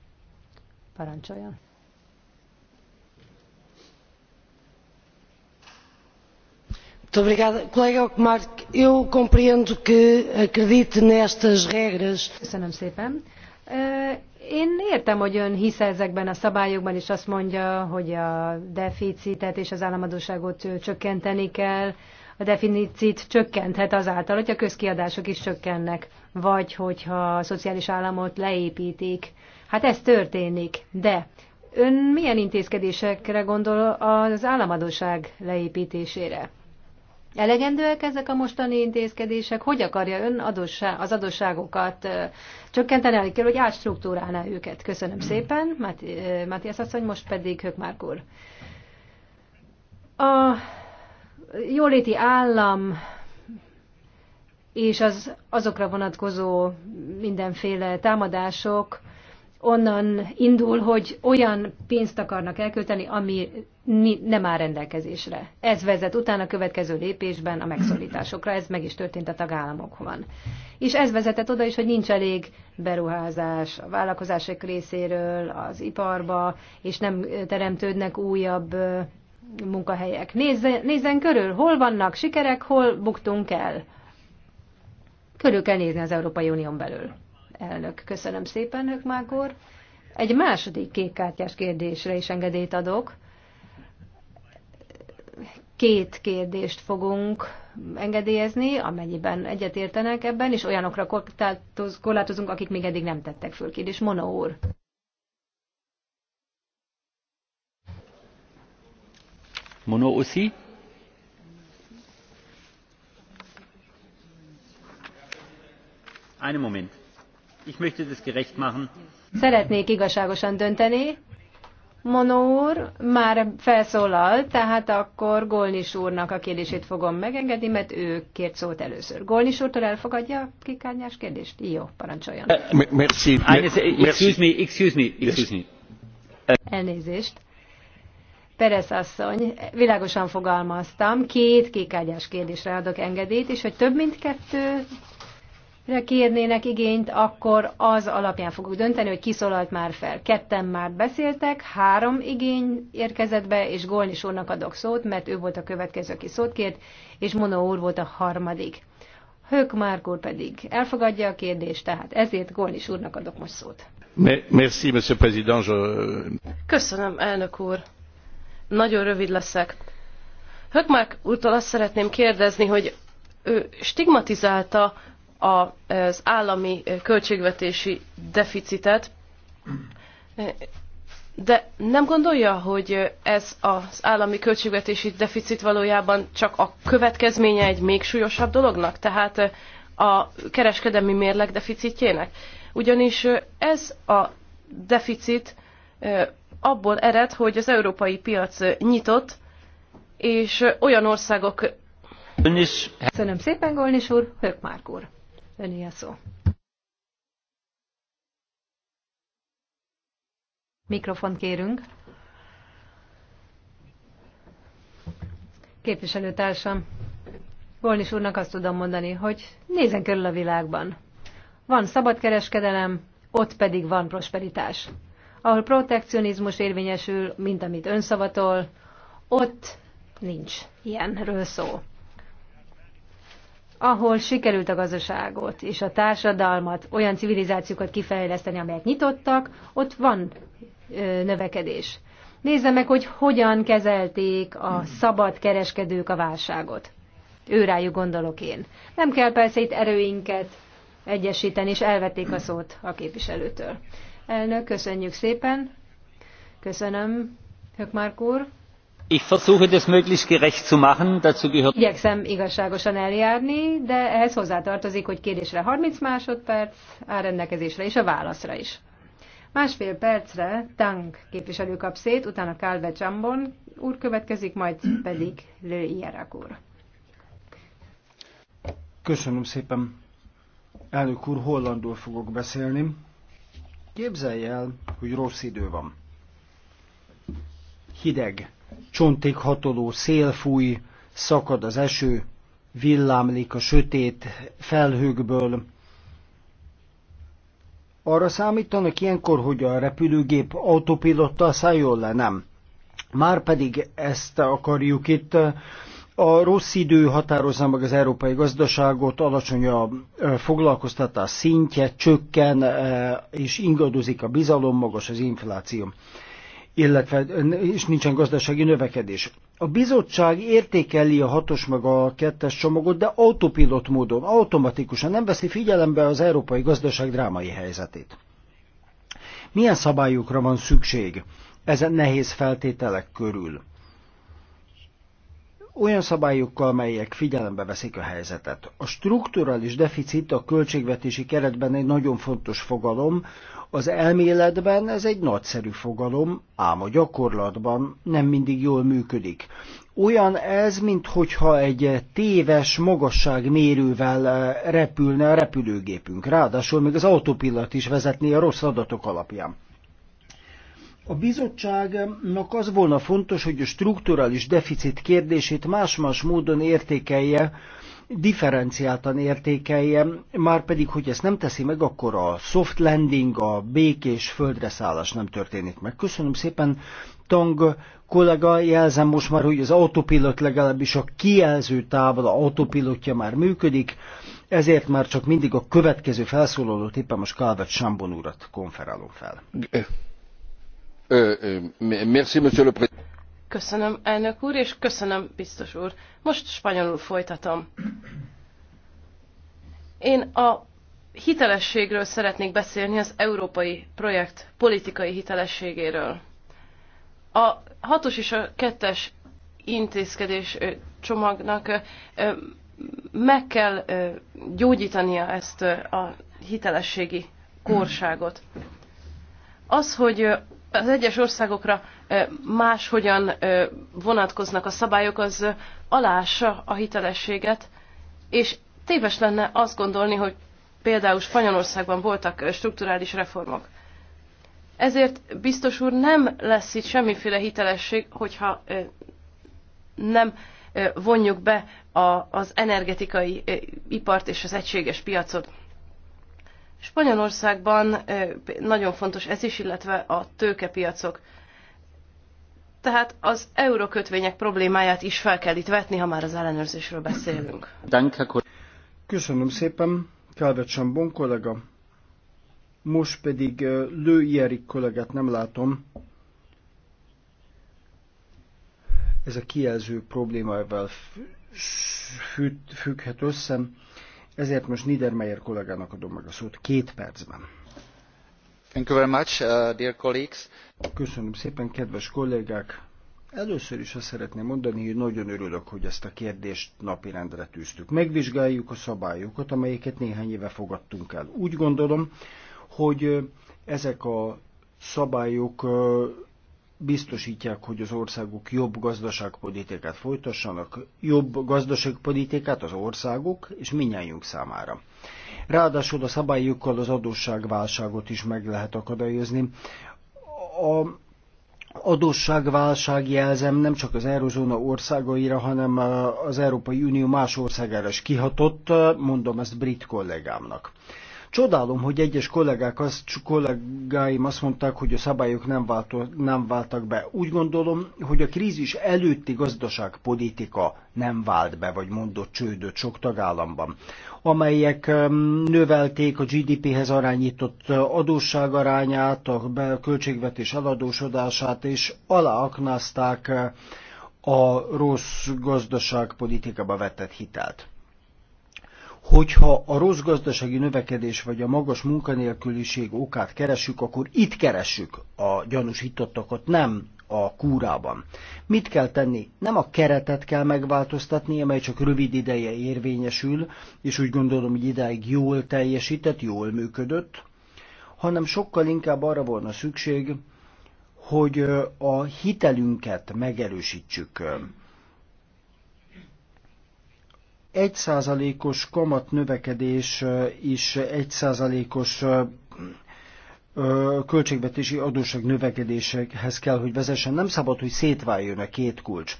Parancsoljon. Muito obrigada. Colega Ockmark, eu compreendo que acredite nestas regras. Köszönöm szépen én értem, hogy ön hisz ezekben a szabályokban, és azt mondja, hogy a deficitet és az államadóságot csökkenteni kell. A deficit csökkenthet azáltal, hogy a közkiadások is csökkennek, vagy hogyha a szociális államot leépítik. Hát ez történik, de ön milyen intézkedésekre gondol az államadóság leépítésére? Elegendőek ezek a mostani intézkedések? Hogy akarja ön adossá, az adósságokat csökkenteni, elég kell, hogy átstruktúrálná őket? Köszönöm szépen, Matthias asszony, most pedig Hök úr. A jóléti állam és az azokra vonatkozó mindenféle támadások onnan indul, hogy olyan pénzt akarnak elkölteni, ami nem áll rendelkezésre. Ez vezet utána a következő lépésben a megszorításokra, ez meg is történt a tagállamokban. És ez vezetett oda is, hogy nincs elég beruházás a vállalkozások részéről, az iparba, és nem teremtődnek újabb munkahelyek. Nézzen, nézzen körül, hol vannak sikerek, hol buktunk el. Körül kell nézni az Európai Unión belül. Elnök, köszönöm szépen, mágor. Egy második kékkártyás kérdésre is engedélyt adok. Két kérdést fogunk engedélyezni, amennyiben egyetértenek ebben, és olyanokra korlátozunk, akik még eddig nem tettek föl kérdés. Mona úr. Mono aussi? Einen Moment. Szeretnék igazságosan dönteni. Mono úr már felszólal, tehát akkor Golnis úrnak a kérdését fogom megengedni, mert ő kért szót először. Golnis úrtól elfogadja a kikárnyás kérdést? Jó, parancsoljon. Eh, ah, merci. Excuse me, excuse me, excuse me. Elnézést. Perez asszony, világosan fogalmaztam, két kékágyás kérdésre adok engedélyt, és hogy több mint kettő kérnének igényt, akkor az alapján fogok dönteni, hogy kiszólalt már fel. Ketten már beszéltek, három igény érkezett be, és Golnis úrnak adok szót, mert ő volt a következő, aki szót kért, és Mono úr volt a harmadik. Hök úr pedig elfogadja a kérdést, tehát ezért Golnis úrnak adok most szót. Merci, monsieur président. Köszönöm, elnök úr. Nagyon rövid leszek. Hökmark úrtól azt szeretném kérdezni, hogy ő stigmatizálta az állami költségvetési deficitet, de nem gondolja, hogy ez az állami költségvetési deficit valójában csak a következménye egy még súlyosabb dolognak, tehát a kereskedelmi mérleg deficitjének? Ugyanis ez a deficit abból ered, hogy az európai piac nyitott, és olyan országok... Köszönöm szépen, Golnis úr, Hökmárk úr. Öné a szó. Mikrofont kérünk. Képviselőtársam, Golnis úrnak azt tudom mondani, hogy nézzen körül a világban. Van szabadkereskedelem, ott pedig van prosperitás. Ahol protekcionizmus érvényesül, mint amit önszavatol, ott nincs ilyenről szó ahol sikerült a gazdaságot és a társadalmat, olyan civilizációkat kifejleszteni, amelyek nyitottak, ott van növekedés. Nézze meg, hogy hogyan kezelték a szabad kereskedők a válságot. Őrájuk gondolok én. Nem kell persze itt erőinket egyesíteni, és elvették a szót a képviselőtől. Elnök, köszönjük szépen. Köszönöm, Hökmárk úr. Igyekszem igazságosan eljárni, de ehhez hozzátartozik, hogy kérdésre 30 másodperc áll rendelkezésre és a válaszra is. Másfél percre Tank képviselő kap szét, utána Calve Csambon úr következik, majd pedig Lő Ierak úr. Köszönöm szépen. Elnök úr, hollandul fogok beszélni. Képzelj el, hogy rossz idő van. Hideg, csontig hatoló szél fúj, szakad az eső, villámlik a sötét felhőkből. Arra számítanak ilyenkor, hogy a repülőgép autopilottal szálljon le, nem? Márpedig ezt akarjuk itt. A rossz idő határozza meg az európai gazdaságot, alacsony a foglalkoztatás szintje, csökken és ingadozik a bizalom, magas az infláció illetve és nincsen gazdasági növekedés. A bizottság értékeli a hatos meg a kettes csomagot, de autopilot módon, automatikusan nem veszi figyelembe az európai gazdaság drámai helyzetét. Milyen szabályokra van szükség ezen nehéz feltételek körül? olyan szabályokkal, melyek figyelembe veszik a helyzetet. A strukturális deficit a költségvetési keretben egy nagyon fontos fogalom, az elméletben ez egy nagyszerű fogalom, ám a gyakorlatban nem mindig jól működik. Olyan ez, mintha egy téves magasságmérővel eh, repülne a repülőgépünk, ráadásul még az autopilot is vezetné a rossz adatok alapján. A bizottságnak az volna fontos, hogy a strukturális deficit kérdését más-más módon értékelje, differenciáltan értékelje, már pedig, hogy ezt nem teszi meg, akkor a soft landing, a békés földre szállás nem történik meg. Köszönöm szépen, Tang kollega, jelzem most már, hogy az autopilot legalábbis a kijelző tábla autopilotja már működik, ezért már csak mindig a következő felszólalót éppen most Calvet Sambon urat konferálom fel. Euh, euh, köszönöm, elnök úr, és köszönöm, biztos úr. Most spanyolul folytatom. Én a hitelességről szeretnék beszélni, az európai projekt politikai hitelességéről. A hatos és a kettes intézkedés csomagnak meg kell gyógyítania ezt a hitelességi korságot Az, hogy az egyes országokra máshogyan vonatkoznak a szabályok, az alássa a hitelességet, és téves lenne azt gondolni, hogy például Spanyolországban voltak strukturális reformok. Ezért biztos úr nem lesz itt semmiféle hitelesség, hogyha nem vonjuk be az energetikai ipart és az egységes piacot. Spanyolországban nagyon fontos ez is, illetve a tőkepiacok. Tehát az eurokötvények problémáját is fel kell itt vetni, ha már az ellenőrzésről beszélünk. Köszönöm szépen, Kálvet Sambon kollega. Most pedig Lő Jerik kollégát nem látom. Ez a kijelző problémával függhet össze. Ezért most Niedermeyer kollégának adom meg a szót két percben. Thank you very much, uh, dear colleagues. Köszönöm szépen, kedves kollégák! Először is azt szeretném mondani, hogy nagyon örülök, hogy ezt a kérdést napi rendre tűztük. Megvizsgáljuk a szabályokat, amelyeket néhány éve fogadtunk el. Úgy gondolom, hogy ezek a szabályok biztosítják, hogy az országok jobb gazdaságpolitikát folytassanak, jobb gazdaságpolitikát az országok és minnyájunk számára. Ráadásul a szabályokkal az adósságválságot is meg lehet akadályozni. A adósságválság jelzem nem csak az eurozóna országaira, hanem az Európai Unió más országára is kihatott, mondom ezt brit kollégámnak. Csodálom, hogy egyes kollégák azt, kollégáim azt mondták, hogy a szabályok nem, váltó, nem váltak be. Úgy gondolom, hogy a krízis előtti gazdaságpolitika nem vált be, vagy mondott csődöt sok tagállamban, amelyek növelték a GDP-hez arányított adósság arányát, a költségvetés eladósodását, és aláaknázták a rossz gazdaságpolitikába vetett hitelt hogyha a rossz gazdasági növekedés vagy a magas munkanélküliség okát keressük, akkor itt keressük a gyanúsítottakat, nem a kúrában. Mit kell tenni? Nem a keretet kell megváltoztatni, amely csak rövid ideje érvényesül, és úgy gondolom, hogy ideig jól teljesített, jól működött, hanem sokkal inkább arra volna szükség, hogy a hitelünket megerősítsük 1%-os kamat növekedés is 1%-os költségvetési adósság növekedésekhez kell, hogy vezessen. Nem szabad, hogy szétváljon a két kulcs.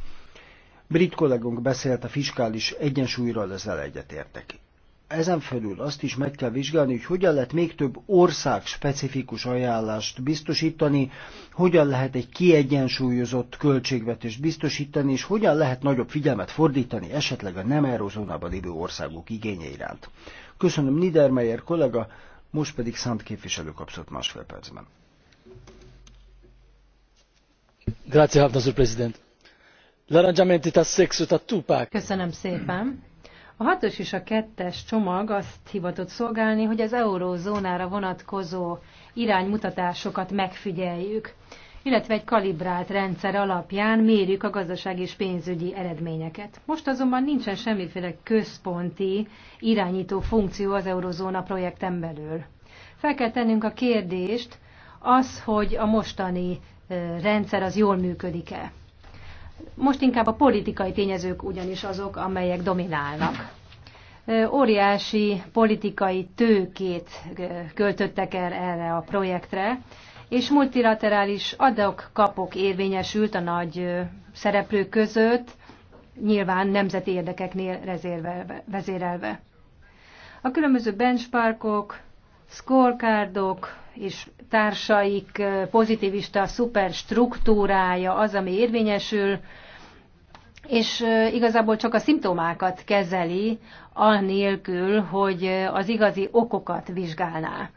Brit kollégunk beszélt a fiskális egyensúlyról, ezzel egyetértek ezen felül azt is meg kell vizsgálni, hogy hogyan lehet még több ország specifikus ajánlást biztosítani, hogyan lehet egy kiegyensúlyozott költségvetést biztosítani, és hogyan lehet nagyobb figyelmet fordítani esetleg a nem eurozónában lévő országok igénye iránt. Köszönöm Niedermeyer kollega, most pedig Szent képviselő kapszott másfél percben. Grazie, Herr Präsident. Köszönöm szépen a hatos és a kettes csomag azt hivatott szolgálni, hogy az eurózónára vonatkozó iránymutatásokat megfigyeljük, illetve egy kalibrált rendszer alapján mérjük a gazdaság és pénzügyi eredményeket. Most azonban nincsen semmiféle központi irányító funkció az eurózóna projekten belül. Fel kell tennünk a kérdést, az, hogy a mostani rendszer az jól működik-e. Most inkább a politikai tényezők ugyanis azok, amelyek dominálnak. Óriási politikai tőkét költöttek el erre a projektre, és multilaterális adok-kapok érvényesült a nagy szereplők között, nyilván nemzeti érdekeknél vezérelve. A különböző benchmarkok, scorecardok, és társaik pozitivista szuperstruktúrája az, ami érvényesül, és igazából csak a szimptomákat kezeli, anélkül, hogy az igazi okokat vizsgálná.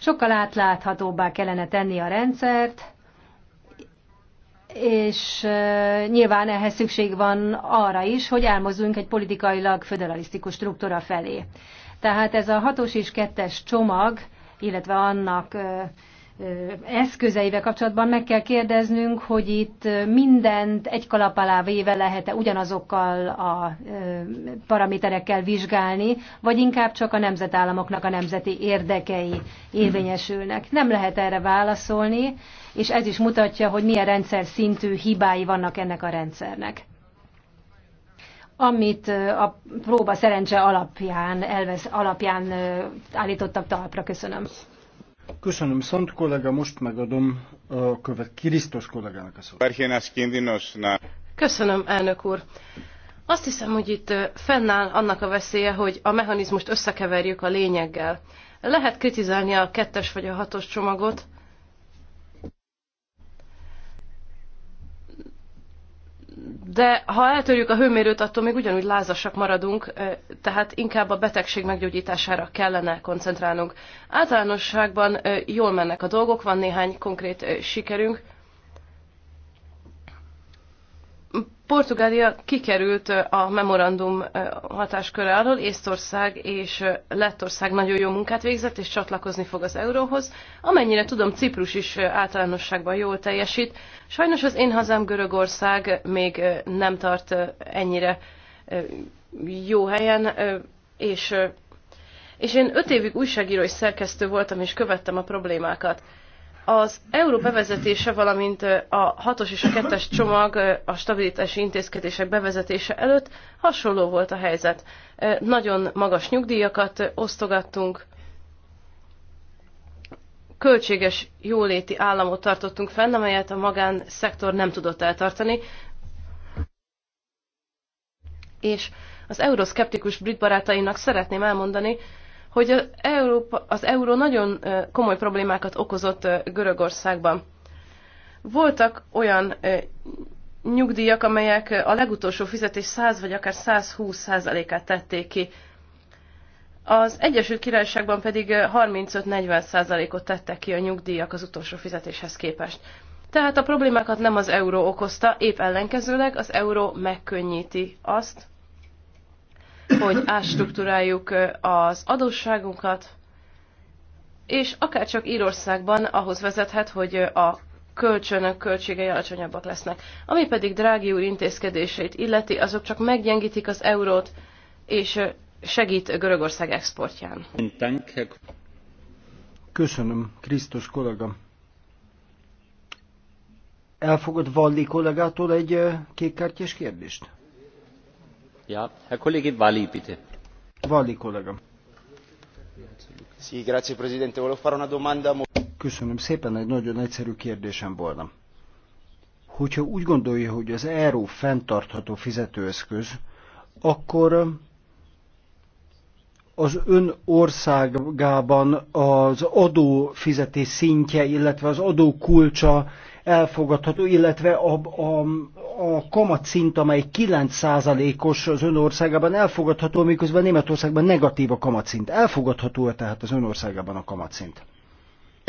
Sokkal átláthatóbbá kellene tenni a rendszert, és nyilván ehhez szükség van arra is, hogy elmozdulunk egy politikailag föderalisztikus struktúra felé. Tehát ez a hatos és kettes csomag illetve annak eszközeivel kapcsolatban meg kell kérdeznünk, hogy itt mindent egy kalap alá véve lehet-e ugyanazokkal a paraméterekkel vizsgálni, vagy inkább csak a nemzetállamoknak a nemzeti érdekei érvényesülnek. Nem lehet erre válaszolni, és ez is mutatja, hogy milyen rendszer szintű hibái vannak ennek a rendszernek amit a próba szerencse alapján, elvesz, alapján állítottak talpra. Köszönöm. Köszönöm, Szent kollega, most megadom a követ Krisztus kollégának a szót. Köszönöm, elnök úr. Azt hiszem, hogy itt fennáll annak a veszélye, hogy a mechanizmust összekeverjük a lényeggel. Lehet kritizálni a kettes vagy a hatos csomagot, de ha eltörjük a hőmérőt, attól még ugyanúgy lázasak maradunk, tehát inkább a betegség meggyógyítására kellene koncentrálnunk. Általánosságban jól mennek a dolgok, van néhány konkrét sikerünk, Portugália kikerült a memorandum hatásköre alól, Észtország és Lettország nagyon jó munkát végzett, és csatlakozni fog az euróhoz. Amennyire tudom, Ciprus is általánosságban jól teljesít. Sajnos az én hazám Görögország még nem tart ennyire jó helyen, és, és én öt évig újságíró és szerkesztő voltam, és követtem a problémákat. Az euró bevezetése, valamint a hatos és a kettes csomag a stabilitási intézkedések bevezetése előtt hasonló volt a helyzet. Nagyon magas nyugdíjakat osztogattunk, költséges jóléti államot tartottunk fenn, amelyet a magánszektor nem tudott eltartani, és az euroszkeptikus brit barátainak szeretném elmondani, hogy az, Európa, az euró nagyon komoly problémákat okozott Görögországban. Voltak olyan nyugdíjak, amelyek a legutolsó fizetés 100 vagy akár 120 százalékát tették ki. Az Egyesült Királyságban pedig 35-40 százalékot tettek ki a nyugdíjak az utolsó fizetéshez képest. Tehát a problémákat nem az euró okozta, épp ellenkezőleg az euró megkönnyíti azt, hogy átstruktúráljuk az adósságunkat, és akár csak Írországban ahhoz vezethet, hogy a kölcsönök költségei alacsonyabbak lesznek. Ami pedig Drági úr intézkedéseit illeti, azok csak meggyengítik az eurót, és segít Görögország exportján. Köszönöm, Krisztus kollega. Elfogad Valli kollégától egy kékkártyás kérdést? Sí, Köszönöm szépen, egy nagyon egyszerű kérdésem volna. Hogyha úgy gondolja, hogy az euró fenntartható fizetőeszköz, akkor az ön országában az adófizetés szintje, illetve az adókulcsa elfogadható, illetve a, a, a kamatszint, amely 9%-os az önországában elfogadható, miközben Németországban negatív a kamatszint. Elfogadható-e tehát az önországában a kamatszint?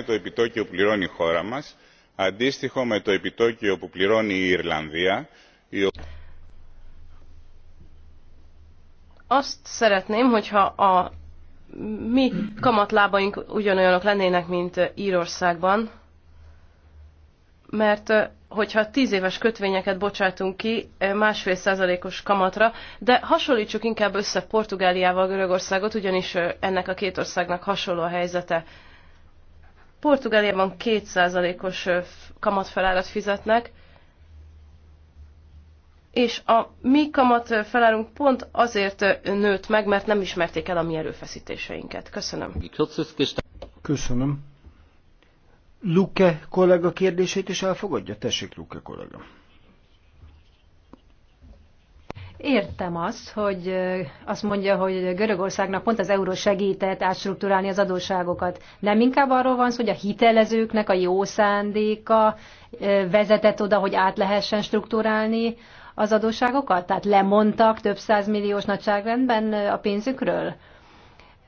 το επιτόκιο πληρώνει η χώρα μας, αντίστοιχο με το επιτόκιο που πληρώνει η Ιρλανδία. Η... Azt szeretném, hogyha a mi kamatlábaink ugyanolyanok lennének, mint Írországban mert hogyha tíz éves kötvényeket bocsátunk ki másfél százalékos kamatra, de hasonlítsuk inkább össze Portugáliával Görögországot, ugyanis ennek a két országnak hasonló a helyzete. Portugáliában két százalékos kamatfelárat fizetnek, és a mi kamat felárunk pont azért nőtt meg, mert nem ismerték el a mi erőfeszítéseinket. Köszönöm. Köszönöm. Luke kollega kérdését is elfogadja? Tessék, Luke kollega. Értem azt, hogy azt mondja, hogy Görögországnak pont az euró segített átstruktúrálni az adósságokat. Nem inkább arról van szó, hogy a hitelezőknek a jó szándéka vezetett oda, hogy át lehessen struktúrálni az adósságokat? Tehát lemondtak több százmilliós nagyságrendben a pénzükről?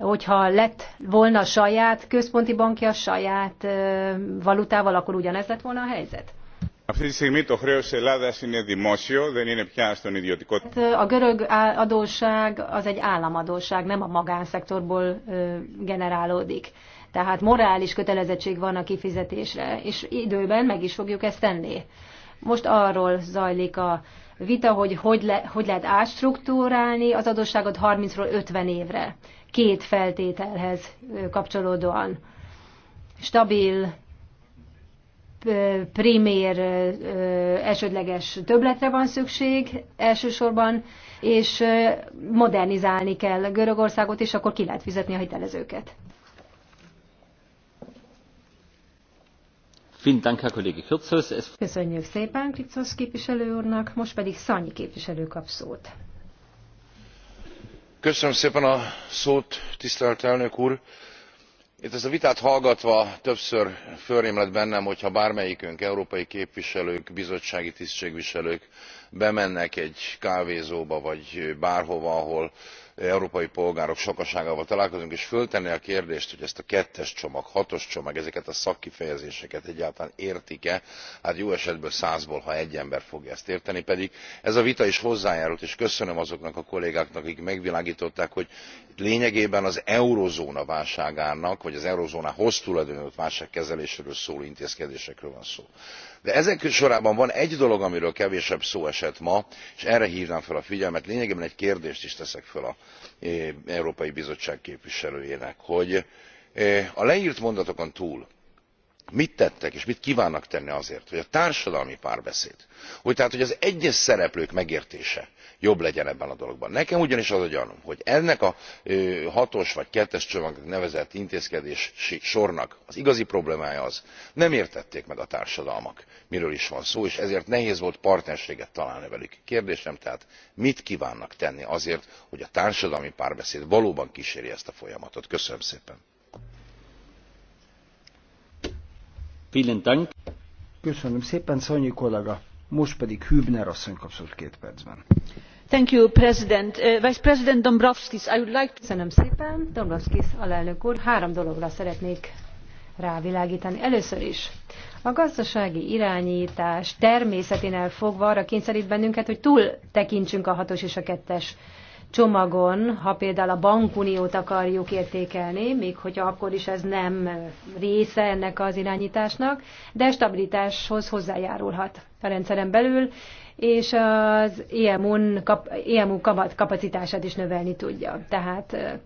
hogyha lett volna saját központi bankja, saját valutával, akkor ugyanez lett volna a helyzet? Αυτή hát, A görög adósság az egy államadóság, nem a magánszektorból generálódik. Tehát morális kötelezettség van a kifizetésre, és időben meg is fogjuk ezt tenni. Most arról zajlik a vita, hogy hogy, le, hogy lehet átstruktúrálni az adósságot 30-ról 50 évre két feltételhez kapcsolódóan. Stabil primér elsődleges többletre van szükség elsősorban, és modernizálni kell Görögországot, és akkor ki lehet fizetni a hitelezőket. Köszönjük szépen Kricos képviselő úrnak, most pedig Szanyi képviselő kap szót itt ezt a vitát hallgatva többször fölrém lett bennem hogy ha bármelyikünk európai képviselők bizottsági tisztségviselők bemennek egy kávézóba vagy bárhova ahol európai polgárok sokaságával találkozunk és föltenné a kérdést hogy ezt a kettes csomag hatos csomag ezeket a szakkifejezéseket egyáltalán értik e hát jó esetből százból ha egy ember fogja ezt érteni pedig ez a vita is hozzájárult és köszönöm azoknak a kollégáknak akik megvilágtották hogy lényegében az eurózóna válságának vagy az eurózónához tulajdontott válság kezeléséről szóló intézkedésekről van szó de ezek sorában van egy dolog amiről kevesebb szó esett ma és erre hvnám fel a figyelmet lényegében egy kérdést is teszek föl az európai bizottság képviselőjének hogy a lert mondatokon túl mit tettek és mit kvánnak tenni azért hogy a társadalmi párbeszéd tehát hogy az egyes szereplők megértése jobb legyen ebben a dologban. nekem ugyanis az a gyanúm hogy ennek a hatos vagy kettes csomagnak nevezett intézkedési sornak az igazi problémája az nem értették meg a társadalmak miről is van szó és ezért nehéz volt partnerséget találni velük. kérdésem tehát mit kvánnak tenni azért hogy a társadalmi párbeszéd valóban ksérje ezt a folyamatot? köszönöm szépen! Köszönöm szépen, Szanyi kollega! Most pedig Hübner asszony kapszott két percben szépen dombrovskis alelnök úr három dologra szeretnék rávilágtani. először is a gazdasági irányítás természeténél fogva arra kényszerít bennünket hogy túl a hatos és a kettes csomagon, ha például a bankuniót akarjuk értékelni, még hogyha akkor is ez nem része ennek az irányításnak, de stabilitáshoz hozzájárulhat a rendszeren belül, és az EMU, kap, e kapacitását is növelni tudja. Tehát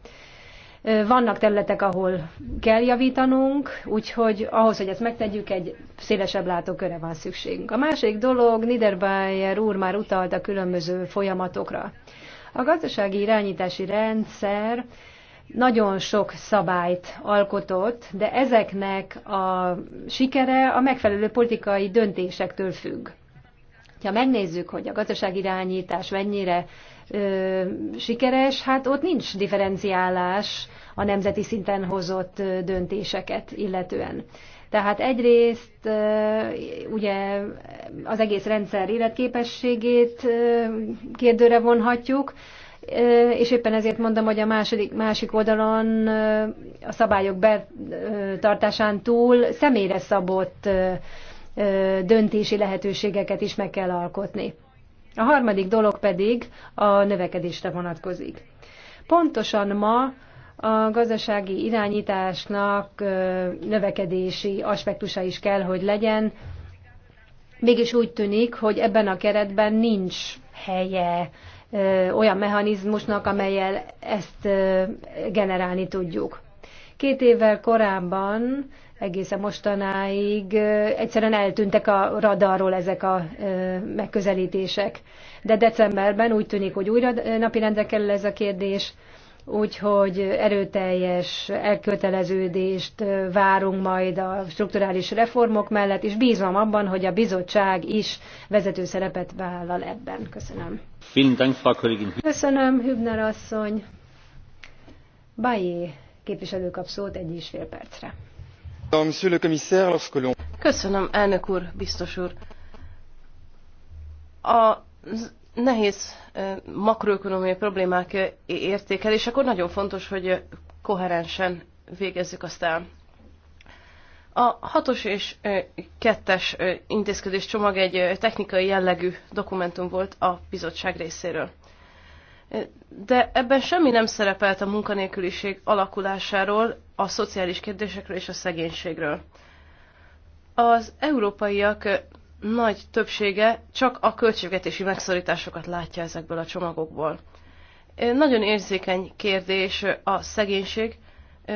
vannak területek, ahol kell javítanunk, úgyhogy ahhoz, hogy ezt megtegyük, egy szélesebb látóköre van szükségünk. A másik dolog, Niederbayer úr már utalt a különböző folyamatokra. A gazdasági irányítási rendszer nagyon sok szabályt alkotott, de ezeknek a sikere a megfelelő politikai döntésektől függ. Ha megnézzük, hogy a gazdasági irányítás mennyire ö, sikeres, hát ott nincs differenciálás a nemzeti szinten hozott döntéseket illetően. Tehát egyrészt ugye az egész rendszer életképességét kérdőre vonhatjuk, és éppen ezért mondom, hogy a második, másik oldalon a szabályok betartásán túl személyre szabott döntési lehetőségeket is meg kell alkotni. A harmadik dolog pedig a növekedésre vonatkozik. Pontosan ma a gazdasági irányításnak növekedési aspektusa is kell, hogy legyen. Mégis úgy tűnik, hogy ebben a keretben nincs helye olyan mechanizmusnak, amelyel ezt generálni tudjuk. Két évvel korábban, egészen mostanáig egyszerűen eltűntek a radarról ezek a megközelítések. De decemberben úgy tűnik, hogy újra napirendre kerül ez a kérdés, úgyhogy erőteljes elköteleződést várunk majd a strukturális reformok mellett, és bízom abban, hogy a bizottság is vezető szerepet vállal ebben. Köszönöm. Köszönöm, Hübner asszony. Bajé képviselő kap szót egy és fél percre. Köszönöm, elnök úr, biztos úr. A nehéz makroökonomiai problémák értékelés, akkor nagyon fontos, hogy koherensen végezzük azt el. A hatos és kettes intézkedés csomag egy technikai jellegű dokumentum volt a bizottság részéről. De ebben semmi nem szerepelt a munkanélküliség alakulásáról, a szociális kérdésekről és a szegénységről. Az európaiak nagy többsége csak a költségvetési megszorításokat látja ezekből a csomagokból. Nagyon érzékeny kérdés a szegénység,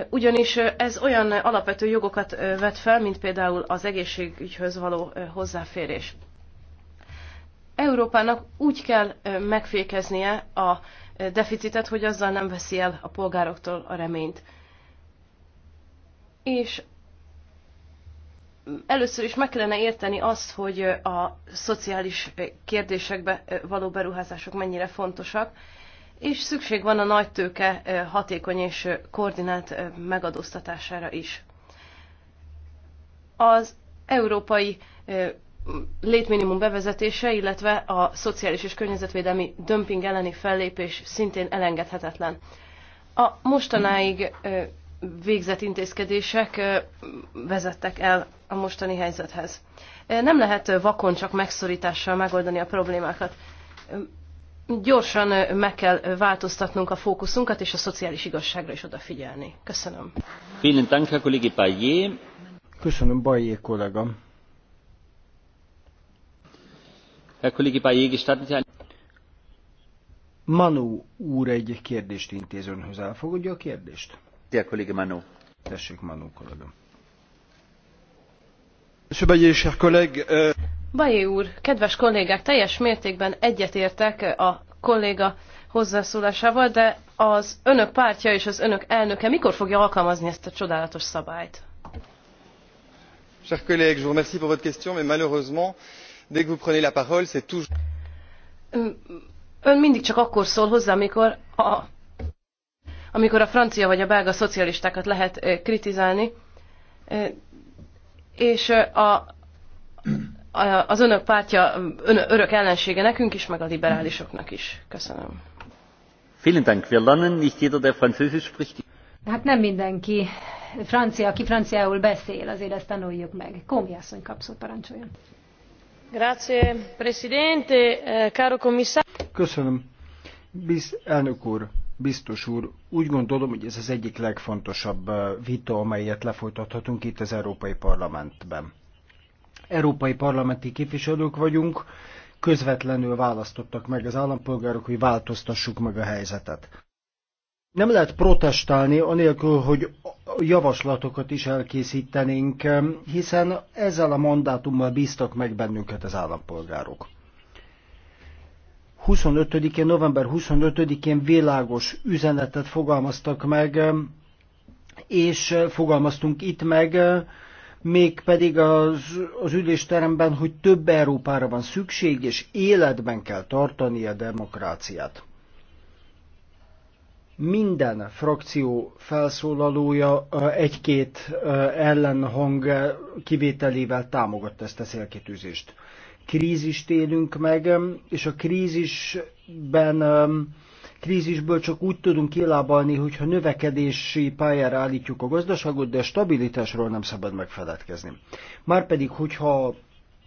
ugyanis ez olyan alapvető jogokat vet fel, mint például az egészségügyhöz való hozzáférés. Európának úgy kell megfékeznie a deficitet, hogy azzal nem veszi el a polgároktól a reményt. És először is meg kellene érteni azt, hogy a szociális kérdésekbe való beruházások mennyire fontosak, és szükség van a nagy tőke hatékony és koordinált megadóztatására is. Az európai létminimum bevezetése, illetve a szociális és környezetvédelmi dömping elleni fellépés szintén elengedhetetlen. A mostanáig végzett intézkedések vezettek el a mostani helyzethez. Nem lehet vakon csak megszorítással megoldani a problémákat. Gyorsan meg kell változtatnunk a fókuszunkat, és a szociális igazságra is odafigyelni. Köszönöm. Köszönöm, Bajé kollega. Manu úr egy kérdést intéz önhöz. Elfogadja a kérdést? bayet euh, úr, kedves kollégák, teljes mértékben egyetértek a kolléga hozzászólásával, de az önök pártja és az önök elnöke mikor fogja alkalmazni ezt a csodálatos szabályt? Chers collègues, je vous remercie pour votre question, mais malheureusement, dès que vous prenez la parole, c'est toujours... Ön mindig csak akkor szól hozzá, amikor a amikor a francia vagy a belga szocialistákat lehet kritizálni, és a, az önök pártja ön, örök ellensége nekünk is, meg a liberálisoknak is. Köszönöm. Vielen Dank. Wir lernen nicht jeder, der Französisch spricht. Hát nem mindenki francia, aki franciául beszél, azért ezt tanuljuk meg. Komi asszony kapszó parancsoljon. Grazie, Presidente, eh, caro commissario. Köszönöm. bis elnök úr, Biztos úr, úgy gondolom, hogy ez az egyik legfontosabb eh, vita, amelyet lefolytathatunk itt az Európai Parlamentben. Európai parlamenti képviselők vagyunk, közvetlenül választottak meg az állampolgárok, hogy változtassuk meg a helyzetet. Nem lehet protestálni anélkül, hogy javaslatokat is elkészítenénk, eh, hiszen ezzel a mandátummal bíztak meg bennünket az állampolgárok. 25-én, november 25-én világos üzenetet fogalmaztak meg, és fogalmaztunk itt meg, pedig az, az ülésteremben, hogy több Európára van szükség, és életben kell tartani a demokráciát. Minden frakció felszólalója egy-két ellenhang kivételével támogatta ezt a szélkitűzést krízist élünk meg, és a krízisben krízisből csak úgy tudunk kilábalni, hogyha növekedési pályára állítjuk a gazdaságot, de a stabilitásról nem szabad megfeledkezni. Márpedig, hogyha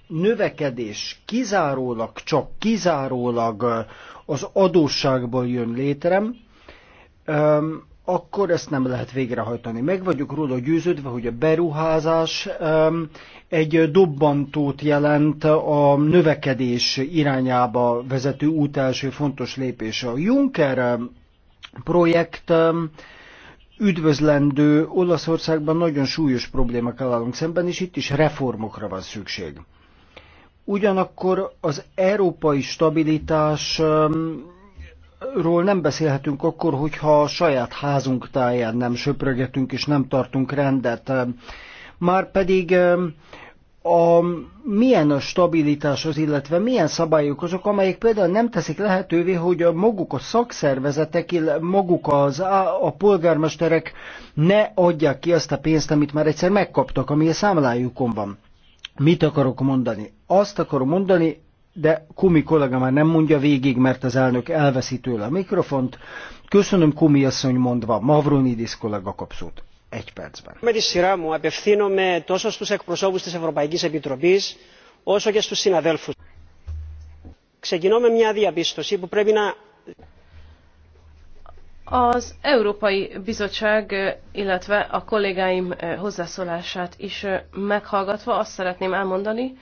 növekedés kizárólag, csak kizárólag az adósságból jön létre, akkor ezt nem lehet végrehajtani. Meg vagyok róla győződve, hogy a beruházás egy dobbantót jelent a növekedés irányába vezető út első fontos lépése. A Juncker projekt üdvözlendő Olaszországban nagyon súlyos problémákkal állunk szemben, és itt is reformokra van szükség. Ugyanakkor az európai stabilitás ról nem beszélhetünk akkor, hogyha a saját házunk táján nem söprögetünk és nem tartunk rendet. Már pedig a, milyen a stabilitás az, illetve milyen szabályok azok, amelyek például nem teszik lehetővé, hogy a maguk a szakszervezetek, maguk az, a polgármesterek ne adják ki azt a pénzt, amit már egyszer megkaptak, ami a számlájukon van. Mit akarok mondani? Azt akarom mondani, de Kumi kollega már nem mondja végig, mert az elnök elveszi tőle a mikrofont. Köszönöm, Kumi asszony mondva, Mavronidis kollega kapszót. Egy percben. Με τη σειρά μου απευθύνομαι τόσο στους εκπροσώπους της Ευρωπαϊκής Επιτροπής όσο και στους συναδέλφους. Ξεκινώ με μια διαπίστωση που πρέπει να... Az Európai Bizottság, illetve a kollégáim eh, hozzászólását is eh, meghallgatva azt szeretném elmondani,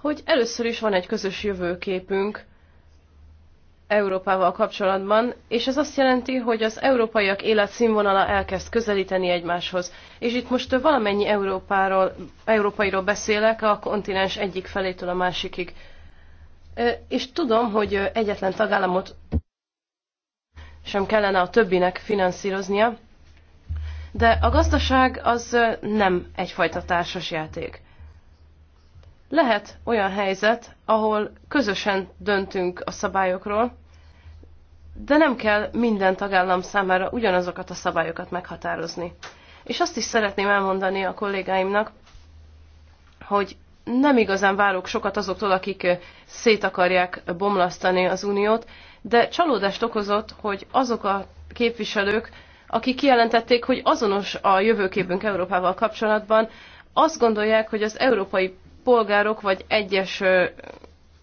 hogy először is van egy közös jövőképünk Európával kapcsolatban, és ez azt jelenti, hogy az európaiak életszínvonala elkezd közelíteni egymáshoz. És itt most valamennyi Európáról, európairól beszélek a kontinens egyik felétől a másikig. És tudom, hogy egyetlen tagállamot sem kellene a többinek finanszíroznia, de a gazdaság az nem egyfajta társasjáték. Lehet olyan helyzet, ahol közösen döntünk a szabályokról, de nem kell minden tagállam számára ugyanazokat a szabályokat meghatározni. És azt is szeretném elmondani a kollégáimnak, hogy nem igazán várok sokat azoktól, akik szét akarják bomlasztani az uniót, de csalódást okozott, hogy azok a képviselők, akik kijelentették, hogy azonos a jövőképünk Európával kapcsolatban, azt gondolják, hogy az európai polgárok vagy egyes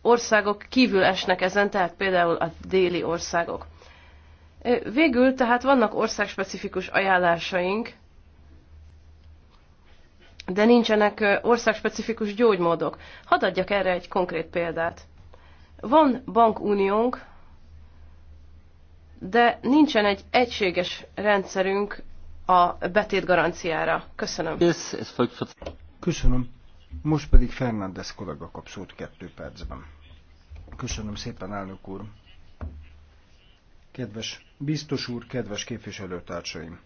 országok kívül esnek ezen, tehát például a déli országok. Végül tehát vannak országspecifikus ajánlásaink, de nincsenek országspecifikus gyógymódok. Hadd adjak erre egy konkrét példát. Van bankuniónk, de nincsen egy egységes rendszerünk a betétgaranciára. Köszönöm. Köszönöm. Most pedig Fernández kollega kap szót kettő percben. Köszönöm szépen, elnök úr. Kedves biztos úr, kedves képviselőtársaim!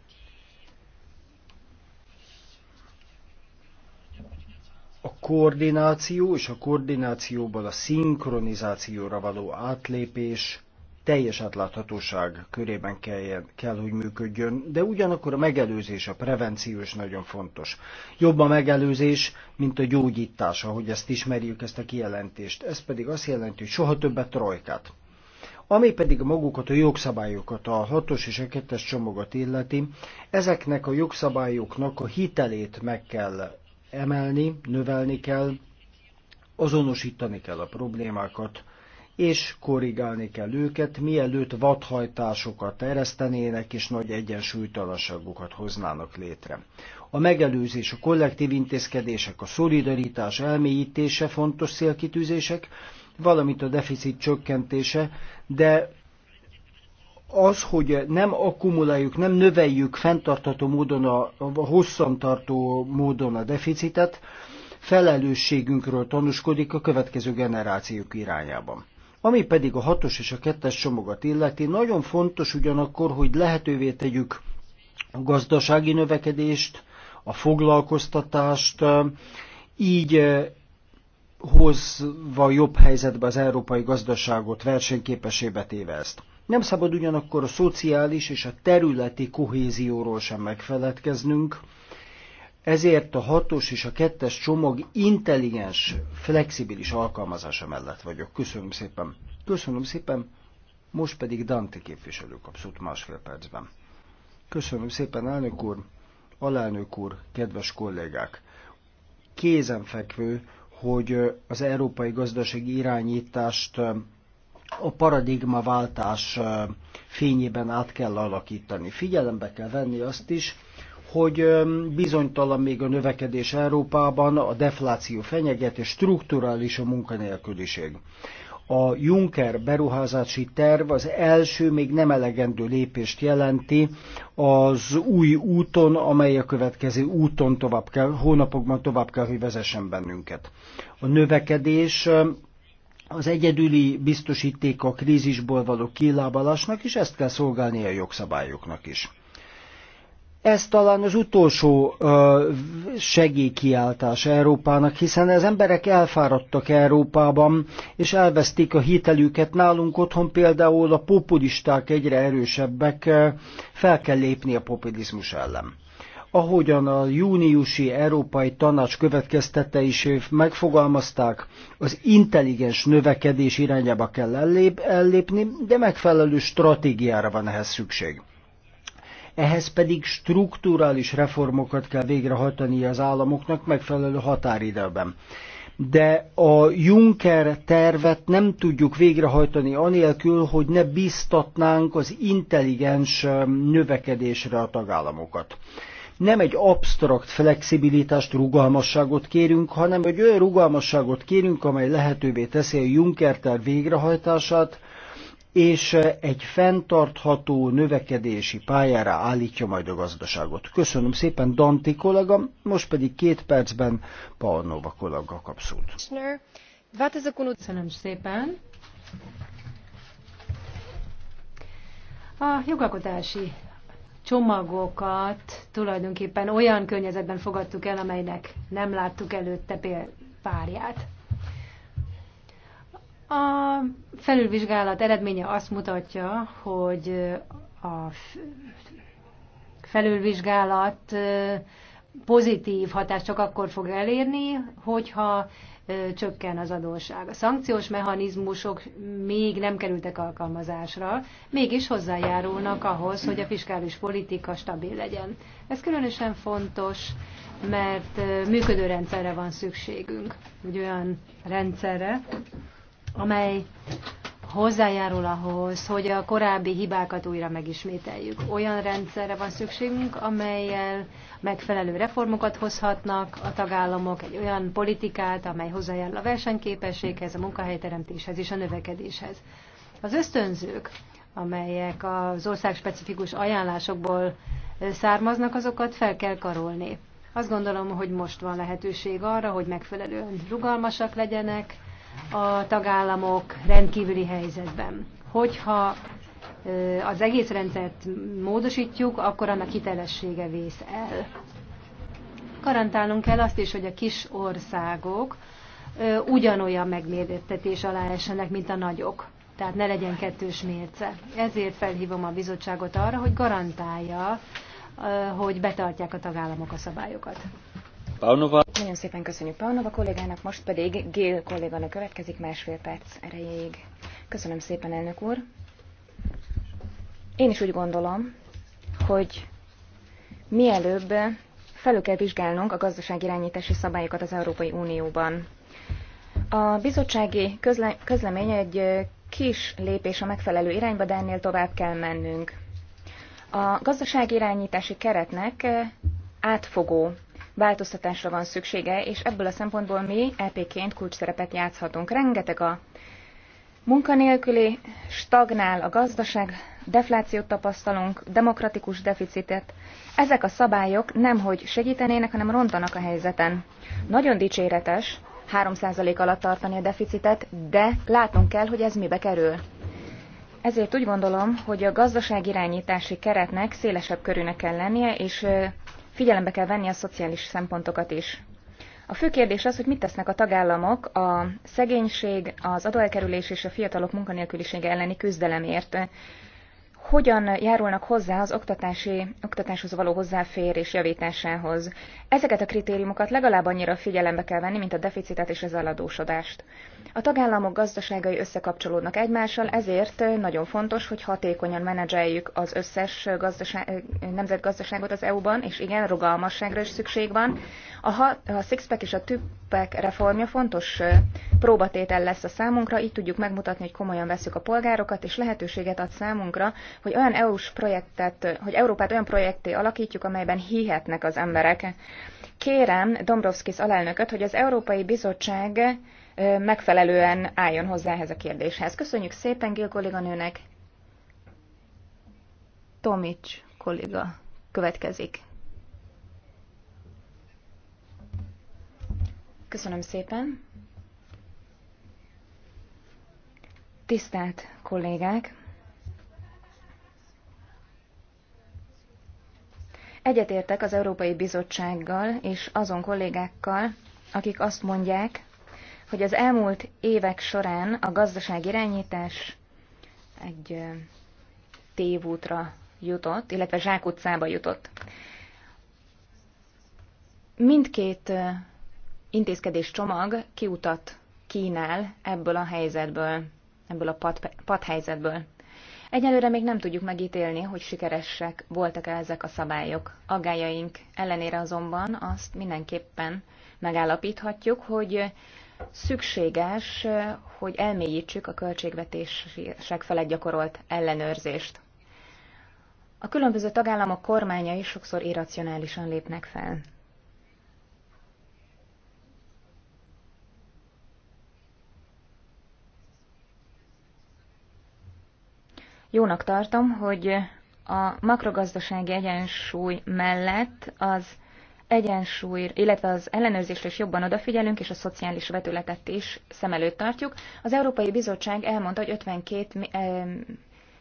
A koordináció és a koordinációból a szinkronizációra való átlépés teljes átláthatóság körében kell, kell, hogy működjön, de ugyanakkor a megelőzés, a prevenció is nagyon fontos. Jobb a megelőzés, mint a gyógyítás, ahogy ezt ismerjük, ezt a kijelentést. Ez pedig azt jelenti, hogy soha többet trojkát. Ami pedig magukat a jogszabályokat, a hatos és a kettes csomagot illeti, ezeknek a jogszabályoknak a hitelét meg kell emelni, növelni kell, azonosítani kell a problémákat, és korrigálni kell őket, mielőtt vadhajtásokat eresztenének és nagy egyensúlytalanságokat hoznának létre. A megelőzés, a kollektív intézkedések, a szolidaritás elmélyítése fontos célkitűzések, valamint a deficit csökkentése, de az, hogy nem akkumuláljuk, nem növeljük fenntartható módon, a, a hosszantartó módon a deficitet, felelősségünkről tanúskodik a következő generációk irányában. Ami pedig a hatos és a kettes csomagot illeti, nagyon fontos ugyanakkor, hogy lehetővé tegyük a gazdasági növekedést, a foglalkoztatást, így eh, hozva jobb helyzetbe az európai gazdaságot, versenyképesébe téve ezt. Nem szabad ugyanakkor a szociális és a területi kohézióról sem megfeledkeznünk, ezért a hatos és a kettes csomag intelligens, flexibilis alkalmazása mellett vagyok. Köszönöm szépen. Köszönöm szépen. Most pedig Dante képviselő kapszott másfél percben. Köszönöm szépen, elnök úr, alelnök úr, kedves kollégák. Kézenfekvő, hogy az európai gazdasági irányítást a paradigmaváltás fényében át kell alakítani. Figyelembe kell venni azt is, hogy bizonytalan még a növekedés Európában, a defláció fenyeget, és strukturális a munkanélküliség. A Juncker beruházási terv az első, még nem elegendő lépést jelenti az új úton, amely a következő úton tovább kell, hónapokban tovább kell, hogy vezessen bennünket. A növekedés az egyedüli biztosíték a krízisból való kilábalásnak, és ezt kell szolgálni a jogszabályoknak is ez talán az utolsó segélykiáltás Európának, hiszen az emberek elfáradtak Európában, és elveszték a hitelüket. Nálunk otthon például a populisták egyre erősebbek, fel kell lépni a populizmus ellen. Ahogyan a júniusi Európai Tanács következtete is megfogalmazták, az intelligens növekedés irányába kell ellép, ellépni, de megfelelő stratégiára van ehhez szükség ehhez pedig strukturális reformokat kell végrehajtani az államoknak megfelelő határidőben de a Juncker tervet nem tudjuk végrehajtani anélkül, hogy ne biztatnánk az intelligens um, növekedésre a tagállamokat. Nem egy absztrakt flexibilitást, rugalmasságot kérünk, hanem egy olyan rugalmasságot kérünk, amely lehetővé teszi a Juncker terv végrehajtását, és eh, egy fenntartható növekedési pályára állítja majd a gazdaságot. Köszönöm szépen Danti kollega, most pedig két percben Palnova kollega kap szót. Köszönöm szépen. A jogalkotási csomagokat tulajdonképpen olyan környezetben fogadtuk el, amelynek nem láttuk előtte párját. A felülvizsgálat eredménye azt mutatja, hogy a felülvizsgálat pozitív hatást csak akkor fog elérni, hogyha csökken az adósság. A szankciós mechanizmusok még nem kerültek alkalmazásra, mégis hozzájárulnak ahhoz, hogy a fiskális politika stabil legyen. Ez különösen fontos, mert működő rendszerre van szükségünk, egy olyan rendszerre, amely hozzájárul ahhoz, hogy a korábbi hibákat újra megismételjük. Olyan rendszerre van szükségünk, amelyel megfelelő reformokat hozhatnak a tagállamok, egy olyan politikát, amely hozzájárul a versenyképességhez, a munkahelyteremtéshez és a növekedéshez. Az ösztönzők, amelyek az ország specifikus ajánlásokból származnak, azokat fel kell karolni. Azt gondolom, hogy most van lehetőség arra, hogy megfelelően rugalmasak legyenek, a tagállamok rendkívüli helyzetben. Hogyha az egész rendszert módosítjuk, akkor annak hitelessége vész el. Garantálnunk kell azt is, hogy a kis országok ugyanolyan megmérdettetés alá esenek, mint a nagyok. Tehát ne legyen kettős mérce. Ezért felhívom a bizottságot arra, hogy garantálja, hogy betartják a tagállamok a szabályokat. Paunova. Nagyon szépen köszönjük Paunova kollégának, most pedig Gél kolléganő következik másfél perc erejéig. Köszönöm szépen, elnök úr. Én is úgy gondolom, hogy mielőbb felül kell vizsgálnunk a irányítási szabályokat az Európai Unióban. A bizottsági közle közlemény egy kis lépés a megfelelő irányba, de ennél tovább kell mennünk. A irányítási keretnek átfogó változtatásra van szüksége, és ebből a szempontból mi EP-ként kulcsszerepet játszhatunk. Rengeteg a munkanélküli, stagnál a gazdaság, deflációt tapasztalunk, demokratikus deficitet. Ezek a szabályok nem hogy segítenének, hanem rontanak a helyzeten. Nagyon dicséretes 3% alatt tartani a deficitet, de látnunk kell, hogy ez mibe kerül. Ezért úgy gondolom, hogy a gazdaságirányítási keretnek szélesebb körűnek kell lennie, és figyelembe kell venni a szociális szempontokat is. A fő kérdés az, hogy mit tesznek a tagállamok a szegénység, az adóelkerülés és a fiatalok munkanélkülisége elleni küzdelemért. Hogyan járulnak hozzá az oktatási, oktatáshoz való hozzáférés javításához? Ezeket a kritériumokat legalább annyira figyelembe kell venni, mint a deficitet és az eladósodást. A tagállamok gazdaságai összekapcsolódnak egymással, ezért nagyon fontos, hogy hatékonyan menedzseljük az összes gazdaság, nemzetgazdaságot az EU-ban, és igen, rugalmasságra is szükség van. A, a Sixpack és a Tüppek reformja fontos próbatétel lesz a számunkra, így tudjuk megmutatni, hogy komolyan veszük a polgárokat, és lehetőséget ad számunkra, hogy olyan EU-s projektet, hogy Európát olyan projekté alakítjuk, amelyben hihetnek az emberek. Kérem Dombrovskis alelnököt, hogy az Európai Bizottság megfelelően álljon hozzá ehhez a kérdéshez. Köszönjük szépen Gil kolléganőnek. Tomics kolléga következik. Köszönöm szépen. Tisztelt kollégák! Egyetértek az Európai Bizottsággal és azon kollégákkal, akik azt mondják, hogy az elmúlt évek során a gazdaság irányítás egy tévútra jutott, illetve zsákutcába jutott. Mindkét intézkedés csomag kiutat kínál ebből a helyzetből, ebből a pad, padhelyzetből. Egyelőre még nem tudjuk megítélni, hogy sikeresek voltak-e ezek a szabályok. Aggájaink ellenére azonban azt mindenképpen megállapíthatjuk, hogy szükséges, hogy elmélyítsük a költségvetések felett gyakorolt ellenőrzést. A különböző tagállamok kormányai sokszor irracionálisan lépnek fel. Jónak tartom, hogy a makrogazdasági egyensúly mellett az egyensúly, illetve az ellenőrzésre is jobban odafigyelünk, és a szociális vetületet is szem előtt tartjuk. Az Európai Bizottság elmondta, hogy 52 eh,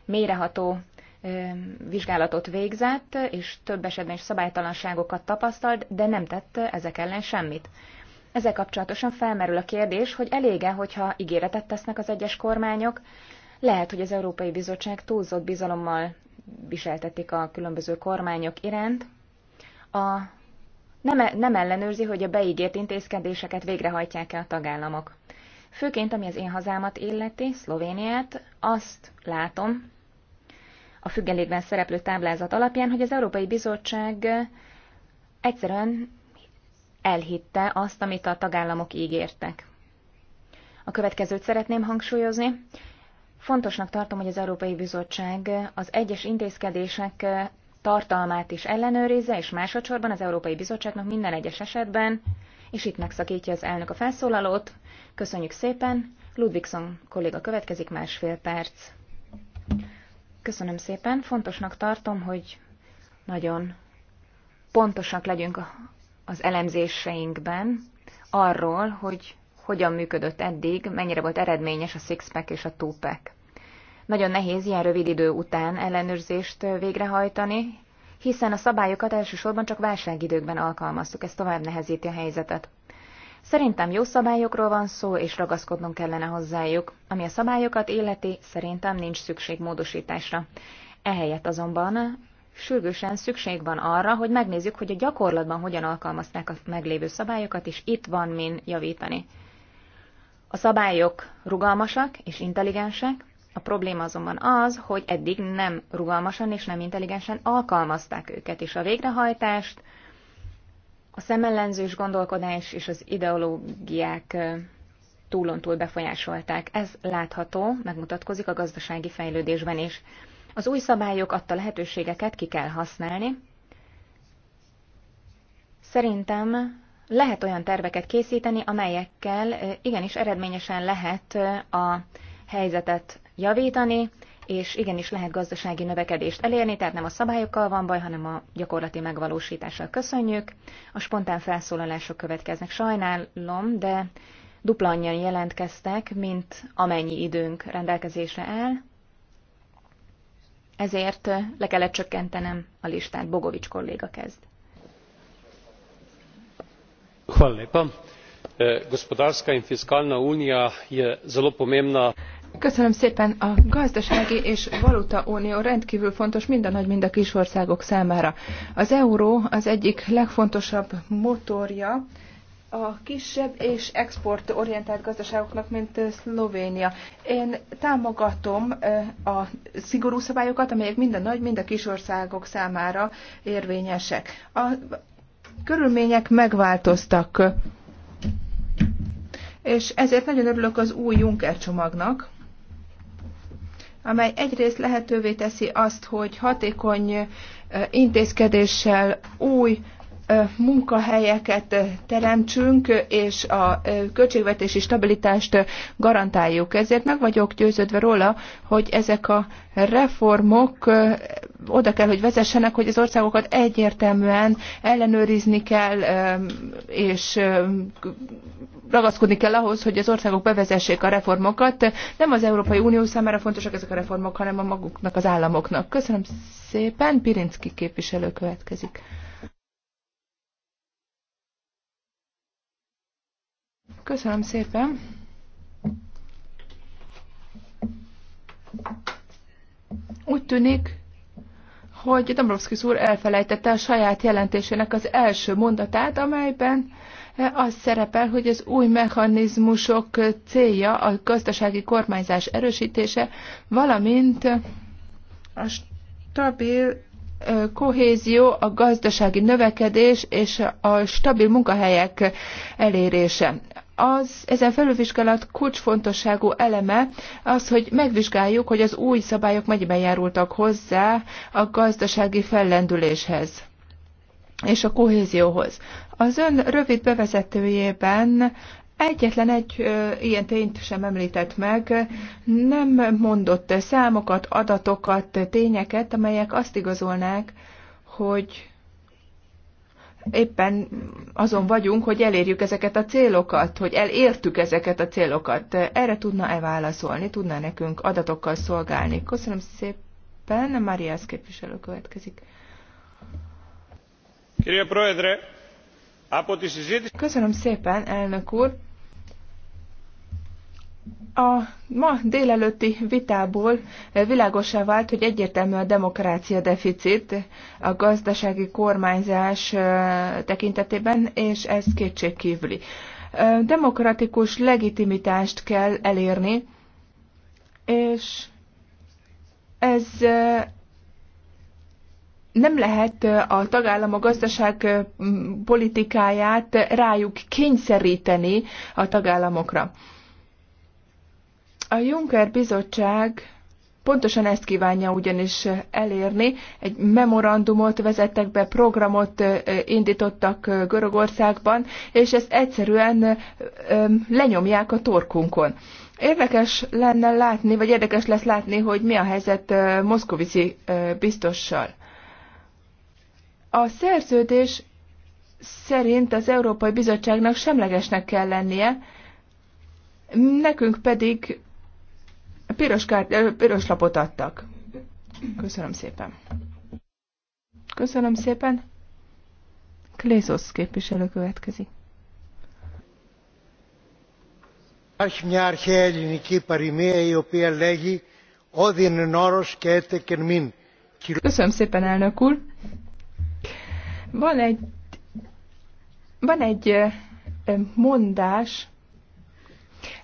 méreható eh, vizsgálatot végzett, és több esetben is szabálytalanságokat tapasztalt, de nem tett ezek ellen semmit. Ezzel kapcsolatosan felmerül a kérdés, hogy elége, hogyha ígéretet tesznek az egyes kormányok, lehet, hogy az Európai Bizottság túlzott bizalommal viseltetik a különböző kormányok iránt. A nem, e- nem ellenőrzi, hogy a beígért intézkedéseket végrehajtják-e a tagállamok. Főként, ami az én hazámat illeti, Szlovéniát, azt látom a függelékben szereplő táblázat alapján, hogy az Európai Bizottság eh, egyszerűen elhitte azt, amit a tagállamok ígértek. A következőt szeretném hangsúlyozni. Fontosnak tartom, hogy az Európai Bizottság eh, az egyes intézkedések eh, tartalmát is ellenőrizze, és másodszorban az Európai Bizottságnak minden egyes esetben, és itt megszakítja az elnök a felszólalót. Köszönjük szépen. Ludvigson kolléga következik másfél perc. Köszönöm szépen. Fontosnak tartom, hogy nagyon pontosak legyünk az elemzéseinkben arról, hogy hogyan működött eddig, mennyire volt eredményes a six-pack és a two-pack. Nagyon nehéz ilyen rövid idő után ellenőrzést végrehajtani, hiszen a szabályokat elsősorban csak válságidőkben alkalmaztuk, ez tovább nehezíti a helyzetet. Szerintem jó szabályokról van szó, és ragaszkodnunk kellene hozzájuk. Ami a szabályokat illeti, szerintem nincs szükség módosításra. Ehelyett azonban sürgősen szükség van arra, hogy megnézzük, hogy a gyakorlatban hogyan alkalmazták a meglévő szabályokat, és itt van min javítani. A szabályok rugalmasak és intelligensek, a probléma azonban az, hogy eddig nem rugalmasan és nem intelligensen alkalmazták őket, és a végrehajtást a szemellenzős gondolkodás és az ideológiák túlontúl túl befolyásolták. Ez látható, megmutatkozik a gazdasági fejlődésben is. Az új szabályok adta lehetőségeket ki kell használni. Szerintem lehet olyan terveket készíteni, amelyekkel igenis eredményesen lehet a helyzetet javítani, és igenis lehet gazdasági növekedést elérni, tehát nem a szabályokkal van baj, hanem a gyakorlati megvalósítással köszönjük. A spontán felszólalások következnek. Sajnálom, de dupla annyian jelentkeztek, mint amennyi időnk rendelkezésre áll. Ezért le kellett csökkentenem a listát. Bogovics kolléga kezd. Hvala lepa. Eh, gospodarska in fiskalna unija je zelo pomembna. Köszönöm szépen. A gazdasági és valuta unió rendkívül fontos mind a nagy, mind a kis országok számára. Az euró az egyik legfontosabb motorja a kisebb és exportorientált gazdaságoknak, mint Szlovénia. Én támogatom a szigorú szabályokat, amelyek mind a nagy, mind a kis országok számára érvényesek. A körülmények megváltoztak, és ezért nagyon örülök az új Juncker csomagnak, amely egyrészt lehetővé teszi azt, hogy hatékony intézkedéssel új munkahelyeket teremtsünk, és a költségvetési stabilitást garantáljuk. Ezért meg vagyok győződve róla, hogy ezek a reformok oda kell, hogy vezessenek, hogy az országokat egyértelműen ellenőrizni kell, és ragaszkodni kell ahhoz, hogy az országok bevezessék a reformokat. Nem az Európai Unió számára fontosak ezek a reformok, hanem a maguknak, az államoknak. Köszönöm szépen. Pirinski képviselő következik. Köszönöm szépen. Úgy tűnik, hogy Dombrovszki úr elfelejtette a saját jelentésének az első mondatát, amelyben eh, az szerepel, hogy az új mechanizmusok célja a gazdasági kormányzás erősítése, valamint a stabil eh, kohézió, a gazdasági növekedés és a stabil munkahelyek elérése az, ezen felülvizsgálat kulcsfontosságú eleme az, hogy megvizsgáljuk, hogy az új szabályok mennyiben járultak hozzá a gazdasági fellendüléshez és a kohézióhoz. Az ön rövid bevezetőjében egyetlen egy ö, ilyen tényt sem említett meg, nem mondott számokat, adatokat, tényeket, amelyek azt igazolnák, hogy éppen azon vagyunk, hogy elérjük ezeket a célokat, hogy elértük ezeket a célokat. Erre tudna-e válaszolni, tudná nekünk adatokkal szolgálni? Köszönöm szépen, Mariász képviselő következik. Köszönöm szépen, elnök úr! A ma délelőtti vitából világosá vált, hogy egyértelmű a demokrácia deficit a gazdasági kormányzás tekintetében, és ez kétségkívüli. Demokratikus legitimitást kell elérni, és ez nem lehet a tagállamok gazdaság politikáját rájuk kényszeríteni a tagállamokra. A Juncker bizottság pontosan ezt kívánja ugyanis elérni. Egy memorandumot vezettek be, programot indítottak Görögországban, és ezt egyszerűen lenyomják a torkunkon. Érdekes lenne látni, vagy érdekes lesz látni, hogy mi a helyzet Moszkovici biztossal. A szerződés szerint az Európai Bizottságnak semlegesnek kell lennie, nekünk pedig piros, kárt, piros lapot adtak. Köszönöm szépen. Köszönöm szépen. Klézos képviselő következik. Υπάρχει μια αρχαία ελληνική παροιμία η οποία λέγει είναι νόρος και έτε και μην». Köszönöm szépen, elnök úr. Van egy, van egy mondás,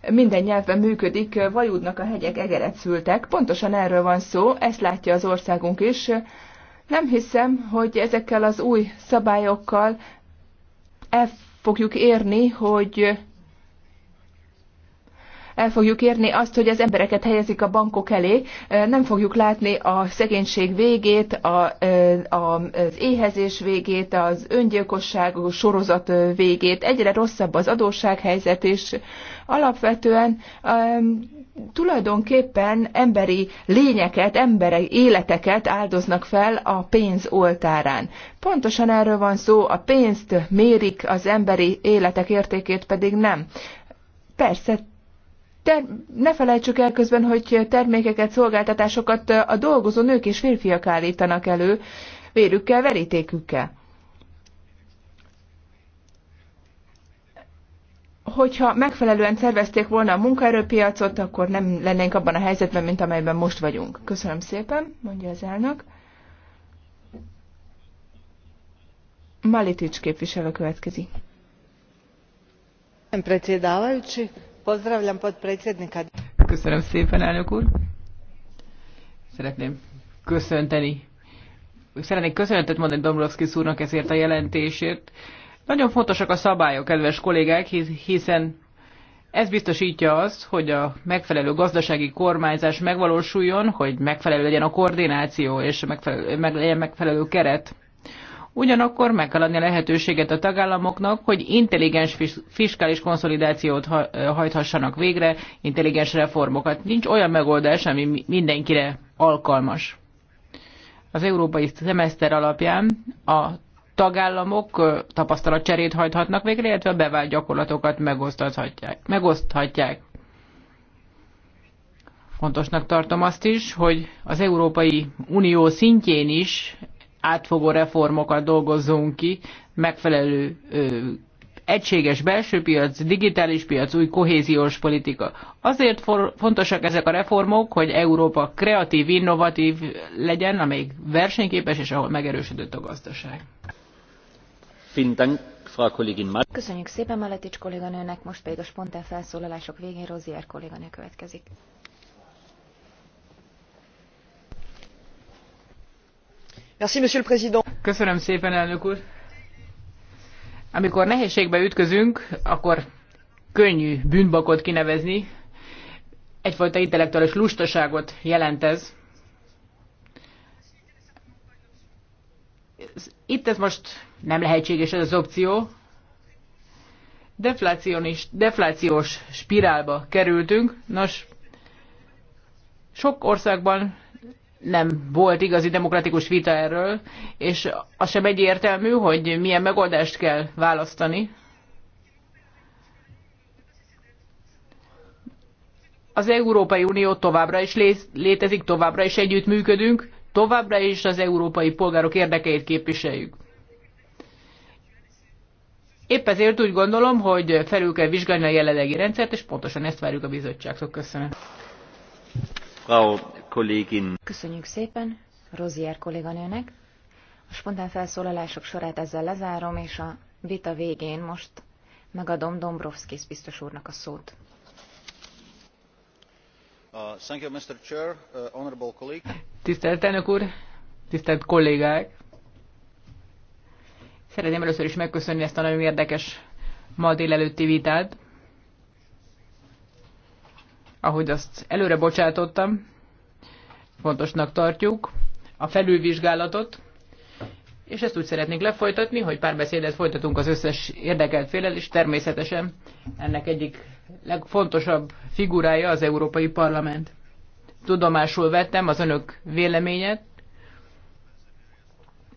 minden nyelvben működik, vajudnak a hegyek, egeret szültek. Pontosan erről van szó, ezt látja az országunk is. Nem hiszem, hogy ezekkel az új szabályokkal el fogjuk érni, hogy el fogjuk érni azt, hogy az embereket helyezik a bankok elé, nem fogjuk látni a szegénység végét, a, a, az éhezés végét, az öngyilkosság sorozat végét, egyre rosszabb az adóssághelyzet, és alapvetően um, tulajdonképpen emberi lényeket, emberi életeket áldoznak fel a pénz oltárán. Pontosan erről van szó, a pénzt mérik, az emberi életek értékét pedig nem. Persze, ter- ne felejtsük el közben, hogy termékeket, szolgáltatásokat a dolgozó nők és férfiak állítanak elő, vérükkel, verítékükkel. hogyha megfelelően szervezték volna a munkaerőpiacot, akkor nem lennénk abban a helyzetben, mint amelyben most vagyunk. Köszönöm szépen, mondja az elnök. Malitics képviselő következik. Köszönöm szépen, elnök úr. Szeretném köszönteni. Szeretnék köszönetet mondani Dombrovskis úrnak ezért a jelentésért nagyon fontosak a szabályok, kedves kollégák, hiszen ez biztosítja azt, hogy a megfelelő gazdasági kormányzás megvalósuljon, hogy megfelelő legyen a koordináció és megfelelő, meg legyen megfelelő keret. Ugyanakkor meg kell adni lehetőséget a tagállamoknak, hogy intelligens fiskális konszolidációt hajthassanak végre, intelligens reformokat. Nincs olyan megoldás, ami mindenkire alkalmas. Az európai szemeszter alapján a tagállamok tapasztalatcserét hajthatnak végre, illetve a bevált gyakorlatokat megoszthatják. megoszthatják. Fontosnak tartom azt is, hogy az Európai Unió szintjén is átfogó reformokat dolgozzunk ki, megfelelő ö, egységes belső piac, digitális piac, új kohéziós politika. Azért for, fontosak ezek a reformok, hogy Európa kreatív, innovatív legyen, amelyik versenyképes és ahol megerősödött a gazdaság. Köszönjük szépen Maletics kolléganőnek, most pedig a spontán felszólalások végén Rozier kolléganő következik. Monsieur Köszönöm szépen, elnök úr! Amikor nehézségbe ütközünk, akkor könnyű bűnbakot kinevezni. Egyfajta intellektuális lustaságot jelent ez. Itt ez most nem lehetséges ez az opció. deflációs spirálba kerültünk. Nos, sok országban nem volt igazi demokratikus vita erről, és az sem egyértelmű, hogy milyen megoldást kell választani. Az Európai Unió továbbra is létezik, továbbra is együttműködünk, továbbra is az európai polgárok érdekeit képviseljük. Épp ezért úgy gondolom, hogy felül kell vizsgálni a jelenlegi rendszert, és pontosan ezt várjuk a bizottságtól. Köszönöm. Frau Kollégin. Köszönjük szépen Rozier kolléganőnek. A spontán felszólalások sorát ezzel lezárom, és a vita végén most megadom Dombrovskis biztos úrnak a szót. Uh, thank you, Mr. Chair, uh, honorable colleague. Tisztelt elnök úr, tisztelt kollégák! Szeretném először is megköszönni ezt a nagyon érdekes ma délelőtti vitát. Ahogy azt előre bocsátottam, fontosnak tartjuk a felülvizsgálatot, és ezt úgy szeretnénk lefolytatni, hogy párbeszédet folytatunk az összes érdekelt félel, és természetesen ennek egyik legfontosabb figurája az Európai Parlament. Tudomásul vettem az önök véleményet,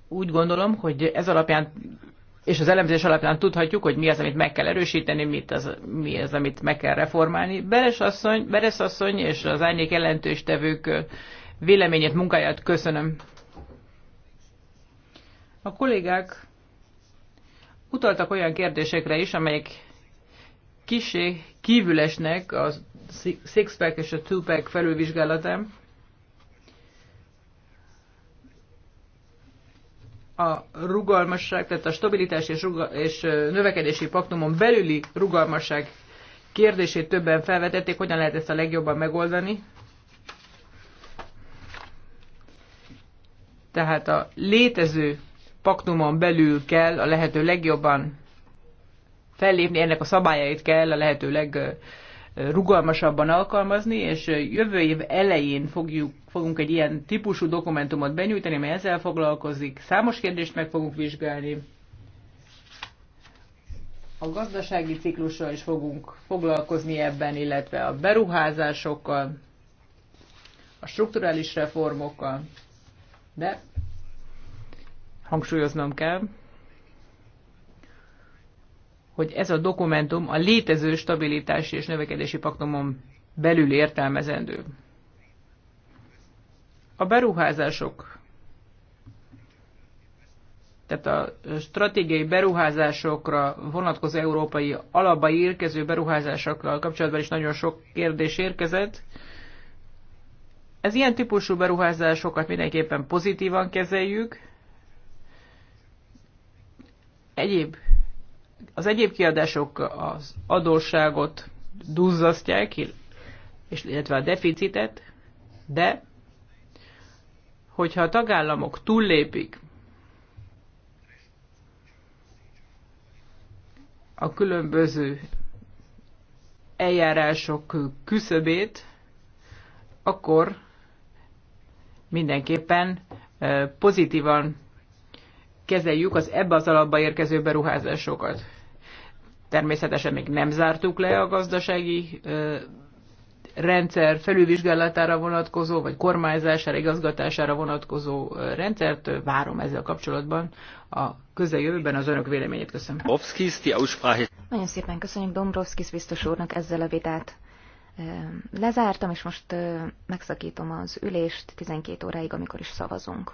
úgy gondolom, hogy ez alapján és az elemzés alapján tudhatjuk, hogy mi az, amit meg kell erősíteni, mit az, mi az, amit meg kell reformálni. Beres asszony, Beres asszony és az árnyék jelentős tevők véleményét, munkáját köszönöm. A kollégák utaltak olyan kérdésekre is, amelyek kisé kívülesnek a six-pack és a two-pack felülvizsgálatán. a rugalmasság, tehát a stabilitás és, ruga, és növekedési paktumon belüli rugalmasság kérdését többen felvetették, hogyan lehet ezt a legjobban megoldani. Tehát a létező paktumon belül kell a lehető legjobban fellépni, ennek a szabályait kell a lehető leg, rugalmasabban alkalmazni, és jövő év elején fogjuk, fogunk egy ilyen típusú dokumentumot benyújtani, mely ezzel foglalkozik. Számos kérdést meg fogunk vizsgálni. A gazdasági ciklussal is fogunk foglalkozni ebben, illetve a beruházásokkal, a strukturális reformokkal, de hangsúlyoznom kell, hogy ez a dokumentum a létező stabilitási és növekedési paktumon belül értelmezendő. A beruházások, tehát a stratégiai beruházásokra vonatkozó európai alapba érkező beruházásokkal kapcsolatban is nagyon sok kérdés érkezett. Ez ilyen típusú beruházásokat mindenképpen pozitívan kezeljük. Egyéb az egyéb kiadások az adósságot duzzasztják, és illetve a deficitet, de hogyha a tagállamok túllépik a különböző eljárások küszöbét, akkor mindenképpen pozitívan kezeljük az ebbe az alapba érkező beruházásokat. Természetesen még nem zártuk le a gazdasági rendszer felülvizsgálatára vonatkozó, vagy kormányzására, igazgatására vonatkozó rendszert. Várom ezzel kapcsolatban a közeljövőben az önök véleményét. Köszönöm. Nagyon szépen köszönjük Dombrovskis biztos úrnak ezzel a vitát. Lezártam, és most megszakítom az ülést 12 óráig, amikor is szavazunk.